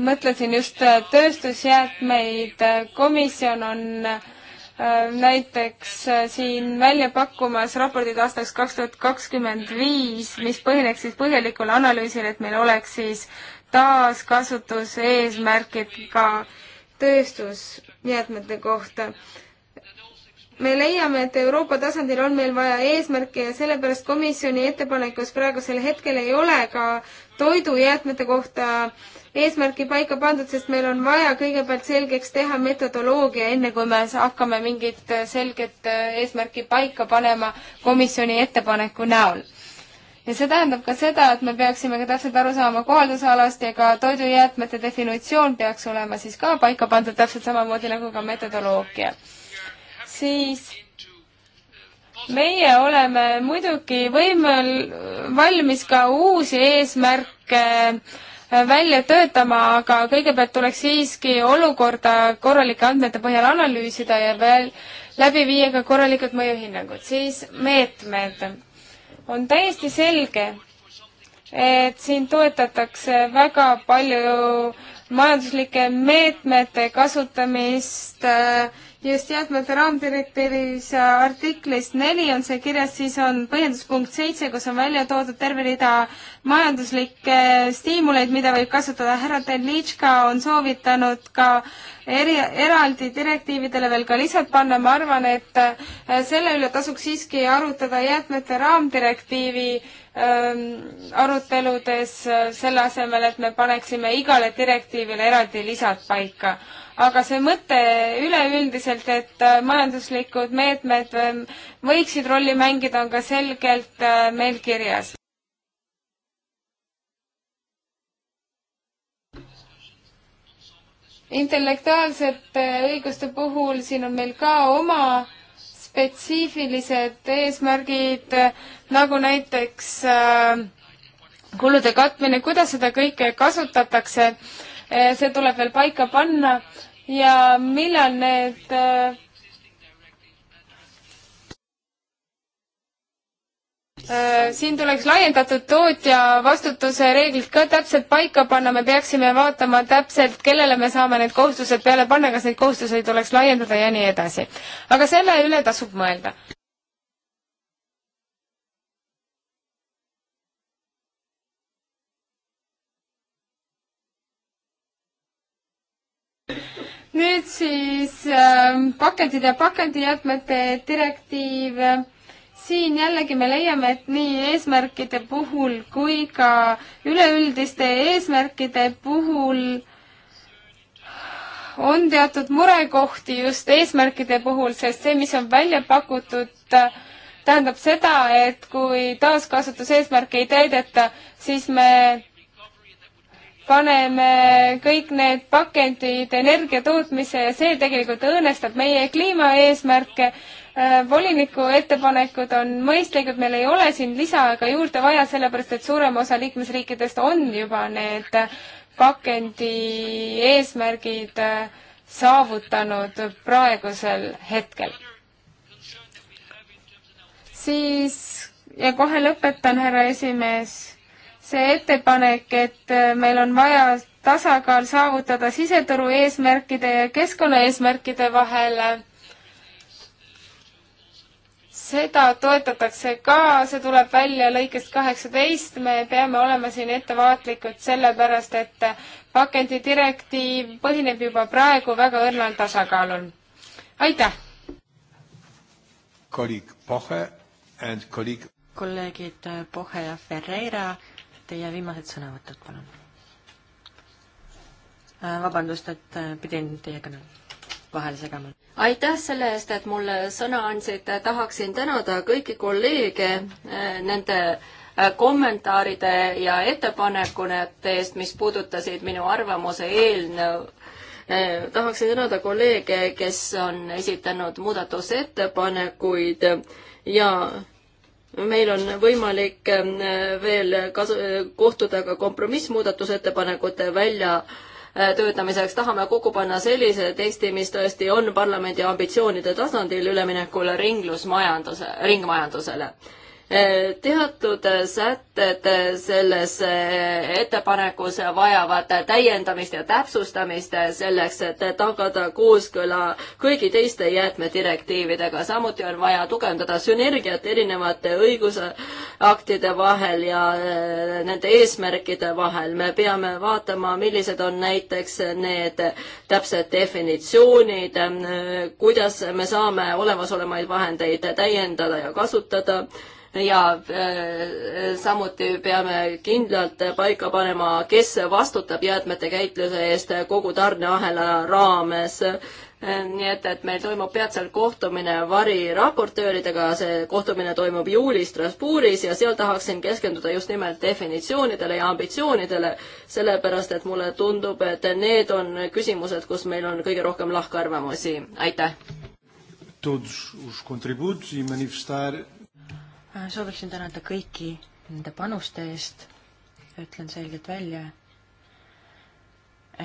mõtlesin just äh, tööstusjäätmeid, komisjon on äh, näiteks äh, siin välja pakkumas raportid aastaks kaks tuhat kakskümmend viis, mis põhineks siis põhjalikul analüüsil, et meil oleks siis taaskasutuse eesmärgid ka tööstusjäätmete kohta me leiame, et Euroopa tasandil on meil vaja eesmärke ja sellepärast komisjoni ettepanekus praegusel hetkel ei ole ka toidujäätmete kohta eesmärki paika pandud, sest meil on vaja kõigepealt selgeks teha metodoloogia, enne kui me hakkame mingit selget äh, eesmärki paika panema komisjoni ettepaneku näol ja see tähendab ka seda, et me peaksime ka täpselt aru saama kohaldusalast ja ka toidujäätmete definitsioon peaks olema siis ka paika pandud täpselt samamoodi nagu ka metodoloogia siis meie oleme muidugi võimel, valmis ka uusi eesmärke äh, välja töötama, aga kõigepealt tuleks siiski olukorda korralike andmete põhjal analüüsida ja veel läbi viia ka korralikud mõjuhinnangud. siis meetmed. on täiesti selge, et siin toetatakse väga palju majanduslike meetmete kasutamist äh, just jäätmete raamdirektiivis artiklis neli on see kirjas, siis on põhjenduspunkt seitse, kus on välja toodud terve rida majanduslikke stiimuleid, mida võib kasutada. härra Telitška on soovitanud ka eri, eraldi direktiividele veel ka lisad panna. ma arvan, et äh, selle üle tasuks siiski arutada jäätmete raamdirektiivi ähm, aruteludes, äh, selle asemel, et me paneksime igale direktiivile eraldi lisad paika aga see mõte üleüldiselt, et äh, majanduslikud meetmed ähm, võiksid rolli mängida, on ka selgelt äh, meil kirjas. intellektuaalsete äh, õiguste puhul siin on meil ka oma spetsiifilised eesmärgid, nagu näiteks kulude katmine, kuidas seda kõike kasutatakse Eh, see tuleb veel paika panna ja millal need eh, eh, siin tuleks laiendatud tootja vastutuse reeglid ka täpselt paika panna, me peaksime vaatama täpselt, kellele me saame need kohustused peale panna, kas neid kohustusi tuleks laiendada ja nii edasi. aga selle üle tasub mõelda. nüüd siis äh, pakendid ja pakendijäätmete direktiiv. siin jällegi me leiame, et nii eesmärkide puhul kui ka üleüldiste eesmärkide puhul on teatud murekohti just eesmärkide puhul, sest see, mis on välja pakutud äh,, tähendab seda, et kui taaskasutuse eesmärke ei täideta, siis me paneme kõik need pakendid energia tootmise ja see tegelikult õõnestab meie kliimaeesmärke. Äh, voliniku ettepanekud on mõistlikud, meil ei ole siin lisa ega juurde vaja, sellepärast et suurem osa liikmesriikidest on juba need pakendi eesmärgid äh, saavutanud praegusel hetkel. siis ja kohe lõpetan, härra esimees see ettepanek, et äh, meil on vaja tasakaal saavutada siseturu eesmärkide ja keskkonnaeesmärkide vahel, seda toetatakse ka, see tuleb välja lõikest kaheksateist, me peame olema siin ettevaatlikud, sellepärast et pakendidirektiiv põhineb juba praegu väga õrnal tasakaalul. aitäh! kolleeg Pohe and kolleeg kolleegid Pohe ja Ferreira teie viimased sõnavõtud, palun. Äh, vabandust, et äh, pidin teie kõne vahele segama. aitäh selle eest, et mulle sõna andsite, tahaksin tänada kõiki kolleege äh, nende kommentaaride ja ettepanekunete eest, mis puudutasid minu arvamuse eelnõu tahaksin tänada kolleege, kes on esitanud muudatusettepanekuid ja meil on võimalik ähm, veel kasu, kohtuda ka kompromissmuudatusettepanekute väljatöötamiseks, äh, tahame kokku panna sellise teksti, mis tõesti on parlamendi ambitsioonide tasandil üleminekul ringlusmajanduse, ringmajandusele teatud sätted selles ettepanekus vajavad täiendamist ja täpsustamist selleks, et tagada kooskõla kõigi teiste jäätmedirektiividega. samuti on vaja tugevdada sünergiat erinevate õigusaktide vahel ja äh, nende eesmärkide vahel. me peame vaatama, millised on näiteks need täpsed definitsioonid, äh, kuidas me saame olemasolevaid vahendeid täiendada ja kasutada ja äh, samuti peame kindlalt paika panema, kes vastutab jäätmete käitluse eest kogu tarneahela raames äh, nii et, et meil toimub peatselt kohtumine variraportööridega, see kohtumine toimub juulis Strasbourgis ja seal tahaksin keskenduda just nimelt definitsioonidele ja ambitsioonidele, sellepärast et mulle tundub, et need on küsimused, kus meil on kõige rohkem lahkarvamusi. aitäh! Todos os contributos e manifestar Äh, sooviksin tänada kõiki nende panuste eest, ütlen selgelt välja,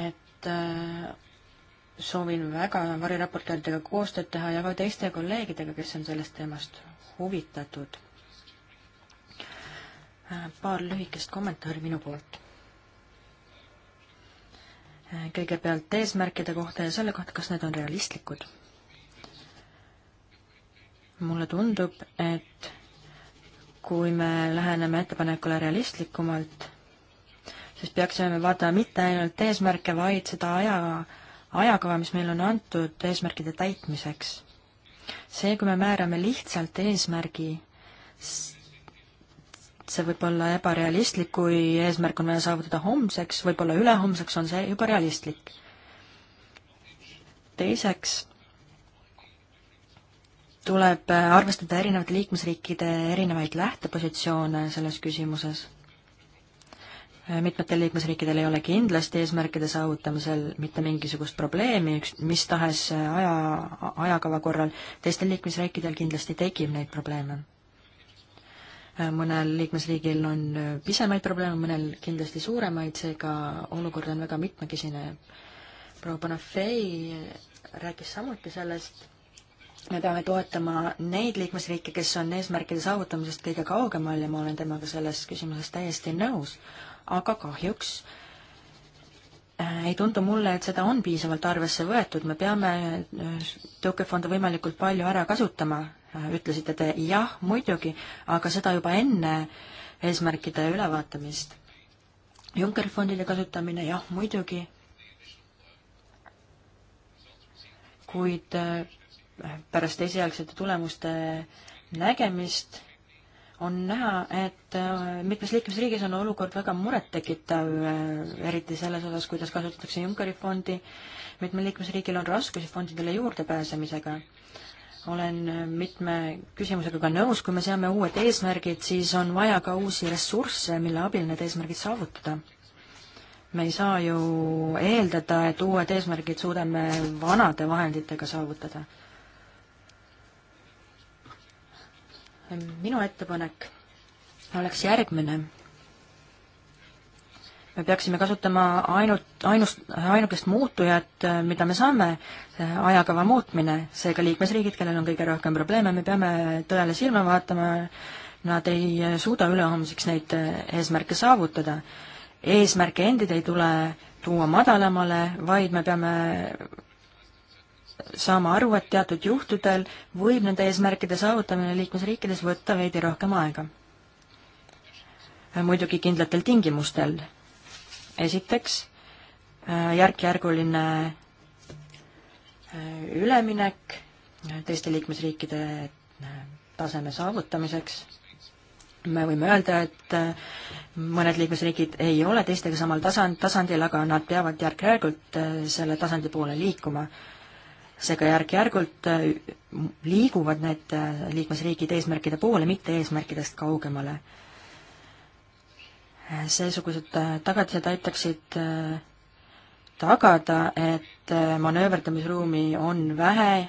et äh, soovin väga variraportööridega koostööd teha ja ka teiste kolleegidega, kes on sellest teemast huvitatud. Äh, paar lühikest kommentaari minu poolt. kõigepealt eesmärkide kohta ja selle kohta, kas need on realistlikud. mulle tundub, et kui me läheneme ettepanekule realistlikumalt, siis peaksime me vaatama mitte ainult eesmärke, vaid seda aja, ajakava, mis meile on antud eesmärkide täitmiseks. see, kui me määrame lihtsalt eesmärgi, see võib olla ebarealistlik, kui eesmärk on vaja saavutada homseks, võib-olla ülehomseks on see juba realistlik. teiseks tuleb äh, arvestada erinevate liikmesriikide erinevaid lähtepositsioone selles küsimuses. Äh, mitmetel liikmesriikidel ei ole kindlasti eesmärkide saavutamisel mitte mingisugust probleemi, üks, mis tahes äh, aja, ajakava korral, teistel liikmesriikidel kindlasti tekib neid probleeme. mõnel liikmesriigil on pisemaid probleeme, mõnel kindlasti suuremaid, seega olukord on väga mitmekesine. proua Bonafei rääkis samuti sellest me peame toetama neid liikmesriike, kes on eesmärkide saavutamisest kõige kaugemal ja ma olen temaga selles küsimuses täiesti nõus, aga kahjuks äh, ei tundu mulle, et seda on piisavalt arvesse võetud, me peame äh, tõukefonde võimalikult palju ära kasutama, äh, ütlesite te, jah, muidugi, aga seda juba enne eesmärkide ülevaatamist. Junckeri fondide kasutamine, jah, muidugi, kuid pärast esialgsete tulemuste nägemist on näha, et äh, mitmes liikmesriigis on olukord väga murettekitav, äh, eriti selles osas, kuidas kasutatakse Junckeri fondi. mitmel liikmesriigil on raskusi fondidele juurdepääsemisega. olen äh, mitme küsimusega ka nõus, kui me seame uued eesmärgid, siis on vaja ka uusi ressursse, mille abil need eesmärgid saavutada. me ei saa ju eeldada, et uued eesmärgid suudame vanade vahenditega saavutada minu ettepanek oleks järgmine. me peaksime kasutama ainult, ainus, ainukest muutujat, mida me saame, ajakava muutmine, seega liikmesriigid, kellel on kõige rohkem probleeme, me peame tõele silma vaatama, nad ei suuda ülehomseks neid eesmärke saavutada. eesmärke endid ei tule tuua madalamale, vaid me peame saama aru, et teatud juhtudel võib nende eesmärkide saavutamine liikmesriikides võtta veidi rohkem aega. muidugi kindlatel tingimustel. esiteks äh, järk-järguline äh, üleminek äh, teiste liikmesriikide taseme saavutamiseks. me võime öelda, et mõned liikmesriigid ei ole teistega samal tasand, tasandil, aga nad peavad järk-järgult selle tasandi poole liikuma seega järk-järgult äh, liiguvad need äh, liikmesriigid eesmärkide poole, mitte eesmärkidest kaugemale. seesugused äh, tagatised aitaksid tagada, et manööverdamisruumi on vähe,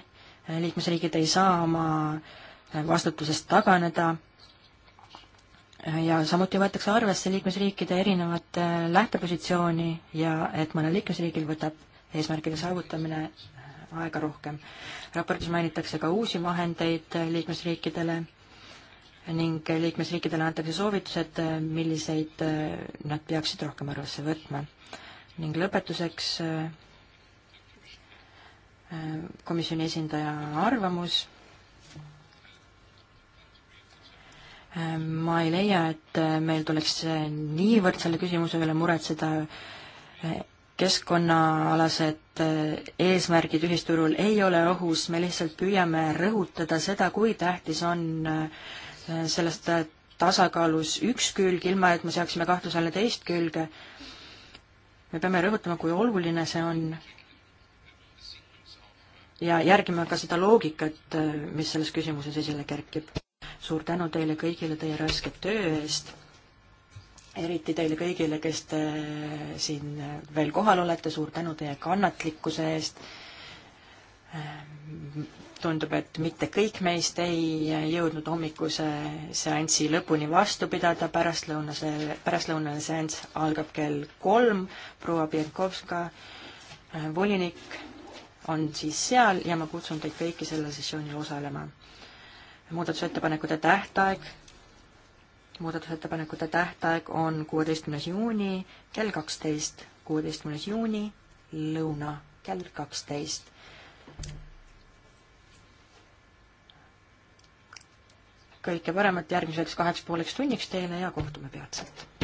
liikmesriigid ei saa oma vastutusest taganeda ja samuti võetakse arvesse liikmesriikide erinevat lähtepositsiooni ja et mõnel liikmesriigil võtab eesmärkide saavutamine aega rohkem. raportis mainitakse ka uusi vahendeid liikmesriikidele ning liikmesriikidele antakse soovitused, milliseid äh, nad peaksid rohkem arvesse võtma. ning lõpetuseks äh, komisjoni esindaja arvamus äh, ma ei leia, et meil tuleks niivõrd selle küsimuse üle muretseda, keskkonnaalased eh, eesmärgid ühisturul ei ole ohus, me lihtsalt püüame rõhutada seda, kui tähtis on eh, sellest eh, tasakaalus üks külg, ilma et me seaksime kahtluse alla teist külge. me peame rõhutama, kui oluline see on. ja järgime ka seda loogikat, mis selles küsimuses esile kerkib. suur tänu teile kõigile teie rasket töö eest eriti teile kõigile, kes te siin veel kohal olete, suur tänu teie kannatlikkuse eest. tundub, et mitte kõik meist ei jõudnud hommikuse seansi lõpuni vastu pidada, pärastlõunase, pärastlõunane seanss algab kell kolm, proua Pienkovska, volinik on siis seal ja ma kutsun teid kõiki selle sessioonil osalema. muudatusettepanekute tähtaeg muudatusettepanekute tähtaeg on kuueteistkümnes juuni kell kaksteist, kuueteistkümnes juuni lõuna kell kaksteist. kõike paremat järgmiseks kaheks pooleks tunniks teile ja kohtume peatselt